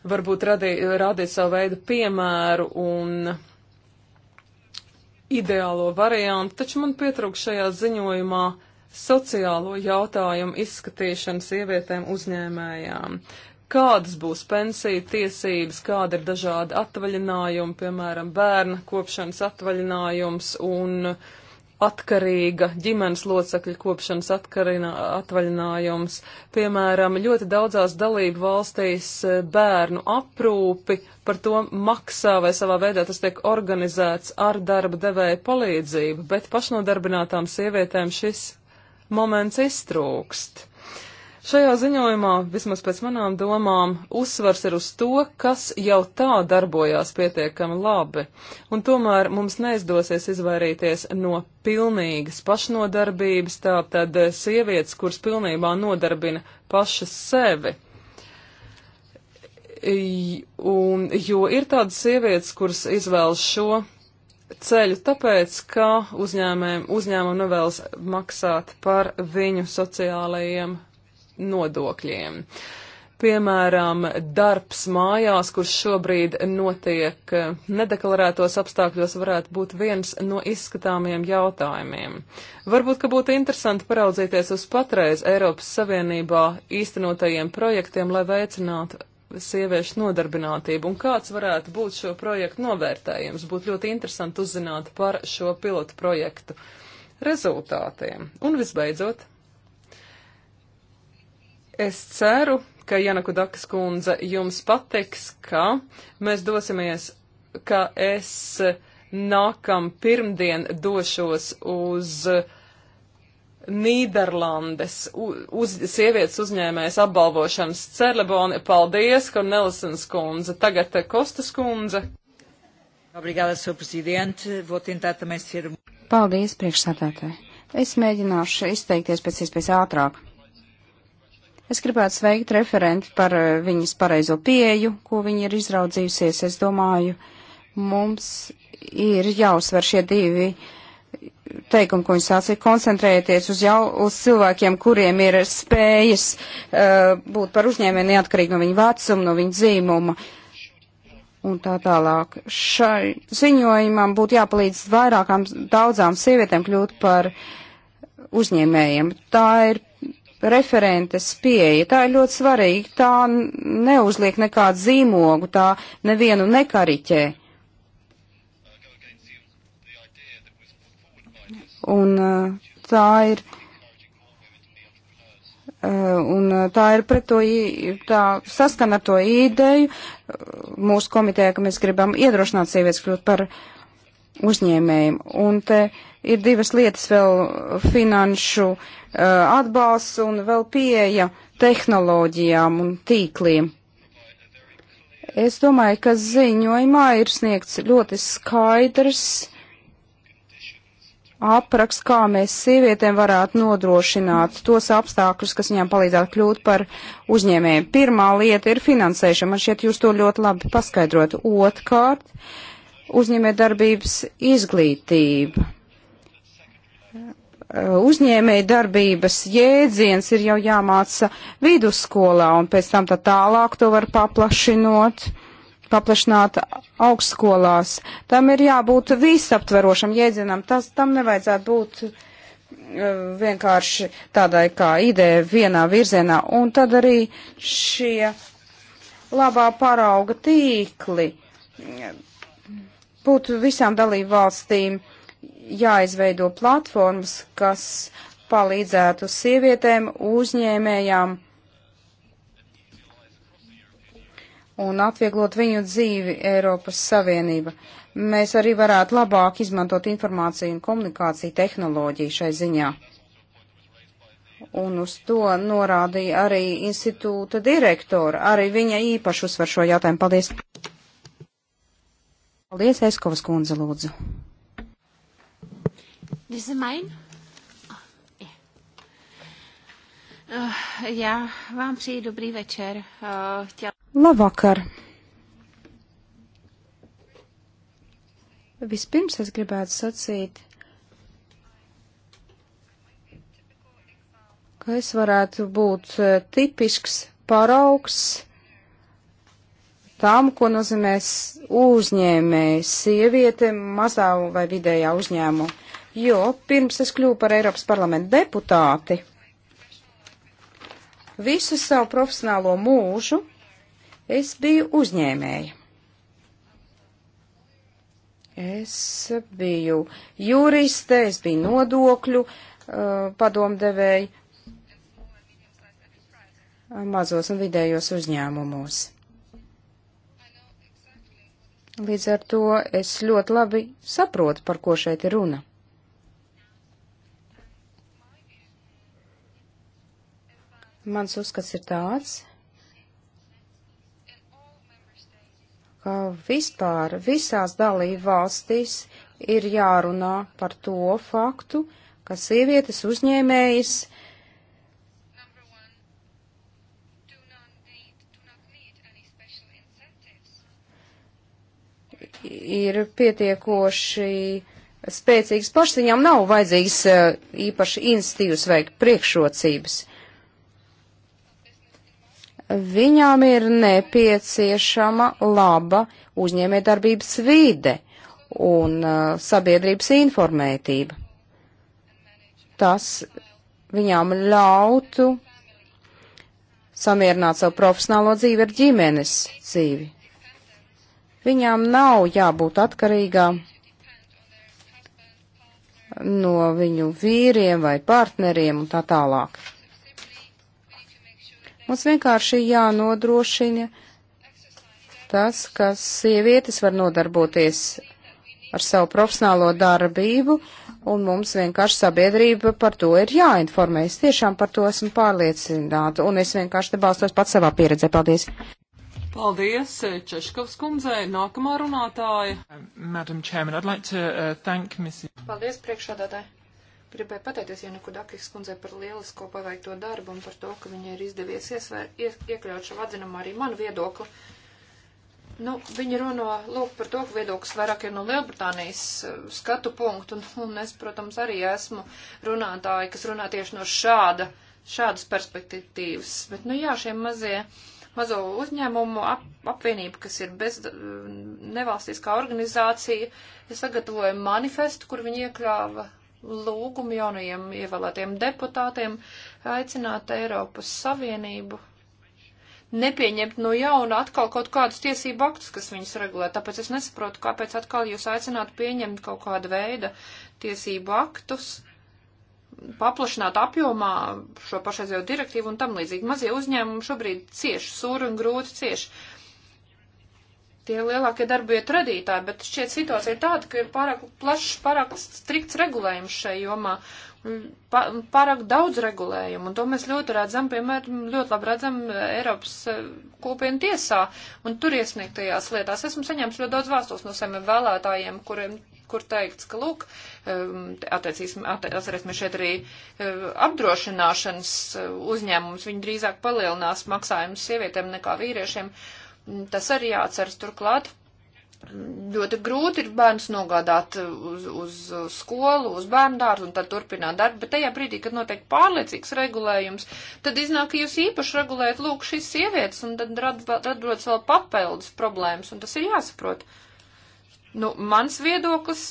varbūt radīt, radīt savu veidu piemēru un ideālo variantu, taču man pietrūkst šajā ziņojumā sociālo jautājumu izskatīšanu sievietēm uzņēmējām. Kādas būs pensiju tiesības, kāda ir dažādi atvaļinājumi, piemēram, bērna kopšanas atvaļinājums un uh, atkarīga ģimenes locekļu kopšanas atkarina, atvaļinājums. Piemēram, ļoti daudzās dalību valstīs eh, bērnu aprūpi par to maksā vai savā veidā tas tiek organizēts ar darba devēja palīdzību, bet pašnodarbinātām sievietēm šis moments iztrūkst. Šajā ziņojumā, vismaz pēc manām domām, uzsvars ir uz to, kas jau tā darbojās pietiekami labi, un tomēr mums neizdosies izvairīties no pilnīgas pašnodarbības, tātad sievietes, kuras pilnībā nodarbina pašas sevi. Un, jo ir tādas sievietes, kuras izvēlas šo ceļu, tāpēc, ka uzņēmēm, uzņēmumi nevēlas maksāt par viņu sociālajiem nodokļiem. Piemēram, darbs mājās, kurš šobrīd notiek nedeklarētos apstākļos, varētu būt viens no izskatāmiem jautājumiem. Varbūt, ka būtu interesanti paraudzīties uz patreiz Eiropas Savienībā īstenotajiem projektiem, lai veicinātu sieviešu nodarbinātību un kāds varētu būt šo projektu novērtējums. Būtu ļoti interesanti uzzināt par šo pilotu projektu rezultātiem. Un visbeidzot, Es ceru, ka Janaku Dakas kundze jums patiks, ka mēs dosimies, ka es nākam pirmdien došos uz Nīderlandes uz, sievietes uzņēmējas apbalvošanas ceremoni. Paldies, Kornelisens kundze. Tagad eh, Kostas kundze. Obrigada, Sr. Presidente. Vou tentar também ser. Um Paldies, priekšsādātāji. Es mēģināšu izteikties pēc iespējas ātrāk. Es gribētu sveikt referenti par eh, viņas pareizo pieeju, ko viņa ir izraudzījusies. Es domāju, mums ir jāuzsver šie divi teikumi, ko viņa sācīja, koncentrējieties uz, jau, uz cilvēkiem, kuriem ir spējas uh, būt par uzņēmēju neatkarīgi no viņa vecuma, no viņa dzīmuma. Un tā tālāk. Šai ziņojumam būtu jāpalīdz vairākām daudzām sievietēm kļūt par uzņēmējiem. Tā ir referentes pieeja. Tā ir ļoti svarīga. Tā neuzliek nekādu zīmogu, tā nevienu nekariķē. Un uh, tā ir. Uh, un uh, tā ir pret to, tā saskana ar to ideju mūsu komitē, ka mēs gribam iedrošināt sievietes kļūt par uzņēmējiem. Un te ir divas lietas vēl finanšu uh, Uh, atbalsts un vēl pieeja tehnoloģijām un tīkliem. Es domāju, ka ziņojumā ir sniegts ļoti skaidrs apraksts, kā mēs sievietēm varētu nodrošināt tos apstākļus, kas viņām palīdzētu kļūt par uzņēmējiem. Pirmā lieta ir finansēšana. Man šķiet, jūs to ļoti labi paskaidrot. Otkārt, uzņēmē darbības izglītība. Eh, uzņēmēja darbības jēdziens ir jau jāmāca vidusskolā, un pēc tam tā tālāk to var paplašinot, paplašināt augstskolās. Tam ir jābūt visaptverošam jēdzienam, tas tam nevajadzētu būt uh, vienkārši tādai kā ideja vienā virzienā, un tad arī šie labā parauga tīkli būtu visām dalību valstīm uh, jāizveido platformas, kas palīdzētu sievietēm, uzņēmējām un atvieglot viņu dzīvi Eiropas Savienība. Mēs arī varētu labāk izmantot informāciju un komunikāciju tehnoloģiju šai ziņā. Un uz to norādīja arī institūta direktora. Arī viņa īpaši uzsver šo jautājumu. Paldies! Paldies, Eskovas kundze, lūdzu! This is mine? Oh, yeah. uh, já vám přeji dobrý večer. Uh, chtěla... Labvakar! Vispirms es gribētu sacīt, ka es varētu būt uh, tipisks paraugs tam, ko nozīmēs uzņēmēji sieviete mazā vai vidējā uzņēmuma jo pirms es kļuvu par Eiropas parlamentu deputāti, visu savu profesionālo mūžu es biju uzņēmēja. Es biju juriste, es biju nodokļu uh, padomdevēja mazos un vidējos uzņēmumos. Līdz ar to es ļoti labi saprotu, par ko šeit ir runa. Mans uzskats ir tāds, ka vispār visās dalību valstīs ir jārunā par to faktu, ka sievietes uzņēmējas ir pietiekoši spēcīgas pašas, viņām nav vajadzīgs eh, īpaši institīvs vai priekšrocības. Viņām ir nepieciešama laba uzņēmējdarbības vide un uh, sabiedrības informētība. Tas viņām ļautu samierināt savu profesionālo dzīvi ar ģimenes dzīvi. Viņām nav jābūt atkarīgām no viņu vīriem vai partneriem un tā tālāk. Mums vienkārši jānodrošina tas, ka sievietes var nodarboties ar savu profesionālo darbību, un mums vienkārši sabiedrība par to ir jāinformē. Es tiešām par to esmu pārliecināta, un es vienkārši te balstos pats savā pieredzē. Paldies! Paldies, eh, Češkovs kundzei. Nākamā runātāja. Madam Chairman, I'd like to uh, thank Mrs. Paldies, priekšādātāji. Gribēju pateikties Januku Dakis kundzei par lielisko paveikto darbu un par to, ka viņai ir izdevies iesvēr, iekļaut šo atzinumu arī manu viedokli. Nu, viņa runā, lūk, par to, ka viedoklis vairāk ir no Lielbritānijas eh, skatu punktu, un, un es, protams, arī esmu runātāji, kas runā tieši no šāda, šādas perspektīvas. Bet, nu jā, šie mazie, mazo uzņēmumu ap, apvienība, kas ir bez eh, nevalstiskā organizācija, sagatavoja manifestu, kur viņi iekļāva lūgumu jaunajiem ievēlētiem deputātiem aicināt Eiropas Savienību nepieņemt no jauna atkal kaut kādus tiesību aktus, kas viņus regulē. Tāpēc es nesaprotu, kāpēc atkal jūs aicināt pieņemt kaut kādu veidu tiesību aktus, paplašināt apjomā šo pašreizējo direktīvu un tam līdzīgi. Mazie uzņēmumi šobrīd cieši, sūri un grūti cieši tie lielākie darbvietu radītāji, bet šķiet situācija ir tāda, ka ir pārāk plašs, pārāk strikts regulējums šai jomā, pa, pārāk daudz regulējumu, un to mēs ļoti redzam, piemēram, ļoti labi redzam e, Eiropas e, kopienu tiesā, un tur iesniegtajās lietās esmu saņēmis ļoti daudz vēstos no saviem vēlētājiem, kuriem kur teikts, ka, lūk, e, atcerēsimies šeit arī apdrošināšanas uzņēmums, viņi drīzāk palielinās maksājumus sievietēm nekā vīriešiem, Tas arī jāatceras turklāt. Ļoti grūti ir bērns nogādāt uz, uz skolu, uz bērndārzu un tad turpināt darbu, bet tajā brīdī, kad notiek pārliecīgs regulējums, tad iznāk, ka jūs īpaši regulējat lūk šīs sievietes un tad rad, radots vēl papildus problēmas, un tas ir jāsaprot. Nu, mans viedoklis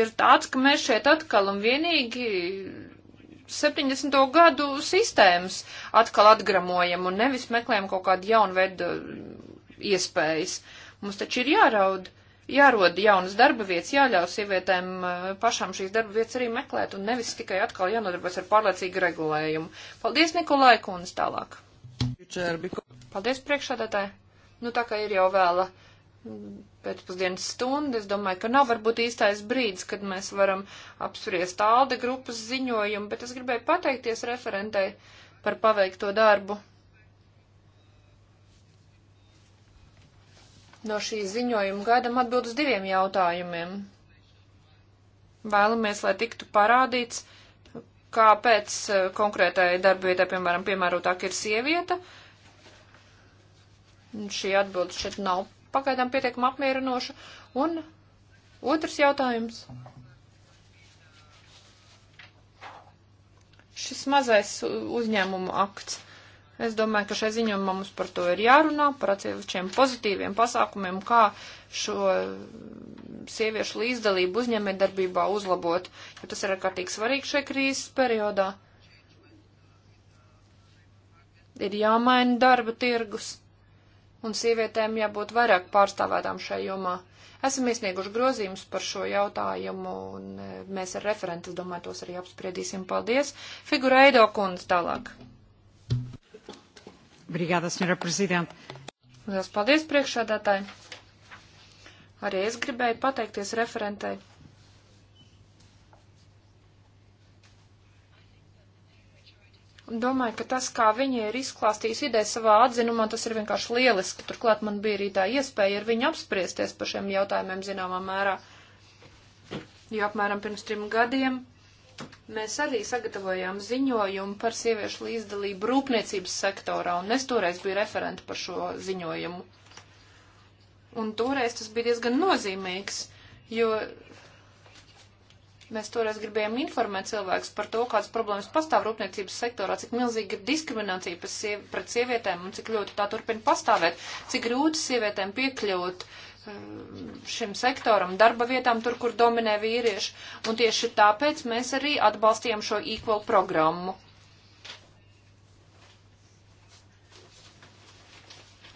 ir tāds, ka mēs šeit atkal un vienīgi 70. gadu sistēmas atkal atgramojam un nevis meklējam kaut kādu jaunu veidu iespējas. Mums taču ir jāraud, jārod jaunas darba vietas, jāļauj sievietēm eh, pašām šīs darba vietas arī meklēt un nevis tikai atkal jānodarbojas ar pārliecīgu regulējumu. Paldies, Nikolai Kunis, tālāk. Paldies, priekšādātāji. Nu, tā kā ir jau vēla mm, pēcpusdienas stunda. Es domāju, ka nav varbūt īstais brīdis, kad mēs varam apspriest ALDE grupas ziņojumu, bet es gribēju pateikties referentei par paveikto darbu. No šī ziņojuma gaidam atbild uz diviem jautājumiem. Vēlamies, lai tiktu parādīts, kāpēc e, konkrētai darbvietai, piemēram, piemērotāk ir sievieta. Šī atbilde šeit nav pagaidām pietiekami apmierinoša. Un otrs jautājums. Šis mazais uzņēmuma akts. Es domāju, ka šai ziņojumā mums par to ir jārunā, par atsevišķiem pozitīviem pasākumiem, kā šo sieviešu līdzdalību uzņēmē darbībā uzlabot, jo tas ir ārkārtīgi svarīgi šai krīzes periodā. Ir jāmaina darba tirgus, un sievietēm jābūt vairāk pārstāvētām šai jomā. Esam iesnieguši grozījumus par šo jautājumu, un mēs ar referentu, domāju, tos arī apspriedīsim. Paldies! Figura Eido kundze tālāk. Brigāda, senjora prezidenta. Lielas paldies priekšādātāji. Arī es gribēju pateikties referentei. Domāju, ka tas, kā viņi ir izklāstījusi ideju savā atzinumā, tas ir vienkārši lieliski. Turklāt man bija arī tā iespēja ar viņu apspriesties par šiem jautājumiem zināmā mērā. Jo apmēram pirms trim gadiem Mēs arī sagatavojām ziņojumu par sieviešu līdzdalību rūpniecības sektorā, un es toreiz biju referenta par šo ziņojumu. Un toreiz tas bija diezgan nozīmīgs, jo mēs toreiz gribējām informēt cilvēkus par to, kādas problēmas pastāv rūpniecības sektorā, cik milzīga ir diskriminācija siev pret sievietēm un cik ļoti tā turpina pastāvēt, cik grūti sievietēm piekļūt uh, Eh, šim sektoram, darba vietām, tur, kur dominē vīrieši. Un tieši tāpēc mēs arī atbalstījām šo Equal programmu.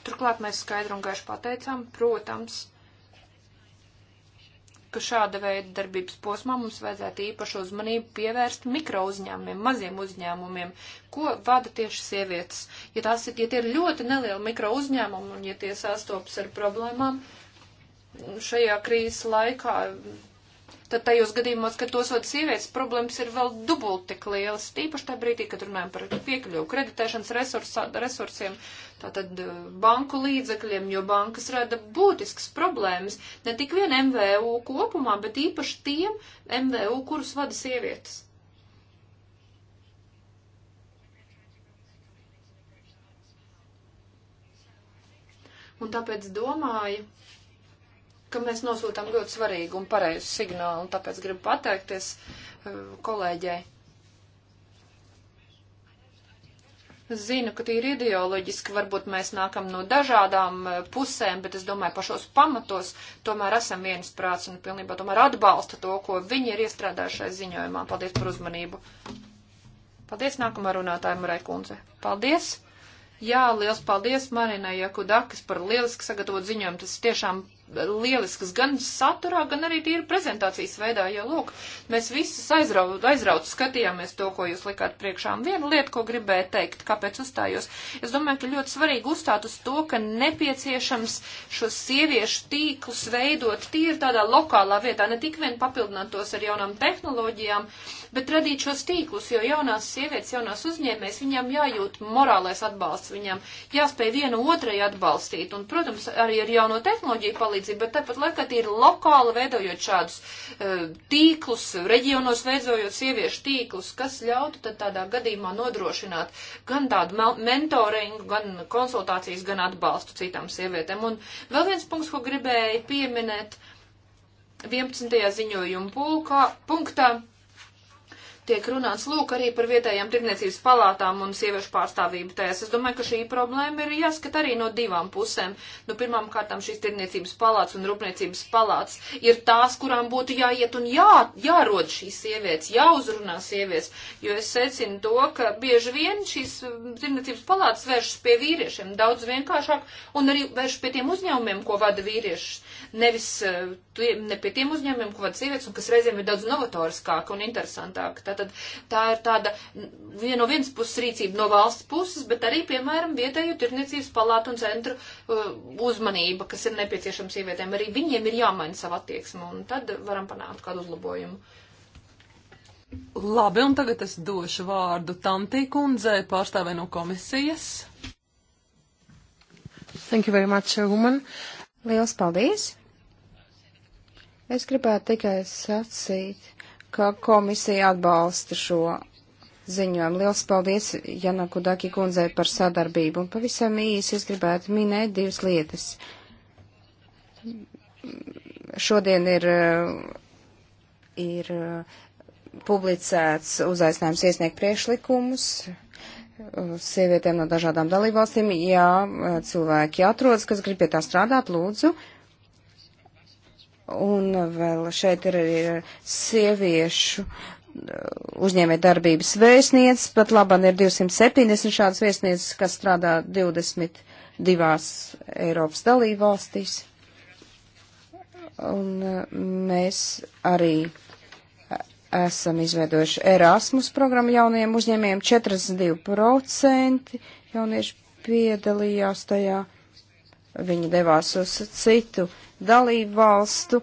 Turklāt mēs skaidru un gaišu pateicām, protams, ka šāda veida darbības posmā mums vajadzētu īpašu uzmanību pievērst mikro uzņēmumiem, maziem uzņēmumiem, ko vada tieši sievietes. Ja, tās, ja tie ir ļoti nelieli mikro uzņēmumi un ja tie sastopas ar problēmām, uh, šajā krīzes laikā, tad tajos gadījumos, kad tos vada sievietes, problēmas ir vēl dubult tik lielas. Tīpaši tajā brīdī, kad runājam par piekļuvu kreditēšanas resursa, resursiem, tātad eh, banku līdzekļiem, jo bankas rada būtiskas problēmas ne tik vien MVU kopumā, bet īpaši tiem MVU, kurus vada sievietes. Un tāpēc domāju, ka mēs nosūtām ļoti svarīgu un pareizu signālu, un tāpēc gribu pateikties eh, kolēģei. Es zinu, ka tīri ideoloģiski varbūt mēs nākam no dažādām eh, pusēm, bet es domāju, pašos pamatos tomēr esam viensprāts un pilnībā tomēr atbalsta to, ko viņi ir iestrādājušai ziņojumā. Paldies par uzmanību. Paldies nākamā runātāja Marai Kunze. Paldies! Jā, liels paldies Marinai Jakudakis par lieliski sagatavot ziņojumu. Tas tiešām lieliskas gan saturā, gan arī tīri prezentācijas veidā, jo, lūk, mēs visas aizraut, aizraut skatījāmies to, ko jūs likāt priekšām. Viena lieta, ko gribēju teikt, kāpēc uzstājos, es domāju, ka ļoti svarīgi uzstāt uz to, ka nepieciešams šos sieviešu tīklus veidot tīri tādā lokālā vietā, ne tik vien papildināt tos ar jaunām tehnoloģijām, bet radīt šos tīklus, jo jaunās sievietes, jaunās uzņēmējas, viņām jājūt morālais atbalsts, viņām jāspēj viena otrai atbalstīt, un, protams, arī ar jauno tehnoloģiju palīdzību palīdzību, bet tāpat laikā tie ir lokāli veidojot šādus uh, tīklus, reģionos veidojot sieviešu tīklus, kas ļautu tad tādā gadījumā nodrošināt gan tādu mentoringu, gan konsultācijas, gan atbalstu citām sievietēm. Un vēl viens punkts, ko gribēju pieminēt 11. ziņojuma pulkā, punktā tiek runāts lūk arī par vietējām tirdzniecības palātām un sieviešu pārstāvību tajās. Es domāju, ka šī problēma ir jāskat arī no divām pusēm. Nu, pirmām kārtām šīs tirdzniecības palāts un rūpniecības palāts ir tās, kurām būtu jāiet un jā, jārod šīs sievietes, jāuzrunā sievietes, jo es secinu to, ka bieži vien šīs mm, tirdzniecības palātas vēršas pie vīriešiem daudz vienkāršāk un arī vēršas pie tiem uzņēmumiem, ko vada vīrieši nevis eh, tie, ne pie tiem uzņēmumiem, ko vada sievietes, un kas reizēm ir daudz novatoriskāka un interesantāka. Tātad tā ir tāda vien no vienas puses rīcība no valsts puses, bet arī, piemēram, vietēju tirniecības palātu un centru uh, uzmanība, kas ir nepieciešama sievietēm. Arī viņiem ir jāmaina savu attieksmi, un tad varam panākt kādu uzlabojumu. Labi, un tagad es došu vārdu Tantī kundzei, pārstāvē no komisijas. Thank you very much, uh, woman. Liels paldies! Es gribētu tikai sacīt, ka komisija atbalsta šo ziņojumu. Liels paldies Janaku Daki kundzei par sadarbību. Un pavisam īsi es gribētu minēt divas lietas. Šodien ir, ir publicēts uzaicinājums iesniegt priešlikumus uh, sievietēm no dažādām dalībvalstīm. Jā, cilvēki atrodas, kas grib pie tā strādāt, lūdzu, Un vēl šeit ir arī sieviešu uh, uzņēmē darbības vēstniec, pat labam ir 270 šādas vēstniec, kas strādā 22 Eiropas dalībvalstīs. Un uh, mēs arī uh, esam izveidojuši Erasmus programmu jaunajiem uzņēmējiem, 42% jaunieši piedalījās tajā, viņi devās uz citu dalību valstu,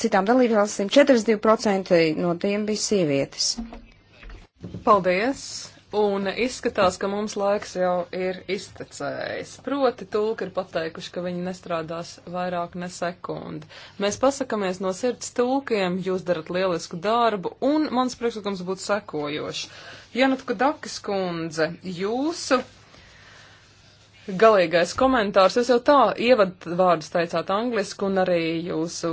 citām dalību valstīm 42% no tiem bija sievietes. Paldies! Un izskatās, ka mums laiks jau ir iztecējis. Proti, tulki ir pateikuši, ka viņi nestrādās vairāk ne sekundi. Mēs pasakamies no sirds tulkiem, jūs darat lielisku darbu, un mans priekšlikums būtu sekojošs. Janutku Dakas kundze, jūsu galīgais komentārs. Jūs jau tā ievadvārdus teicāt angliski un arī jūsu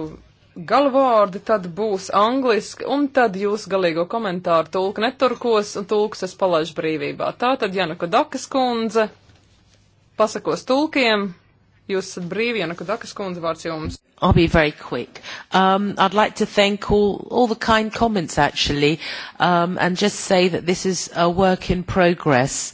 galvārdi tad būs angliski un tad jūs galīgo komentāru tulku neturkos un tulks es palaižu brīvībā. Tā tad Janaka Dakas kundze pasakos tulkiem. Jūs esat brīvi, Janaka Dakas kundze, vārds jums. I'll be very quick. Um, I'd like to thank all, all the kind comments, actually, um, and just say that this is a work in progress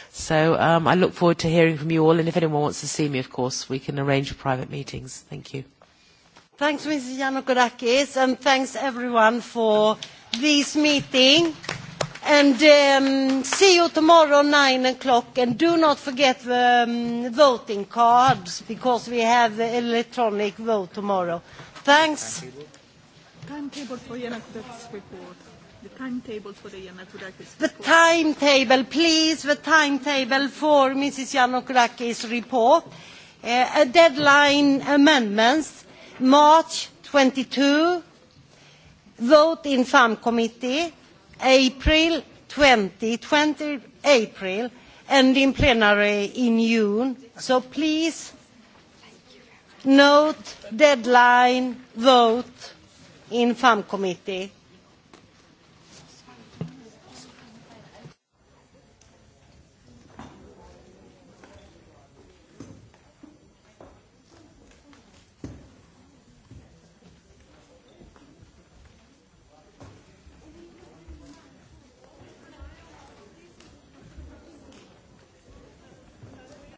So um, I look forward to hearing from you all, and if anyone wants to see me, of course, we can arrange private meetings. Thank you. Thanks, Mrs. Yannakourakis, and thanks everyone for this meeting. And um, see you tomorrow, 9 o'clock. And do not forget the um, voting cards, because we have the electronic vote tomorrow. Thanks. Timetable for Yannakourakis report the timetable for the Yannakourakis report. The timetable, please, the timetable for Mrs. Yannakourakis' report. Uh, a deadline amendments, March 22, vote in farm committee, April 20, 20 April, and in plenary in June. So please note, deadline, vote in farm committee.